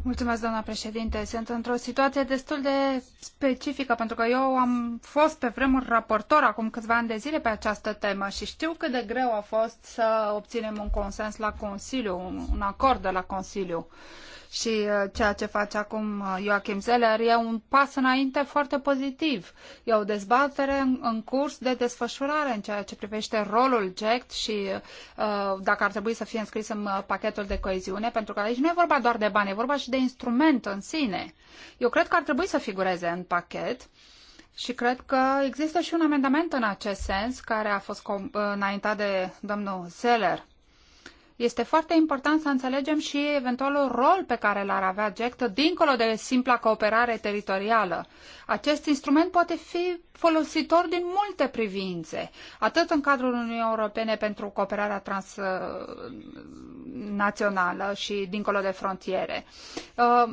[SPEAKER 3] Mulțumesc, doamna președinte. Sunt într-o situație destul de specifică, pentru că eu am fost pe vremuri raportor acum câțiva ani de zile pe această temă și știu cât de greu a fost să obținem un consens la Consiliu, un acord de la Consiliu. Uh, și uh, ceea ce face acum uh, Joachim Zeller e un pas înainte foarte pozitiv. E o dezbatere în curs de desfășurare în ceea ce privește rolul GECT și uh, dacă ar trebui să fie înscris în pachetul de coeziune, pentru că aici nu e vorba doar de bani, e vorba și de instrument în sine. Eu cred că ar trebui să figureze în pachet. Și cred că există și un amendament în acest sens care a fost înaintat de domnul Zeller este foarte important să înțelegem și eventualul rol pe care l-ar avea GECT dincolo de simpla cooperare teritorială. Acest instrument poate fi folositor din multe privințe, atât în cadrul Uniunii Europene pentru cooperarea transnațională uh, și dincolo de frontiere. Uh,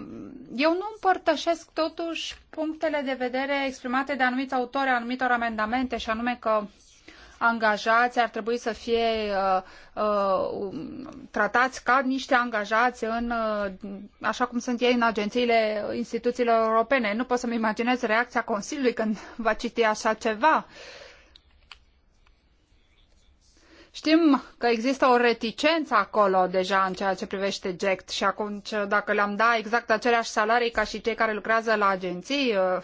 [SPEAKER 3] eu nu împărtășesc totuși punctele de vedere exprimate de anumiți autori anumitor amendamente și anume că angajați ar trebui să fie uh, uh tratați ca niște angajați în, uh, așa cum sunt ei în agențiile instituțiilor europene. Nu pot să-mi imaginez reacția Consiliului când va citi așa ceva. Știm că există o reticență acolo deja în ceea ce privește GECT și acum dacă le-am da exact aceleași salarii ca și cei care lucrează la agenții, uh,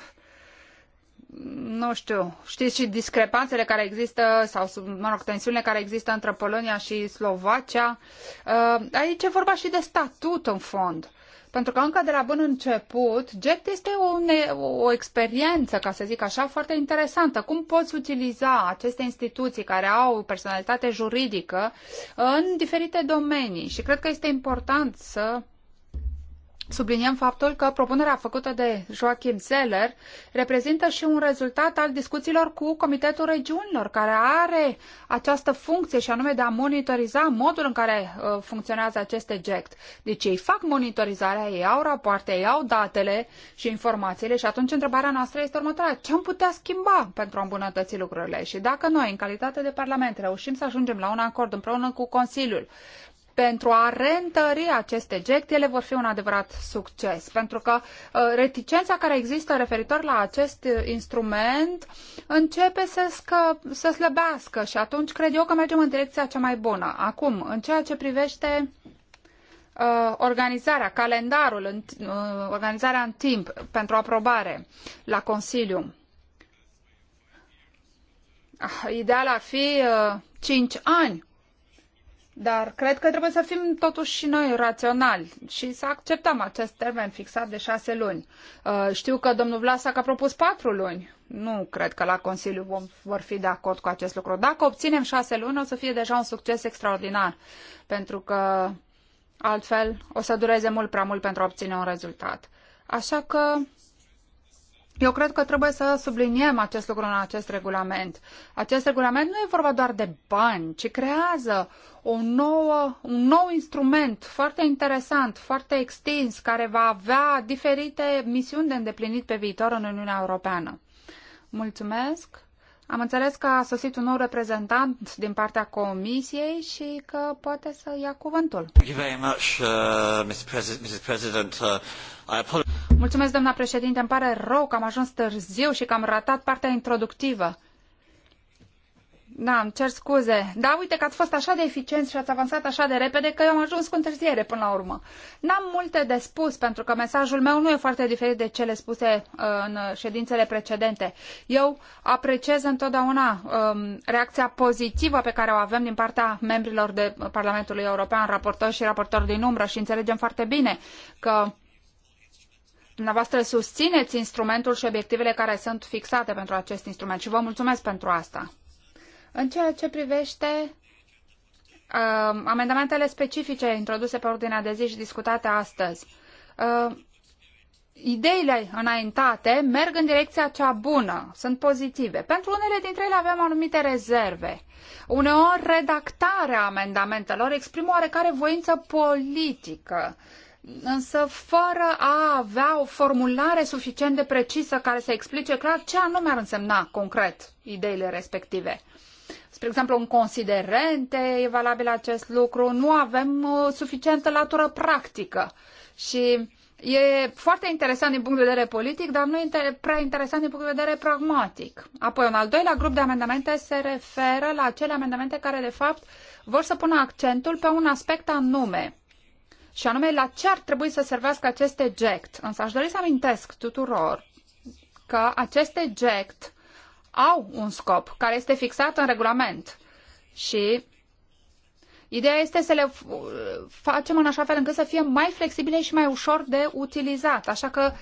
[SPEAKER 3] nu știu, știți și discrepanțele care există, sau, mă rog, tensiunile care există între Polonia și Slovacia. Uh, aici e vorba și de statut, în fond. Pentru că încă de la bun început, GECT este o, ne- o experiență, ca să zic așa, foarte interesantă. Cum poți utiliza aceste instituții care au personalitate juridică în diferite domenii? Și cred că este important să Subliniem faptul că propunerea făcută de Joachim Zeller reprezintă și un rezultat al discuțiilor cu Comitetul Regiunilor, care are această funcție și anume de a monitoriza modul în care uh, funcționează acest eject. Deci ei fac monitorizarea, ei au rapoarte, ei au datele și informațiile și atunci întrebarea noastră este următoarea. Ce am putea schimba pentru a îmbunătăți lucrurile? Și dacă noi, în calitate de Parlament, reușim să ajungem la un acord împreună cu Consiliul, pentru a reîntări aceste gect, ele vor fi un adevărat succes, pentru că uh, reticența care există referitor la acest uh, instrument începe să, scă, să slăbească și atunci cred eu că mergem în direcția cea mai bună. Acum, în ceea ce privește uh, organizarea, calendarul, organizarea în timp pentru aprobare la Consiliu. Ah, ideal ar fi 5 ani dar cred că trebuie să fim totuși și noi raționali și să acceptăm acest termen fixat de șase luni. Uh, știu că domnul Vlasac a propus patru luni. Nu cred că la Consiliu vom, vor fi de acord cu acest lucru. Dacă obținem șase luni, o să fie deja un succes extraordinar, pentru că altfel o să dureze mult prea mult pentru a obține un rezultat. Așa că eu cred că trebuie să subliniem acest lucru în acest regulament. Acest regulament nu e vorba doar de bani, ci creează o nouă, un nou instrument foarte interesant, foarte extins, care va avea diferite misiuni de îndeplinit pe viitor în Uniunea Europeană. Mulțumesc! Am înțeles că a sosit un nou reprezentant din partea Comisiei și că poate să ia cuvântul.
[SPEAKER 1] Uh, uh,
[SPEAKER 3] Mulțumesc, doamna președinte. Îmi pare rău că am ajuns târziu și că am ratat partea introductivă. Da, îmi cer scuze. Da, uite că ați fost așa de eficienți și ați avansat așa de repede că eu am ajuns cu întârziere până la urmă. N-am multe de spus pentru că mesajul meu nu e foarte diferit de cele spuse uh, în uh, ședințele precedente. Eu apreciez întotdeauna um, reacția pozitivă pe care o avem din partea membrilor de Parlamentului European, raportori și raportori din umbră și înțelegem foarte bine că dumneavoastră susțineți instrumentul și obiectivele care sunt fixate pentru acest instrument și vă mulțumesc pentru asta. În ceea ce privește uh, amendamentele specifice introduse pe ordinea de zi și discutate astăzi, uh, ideile înaintate merg în direcția cea bună, sunt pozitive. Pentru unele dintre ele avem anumite rezerve. Uneori, redactarea amendamentelor exprimă oarecare voință politică, însă fără a avea o formulare suficient de precisă care să explice clar ce anume ar însemna concret ideile respective. Uh, spre exemplu, în considerente e valabil acest lucru, nu avem uh, suficientă latură practică. Și e foarte interesant din punct de vedere politic, dar nu e prea interesant din punct de vedere pragmatic. Apoi, un al doilea grup de amendamente se referă la acele amendamente care, de fapt, vor să pună accentul pe un aspect anume. Și anume, la ce ar trebui să servească acest eject. Însă aș dori să amintesc tuturor că acest eject au un scop care este fixat în regulament și ideea este să le facem în așa fel încât să fie mai flexibile și mai ușor de utilizat. Așa că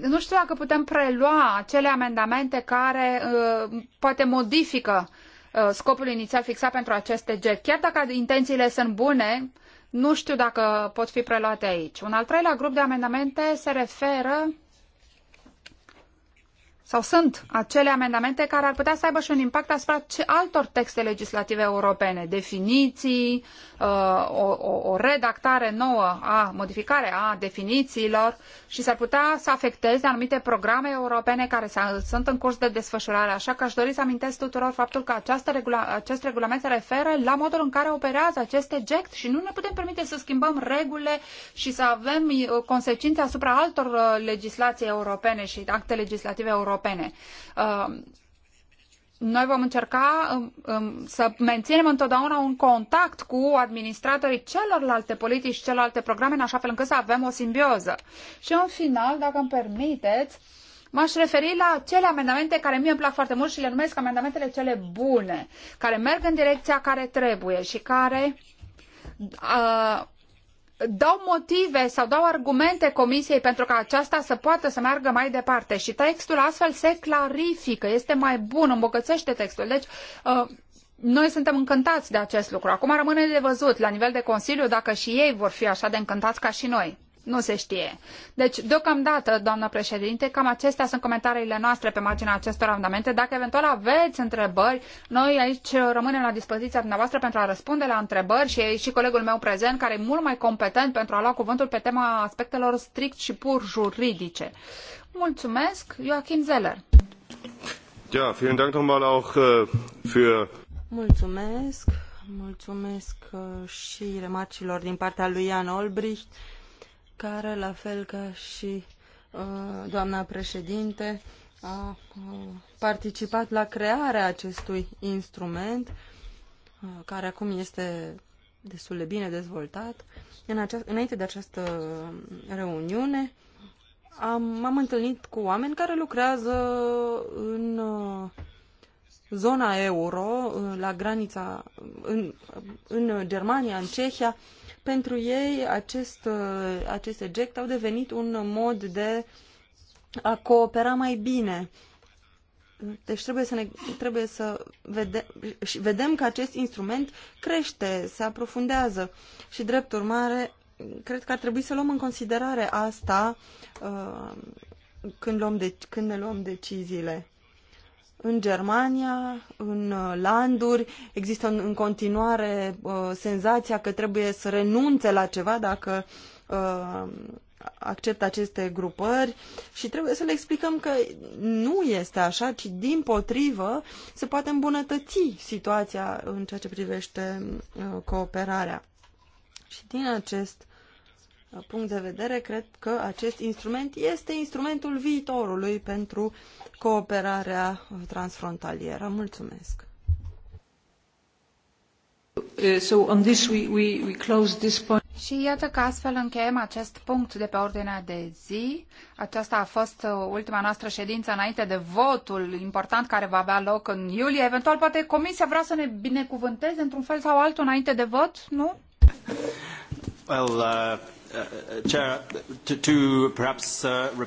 [SPEAKER 3] nu știu dacă putem prelua acele amendamente care uh, poate modifică uh, scopul inițial fixat pentru aceste jet. Chiar dacă intențiile sunt bune, nu știu dacă pot fi preluate aici. Un al treilea grup de amendamente se referă sau sunt acele amendamente care ar putea să aibă și un impact asupra altor texte legislative europene, definiții, uh, o, o, o redactare nouă a, modificare a definițiilor și s-ar putea să afecteze anumite programe europene care sunt în curs de desfășurare. Așa că aș dori să amintesc tuturor faptul că regula, acest regulament se referă la modul în care operează acest eject și nu ne putem permite să schimbăm regulile și să avem uh, consecințe asupra altor uh, legislații europene și acte legislative europene Europene. Uh, noi vom încerca um, um, să menținem întotdeauna un contact cu administratorii celorlalte politici, celorlalte programe, în așa fel încât să avem o simbioză. Și în final, dacă îmi permiteți, M-aș referi la cele amendamente care mie îmi plac foarte mult și le numesc amendamentele cele bune, care merg în direcția care trebuie și care uh, dau motive sau dau argumente comisiei pentru ca aceasta să poată să meargă mai departe și textul astfel se clarifică, este mai bun, îmbogățește textul. Deci, uh, noi suntem încântați de acest lucru. Acum rămâne de văzut la nivel de Consiliu dacă și ei vor fi așa de încântați ca și noi. Nu se știe. Deci, deocamdată, doamnă președinte, cam acestea sunt comentariile noastre pe marginea acestor amendamente. Dacă eventual aveți întrebări, noi aici rămânem la dispoziția dumneavoastră pentru a răspunde la întrebări și e și colegul meu prezent, care e mult mai competent pentru a lua cuvântul pe tema aspectelor strict și pur juridice. Mulțumesc, Joachim Zeller. Ja, vielen Dank nochmal auch äh, für... Mulțumesc,
[SPEAKER 1] mulțumesc äh, și remarcilor din partea lui Ian Olbricht care, la fel ca și uh, doamna președinte, a participat la crearea acestui instrument, care acum este destul de bine dezvoltat. În acea, înainte de această reuniune, am, m-am întâlnit cu oameni care lucrează în zona euro, la granița, în, în Germania, în Cehia, pentru ei, acest, uh, acest eject au devenit un mod de a coopera mai bine. Deci trebuie să, ne, trebuie să vede, și vedem că acest instrument crește, se aprofundează și, drept urmare, cred că ar trebui să luăm în considerare asta uh, când, luăm de, când ne luăm deciziile. În Germania, în uh, landuri, există în, continuare uh, senzația că trebuie să renunțe la ceva dacă uh, acceptă aceste grupări și trebuie să le explicăm că nu este așa, ci din potrivă se poate îmbunătăți situația în ceea ce privește uh, cooperarea. Și din acest punct de vedere, cred că acest instrument este instrumentul viitorului pentru cooperarea transfrontalieră. Mulțumesc!
[SPEAKER 3] Uh, so on this we, we, we close this point. Și iată că astfel încheiem acest punct de pe ordinea de zi. Aceasta a fost uh, ultima noastră ședință înainte de votul important care va avea loc în iulie. Eventual, poate Comisia vrea să ne binecuvânteze într-un fel sau altul înainte de vot, nu? Well, uh, Uh,
[SPEAKER 1] uh,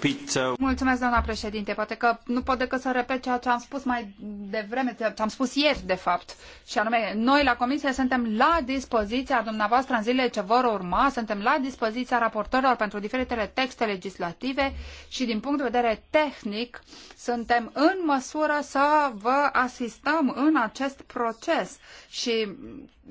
[SPEAKER 1] uh,
[SPEAKER 3] Mulțumesc, doamna președinte. Poate că nu pot decât să repet ceea ce am spus mai devreme, ce am spus ieri, de fapt. Și anume, noi la Comisie suntem la dispoziția dumneavoastră în zilele ce vor urma, suntem la dispoziția raportorilor pentru diferitele texte legislative și din punct de vedere tehnic suntem în măsură să vă asistăm în acest proces. Și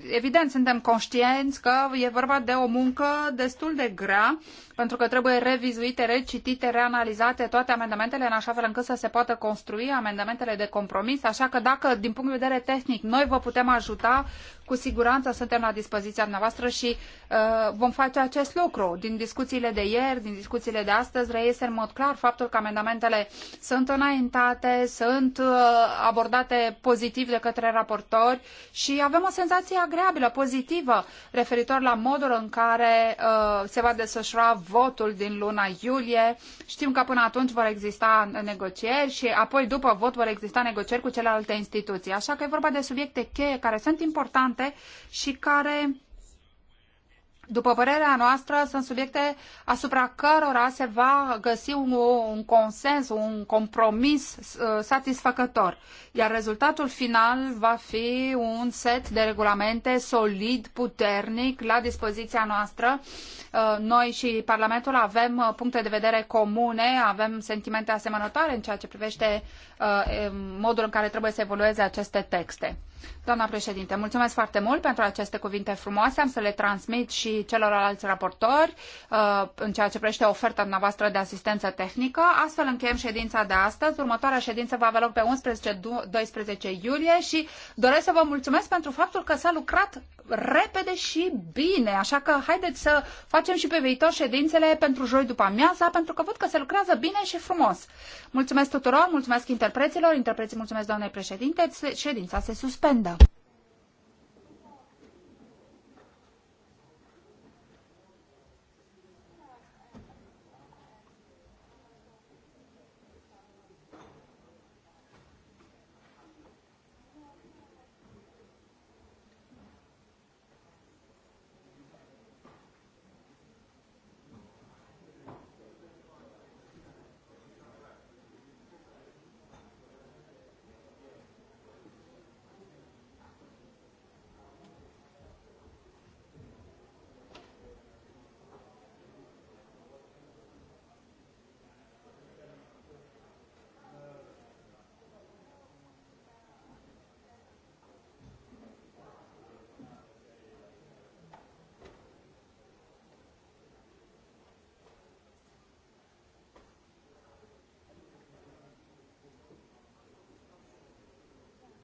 [SPEAKER 3] evident, suntem conștienți că e vorba de o muncă destul de grea pentru că trebuie revizuite, recitite, reanalizate toate amendamentele în așa fel încât să se poată construi amendamentele de compromis, așa că dacă, din punct de vedere tehnic, noi vă putem ajuta, cu siguranță suntem la dispoziția dumneavoastră și uh, vom face acest lucru. Din discuțiile de ieri, din discuțiile de astăzi, reiese în mod clar faptul că amendamentele sunt înaintate, sunt uh, abordate pozitiv de către raportori și avem o senzație agreabilă, pozitivă, referitor la modul în care uh, se va desfășura votul din luna iulie. Știm că până atunci vor exista negocieri și apoi după vot vor exista negocieri cu celelalte instituții. Așa că e vorba de subiecte cheie care sunt importante și care după părerea noastră, sunt subiecte asupra cărora se va găsi un, un consens, un compromis uh, satisfăcător. Iar rezultatul final va fi un set de regulamente solid, puternic, la dispoziția noastră. Uh, noi și Parlamentul avem uh, puncte de vedere comune, avem sentimente asemănătoare în ceea ce privește Uh, modul în care trebuie să evolueze aceste texte. Doamna președinte, mulțumesc foarte mult pentru aceste cuvinte frumoase. Am să le transmit și celorlalți raportori uh, în ceea ce privește oferta noastră de asistență tehnică. Astfel încheiem ședința de astăzi. Următoarea ședință va avea loc pe 11-12 iulie și doresc să vă mulțumesc pentru faptul că s-a lucrat repede și bine. Așa că haideți să facem și pe viitor ședințele pentru joi după amiaza, pentru că văd că se lucrează bine și frumos. Mulțumesc tuturor, mulțumesc inter interpreților. Interpreții mulțumesc, doamnei președinte. Ședința se suspendă.